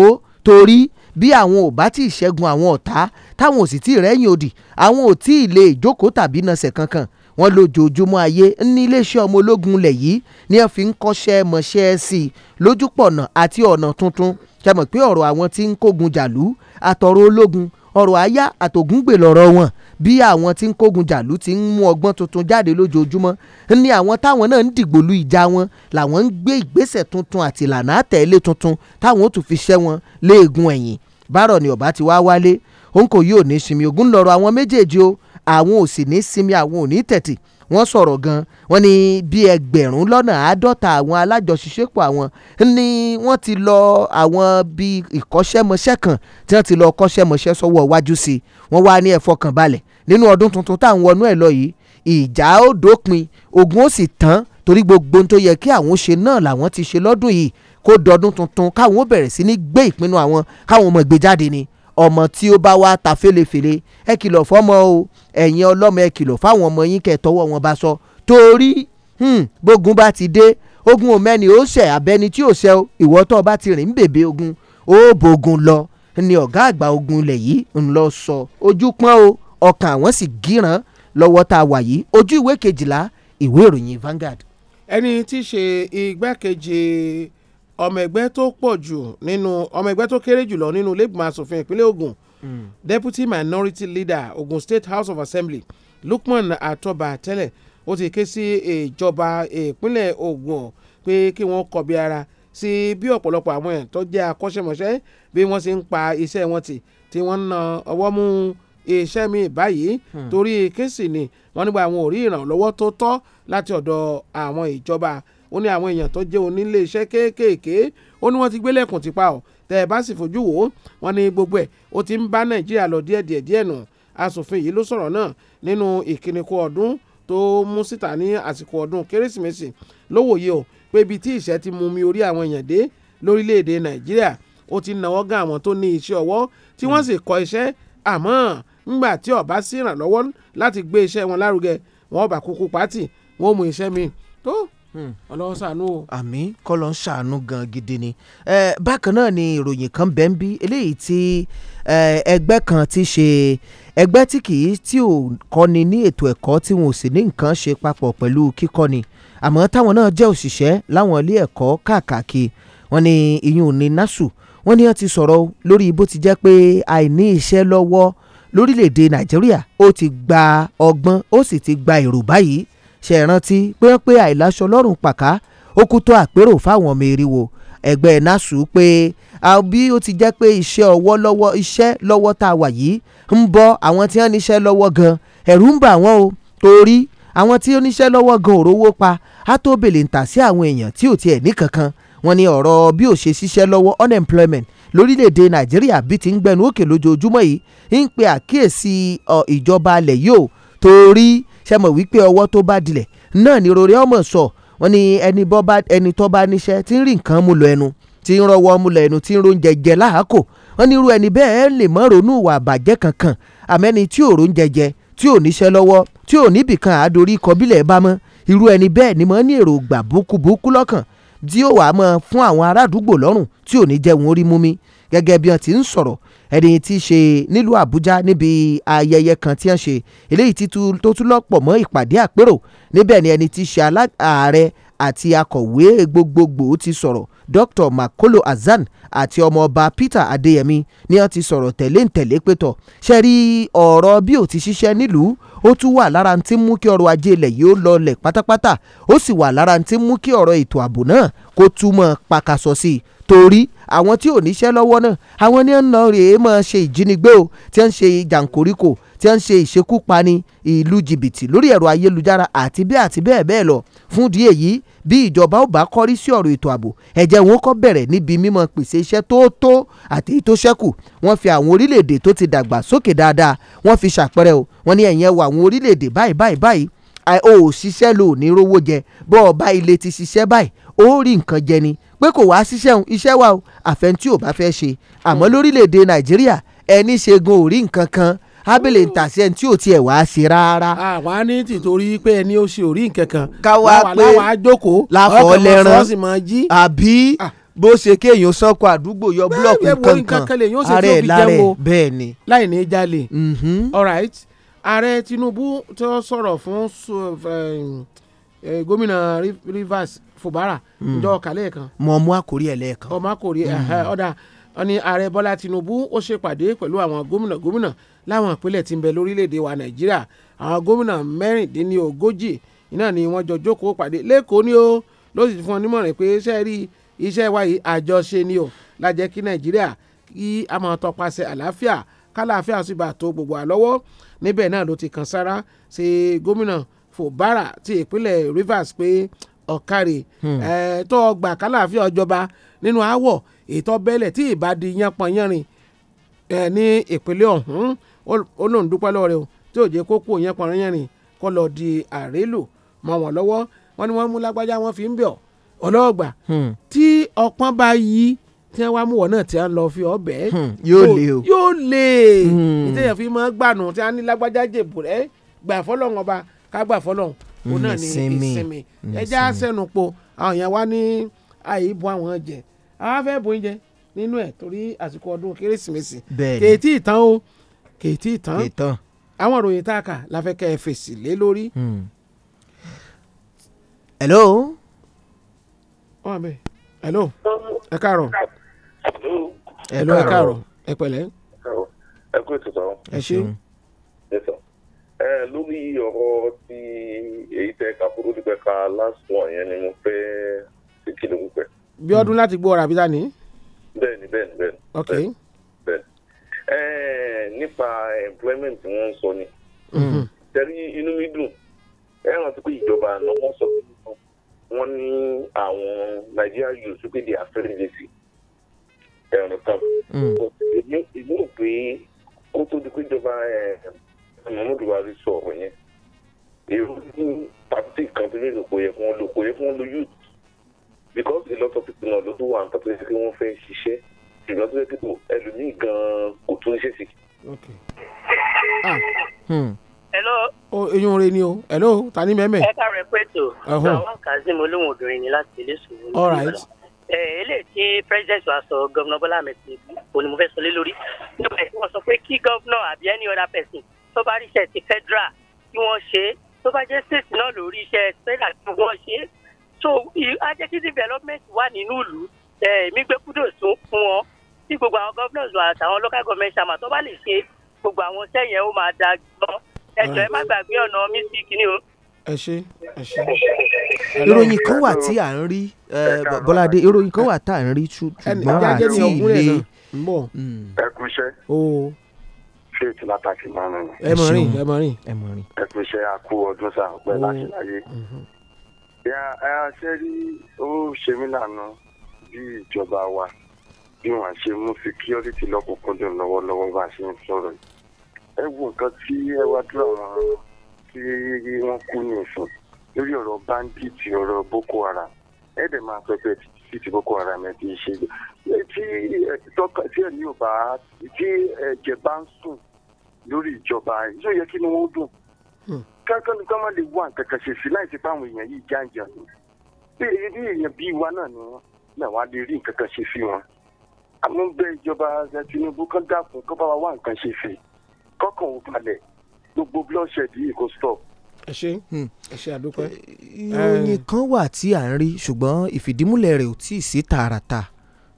torí bí àwọn ò bá tí ì ṣẹ́gun àwọn ọ̀tá táwọn ò sì tí ì rẹ́yìn òdì àwọn ò tí ì lè jókòó tàbí nasẹ̀ kankan wọ́n lójoojúmọ́ ayé ní iléeṣẹ́ ọmọ ológun lẹ̀ yìí ni wọ́n fi ń kọ́ṣẹ́ mọṣẹ́ sí i lójúpọ̀nà àti ọ̀nà tuntun ṣe mọ̀ pé ọ̀rọ̀ àwọn tí ń kógun jàlú àtọ̀rọ̀ ológun ọ̀rọ̀ àyà àtògúngbè lọ̀rọ̀ wọn bí àwọn tí ń kógun jàlú ti ń mú ọgbọ́n tuntun jáde lójoojúmọ́ ni àwọn táwọn náà ń dìgbòlu ìjà wọn làwọn ń gbé ìgbésẹ̀ tuntun àti ìlànà àtẹ̀lé tuntun táwọn ó tún fi ṣẹ́ wọn léegun ẹ̀yìn bárọ̀ ni ọ̀bá ti wá wálé òun kò yí òní sinmi ogun lọ́rọ̀ àwọn méjèèjì o àwọn ò sì ní sinmi àwọn ò ní tẹ̀tì wọ́n sọ̀rọ̀ gan wọ́n ní bí ẹgbẹ̀rún lọ́nà àádọ́ta àwọn alájọṣiṣẹ́pọ̀ àwọn ni wọ́n ti lọ àwọn bí ìkọ́ṣẹ́mọṣẹ́ kan tí wọ́n ti lọ kọ́ṣẹ́mọṣẹ́ sọ́wọ́ iwájú sí i wọ́n wá ní ẹ fọkàn balẹ̀ nínú ọdún tuntun táwọn wọnú ẹ̀ lọ yìí ìjà ó dópin ogun ó sì tán torí gbogbo ohun tó yẹ kí àwọn ṣe náà làwọn ti ṣe lọ́dún yìí kó dọdún tuntun káwọn ó bẹ̀rẹ̀ sí ní gbé ìpinnu àwọn káwọn ọmọ ìgbé ni ọmọ tí ó bá wá ta fẹ́lẹ́fẹ́lẹ́ ẹ kìlọ̀ fọ́mọ o ẹ̀yin ọlọ́mọ ẹ kìlọ̀ fáwọn ọmọ yín kẹ́ tọwọ́ wọn bá sọ torí hmm, bógun bá ti dé ogun òmẹ́ni ó ṣẹ̀ abẹ́ni tí ò ṣẹ̀ o ìwọ tó bá ti rìn ń bèbè ogun ó bógun lọ ni ọ̀gá àgbà ogun ilẹ̀ yìí ń lọ sọ ojú pọ́n o ọkàn àwọn sì gíran lọ́wọ́ tá a wà yìí ojú ìwé kejìlá ìwé ìròyìn Vanguard. ẹni tí í ṣe igbákejì ọmọ ẹgbẹ́ tó pọ̀ jù nínú ọmọ ẹgbẹ́ tó kéré jùlọ nínú lẹ́gbọ̀n asòfin ìpínlẹ̀ Ògùn hmm. deputy minority leader Ogun State House of Assembly Lukman Atoba tẹ́lẹ̀ ó ti ké sí ìjọba ìpínlẹ̀ Ògùn pé kí wọ́n kọbi ara sí bí ọ̀pọ̀lọpọ̀ àwọn ẹ̀ tó jẹ́ akọ́ṣẹ́mọṣẹ́ bí wọ́n ṣe ń pa iṣẹ́ wọn tì tí wọ́n na ọwọ́ mú iṣẹ́ mi báyìí hmm. torí kéèsì ni wọ́n nígbà àwọn ò rí ìrànlọ́wọ́ tó tọ́ láti ọ̀dọ̀ àwọn ìjọba ó ní àwọn èèyàn tó jẹ́ onílé iṣẹ́ kéékèèké ó ní wọ́n ti gbélẹ̀kùn ti pa ọ́ tẹ́ ẹ bá sì fojú wò ó wọ́n ní gbogbo ẹ̀ ó ti ń bá nàìjíríà lọ díẹ̀ díẹ̀ díẹ̀ nù asòfin yìí ló sọ̀rọ̀ náà nínú ìkíníkù ọdún tó mú síta ní àsìkò ọdún kérésìmesì lówòye o pé ibi tí ìṣẹ́ ti mú mi orí àwọn èèyàn dé lórílẹ̀‐èdè nàìjíríà ó ti nàwọ́ gan àwọn tó ní iṣẹ́ ọwọ́ tí wọ́n sì kọ́ iṣẹ́ àmọ́ ńgbà tí ọba sí ìrànlọ́wọ́ láti gbé iṣẹ́ wọn lárugẹ wọn ọba kúkú pátì wọn ò mú iṣẹ́ mi tó Hmm. ọlọ́wọ́ ṣàánú o. àmín kọ́lọ́ ń ṣàánú gan gidi ni bákan náà ni ìròyìn kan bẹ́ẹ̀ ń bí eléyìí tí ẹgbẹ́ kan ti ṣe ẹgbẹ́ tí kì í tí ò kọ́ni ní ètò ẹ̀kọ́ tí wọn ò sì ní nǹkan ṣe papọ̀ pẹ̀lú kíkọ́ni àmọ́ táwọn náà jẹ́ òṣìṣẹ́ láwọn ilé ẹ̀kọ́ káàkiri wọn ni ìyún ní nasu wọn ni wọn ti sọ̀rọ̀ lórí bó ti jẹ́ pé àìní iṣẹ́ lọ́wọ́ lórílẹ̀‐èdè Nàìjíríà ó ti gba ọgbọ́n ó sì ti gba èrò báyìí ṣe rántí pé wọ́n pé àìláṣọ lọ́rùn pàká ó kú tó àpérò fáwọn ọmọ eriwo ẹgbẹ́ nasu pé bí ó ti jẹ́ pé iṣẹ́ ọwọ́ lọ́wọ́ iṣẹ́ lọ́wọ́ tá a wà yìí ń bọ́ àwọn tí wọ́n níṣẹ́ lọ́wọ́ gan ẹ̀rù ń bà wọ́n o torí àwọn tí ó níṣẹ́ lọ́wọ́ gan òrówó pa á tó bèlè ń tà sí àwọn èèyàn tí ò tiẹ̀ ní kankan wọ́n ní ọ̀rọ̀ bí ò ṣe ṣiṣẹ́ lọ́wọ́ unemployment lórílẹ̀‐èdè nàìjíríà bí ti ń gbẹnu òkè lójoojúmọ́ yìí ń pe àkíyèsí ìjọba alẹ̀ yìí o torí ṣe mọ̀ wípé ọwọ́ tó bá dilẹ̀ náà ni rore ọmọ sọ wọn ni ẹni bọ́ bá ẹni tó bá níṣẹ́ tí ń rí nǹkan mú lọ ẹnu tí ń rọwọ́ mú lọ ẹnu tí ń róúnjẹ jẹ láàkó wọn ni irú ẹni bẹ́ẹ̀ lè mọ́ ronú ìwà àbàjẹ́ kankan àmẹ́ni tí ò róúnjẹ jẹ tí ò níṣẹ́ lọ́wọ́ tí ò níbìkan àádorí kọbílẹ̀ bá mọ́ irú ẹni bẹ́ẹ̀ ni mọ́ ní èròǹgbà búkúbúkú lọ́kàn tí yóò wá mọ́ fún àwọn ará lọ́rùn tí ò ní jẹun orí mú mi gẹ́gẹ́ bí wọ́n ti ń sọ̀rọ̀ ẹni tí í ṣe nílùú àbújá níbi ayẹyẹ kan tí wọ́n ṣe eléyìí tó tún lọ́pọ̀ mọ́ ìpàdé àpérò níbẹ̀ ni ẹni tí í ṣe ààrẹ àti akọ̀wé gbogbogbò ti sọ̀rọ̀ dr makolo azan àti ọmọọba peter adéyẹmí ni wọ́n ti sọ̀rọ̀ tẹ̀lé ntẹ̀lé pétọ̀ ṣe rí ọ̀rọ̀ bí ò ti ṣiṣẹ́ nílùú ó tún wà lára ń tí mú kí ọrọ̀ ajé ilẹ̀ yìí ó lọlẹ̀ pátápátá ó sì wà lára ń tí mú kí ọ̀rọ̀ ètò ààbò náà kó túmọ̀ pakasọ sí i torí àwọn tí ò níṣẹ́ lọ́wọ́ náà àwọn ní ọ̀nà rèé máa ṣe ìjínigbé o tí wọ́n ń ṣe jàǹkóríkò tí wọ́n ń ṣe ìṣekúpani ìlú jìbìtì lórí ẹ̀rọ ayélujára àti bẹ́ẹ̀ àti bẹ́ẹ̀ bẹ́ẹ̀ lọ fún díẹ̀ yìí bí ìjọba ò bá kọrí sí ọ̀rọ̀ ètò ààbò ẹ̀jẹ̀ wọn kọ́ bẹ̀rẹ̀ níbi mímọ pèsè iṣẹ́ tó tó àti èyí tó ṣẹ́kù wọ́n fi àwọn orílẹ̀-èdè tó ti dàgbà sókè dáadáa wọ́n fi ṣàpẹrẹ o wọ́n ní ẹ̀yẹn wo àwọn orílẹ̀-èdè báyìí báyìí báyìí o ò ṣiṣẹ́ lò ní rówó jẹ bọ́ bá ilé ti ṣiṣẹ́ báyìí ó rí nǹkan jẹ ni pé kò wá síṣẹ́ òun iṣẹ́ wa o àfẹ́ntí ò bá fẹ́ ṣe àmọ́ hmm. lórílẹ̀‐èdè nàìjíríà ẹni ṣègùn ò rí nǹkan kan abele hmm. ń tàṣẹ tí ò tiẹ̀ wá sí rárá. àwa ní tìtorí pé ẹni ó ṣe orí nkankan káwa pé láwa láfọ lẹ́ran àbí ah. bó ṣe kéèyàn sanko àdúgbò yọ búlọ̀kù kankan ààrẹ ẹ̀ lárẹ̀ bẹ́ẹ̀ ni. láì ní jalè. Mm-hmm. alright ààrẹ Tinubu tó sọ̀rọ̀ fún eh, gómìnà Rivers fòbárà ǹjọ́ hmm. kàlẹ́ kan. mọ mú àkórí ẹ lẹ́ẹ̀kan. ọmọ àkórí ẹ hmm. ọ̀dà wọn ni ààrẹ bọ́lá tinubu ó ṣe pàdé pẹ̀lú àwọn gómìnà gómìnà láwọn ìpínlẹ̀ tí ń bẹ lórílẹ̀‐èdè wa nàìjíríà àwọn gómìnà mẹ́rìndínlógójì iná ni wọ́n jọ jókòó pàdé lẹ́kọ̀ọ́ ni ó ló sì fún ọ nímọ̀ràn pé iṣẹ́ rí iṣẹ́ wa yìí àjọṣe ni ó lájẹ́ kí nàìjíríà kí a máa tọpasẹ̀ àlàáfíà kálàáfíà sì bá tó gbogbo àlọ́wọ́ níbẹ̀ náà ló ti kàn sára ṣe gómìnà fòbárà ti ìpínlẹ̀ rivers pé ọ̀kàrẹ̀ hmm. ẹ̀ tó gbà kálàáfíà ọjọba nínú àwọ̀ ètò bẹ́lẹ̀ tí ìbàdí yánpọnyánrin ẹ̀ ní ìpínlẹ̀ ọ̀hún ó lóun dúpẹ́ lọ́wọ́ rẹ̀ o tí ò jẹ́ kó kú yánpọnyánrin kó lọ di àrélò mọ́ wọn lọ́wọ́ wọn ni wọ́n mú lágbájá wọn fi ń bẹ̀ ọlọ́ọ̀gbà hmm. tí ọpọ́n bá yí tí wọ́n wá mú wọn náà tí wọ́n lọ fi ọbẹ̀ hmm. yóò le o yóò le ìtẹ̀yẹ̀ fi máa gbànú tí wọ́n ní lágbájá jèbù rẹ̀ gbà fọlọ́run ọba ká gbà fọlọ́run òun náà ni ìsinmi ẹja po àwọn èèyàn wá ní àyè bu àwọn jẹ àwọn afẹ́ bu oúnjẹ nínú ẹ̀ torí àsìkò ọdún kérésìmesì kèétí ìtàn o kèétí ìtàn àwọn ìròyìn tá a kà la fẹ́ kẹ́ ẹ fèsì lé lórí. Hmm. hello. wọ́n àmì hello ẹ káàárọ̀ hello ẹ káàárọ̀ ẹ pẹ̀lẹ́. ẹ kú ètò sọ. ẹ ṣeun ẹ lórí ọ̀rọ̀ tí èyí tẹ ká fún lórí pẹ̀ka last one yẹn ni mo fẹ́ ṣe kí ló ń bí ọdún láti gbọ́ ọ̀rọ̀ àbí ni. bẹ́ẹ̀ni bẹ́ẹ̀ni bẹ́ẹ̀ni. ok bẹ́ẹ̀ni ẹ nípa employment wọ́n ń sọ ni. tẹ̀rí mm-hmm. inú mi dùn ẹ rántí pé ìjọba àná wọ́n sọ pé wọ́n ní àwọn Nigeria youths pé di are very lazy ẹ̀rùn kan. Mm. èmi rò pé kó tó di pé ìjọba Muhammadu Buhari sọ ọ̀rọ̀ yẹn èrò ní pàtí kan tó ní lòpọ̀ yẹ fún lòpọ̀ yẹ fún lo youth because a lot of people náà ló tó wà nípa tó yẹ kí wọ́n fẹ́ ṣiṣẹ́ ṣùgbọ́n tó yẹ kí ẹlòmíì gan-an kò tún ṣe sí. Ah, ah, hmm. hello. eyín orin ni o hello ta ni mẹ́mẹ́. ẹ ká rẹ pẹ̀tù àwọn kazeem olóhùn obìnrin ni láti ilé sùn. all right eléyìí tí president wa sọ gọvnọ Bọ́lá Ahmed Tinubu òní mo fẹ́ sọ lé lórí nípa tí wọ́n sọ pé kí gọvnọ àbí any other person tó bá rí iṣẹ́ ti federal kí wọ́n ṣe é tó bá jẹ́ state náà lórí iṣẹ́ federal kí wọ́n ṣe é so á development wà nínú ìlú eh, èmi gbé kudos fún wọn tí gbogbo àwọn governors àtàwọn local government chairman tó bá lè ṣe gbogbo àwọn iṣẹ́ yẹn ó máa da gan ẹ̀jọ̀ ẹ má gbàgbé ọ̀nà mi sí kinní ẹ ṣe ẹ ṣe. ìròyìn kan wà tí à ń rí eh, bọ́ládé ìròyìn kan wà tá à ń rí ṣùgbọ́n àti ilé. ẹkúnṣẹ́ faith látàkì máa rìn. ẹ mọ rìn ẹ mọ rìn ẹ mọ rìn. ẹ kò ṣe àkú ọdún sáà pẹ láti láyé. ẹ ṣe rí ó ṣe mí lànà bí ìjọba wa bí wọn ṣe mú security lọkùnkúndùn lọ́wọ́lọ́wọ́ bá a ṣe ń sọ̀rọ̀ yìí. ẹ wo nǹkan tí ẹ wá dúró àwọn tí wọn kú ní ìsìn lórí ọ̀rọ̀ bandit ọ̀rọ̀ boko haram ẹ dẹ̀ máa sọ ti sí ti boko haram ẹ ti ṣe tí tọ́ka tí ẹ̀ ní ò bá tí ẹ̀jẹ̀ bá ń sùn lórí ìjọba yóò yẹ kí ni wọ́n dùn hmm. kankan nìkan má lè wá nǹkan kan ṣe sí láì sí fáwọn èèyàn yìí jáǹjà ni bí èyí bí èèyàn bíi wa náà ni wọn náà wá lè rí nǹkan ṣe sí wọn àmọ́ ìjọba Tinubu kan dákun kó bá wa wá nǹkan ṣe sí kọ́kàn ò balẹ̀ gbogbo blọọṣẹ yìí kò stop ẹ ṣe hmm. ẹ ṣe àdúpẹ́. Eh, ìròyìn kan wà tí à ń rí ṣùgbọ́n ìfìdímúlẹ̀ rẹ̀ ò tí ì sí tààràtà.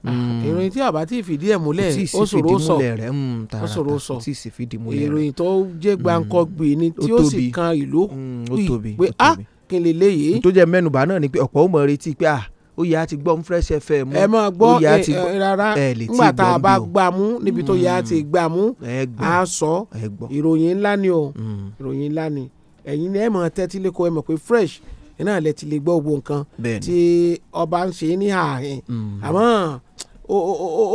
Ah, hmm. ìròyìn tí àbá tí fìdí ẹ̀ múlẹ̀ ó ṣòro sọ hmm, ó ṣòro sọ ìròyìn tó jẹ́ gbàǹkọ́gbìn ni tí ó sì kan ìlú pé a ah, kí n lè léyìí. tó jẹ́ mẹ́nubà náà ni pé ọ̀pọ̀ ó mọ̀ retí pé ah, a ó yà á ti gbọ́ fresh fm ẹ máa gbọ́ eh, eh, rárá nígbà tá a bá gbà mú níbi tó yà á ti gbà mú a sọ ìròyìn ńlá ni o ìròyìn ńlá ni ẹ̀yin ẹ̀ mọ̀ tẹ́tí lẹ́kọ̀ọ́ ẹ̀ mọ̀ pé fresh náà lẹ ti lè gbọ́ gbogbo nǹkan tí ọba ń ṣe ní àárín mm. àmọ́ ó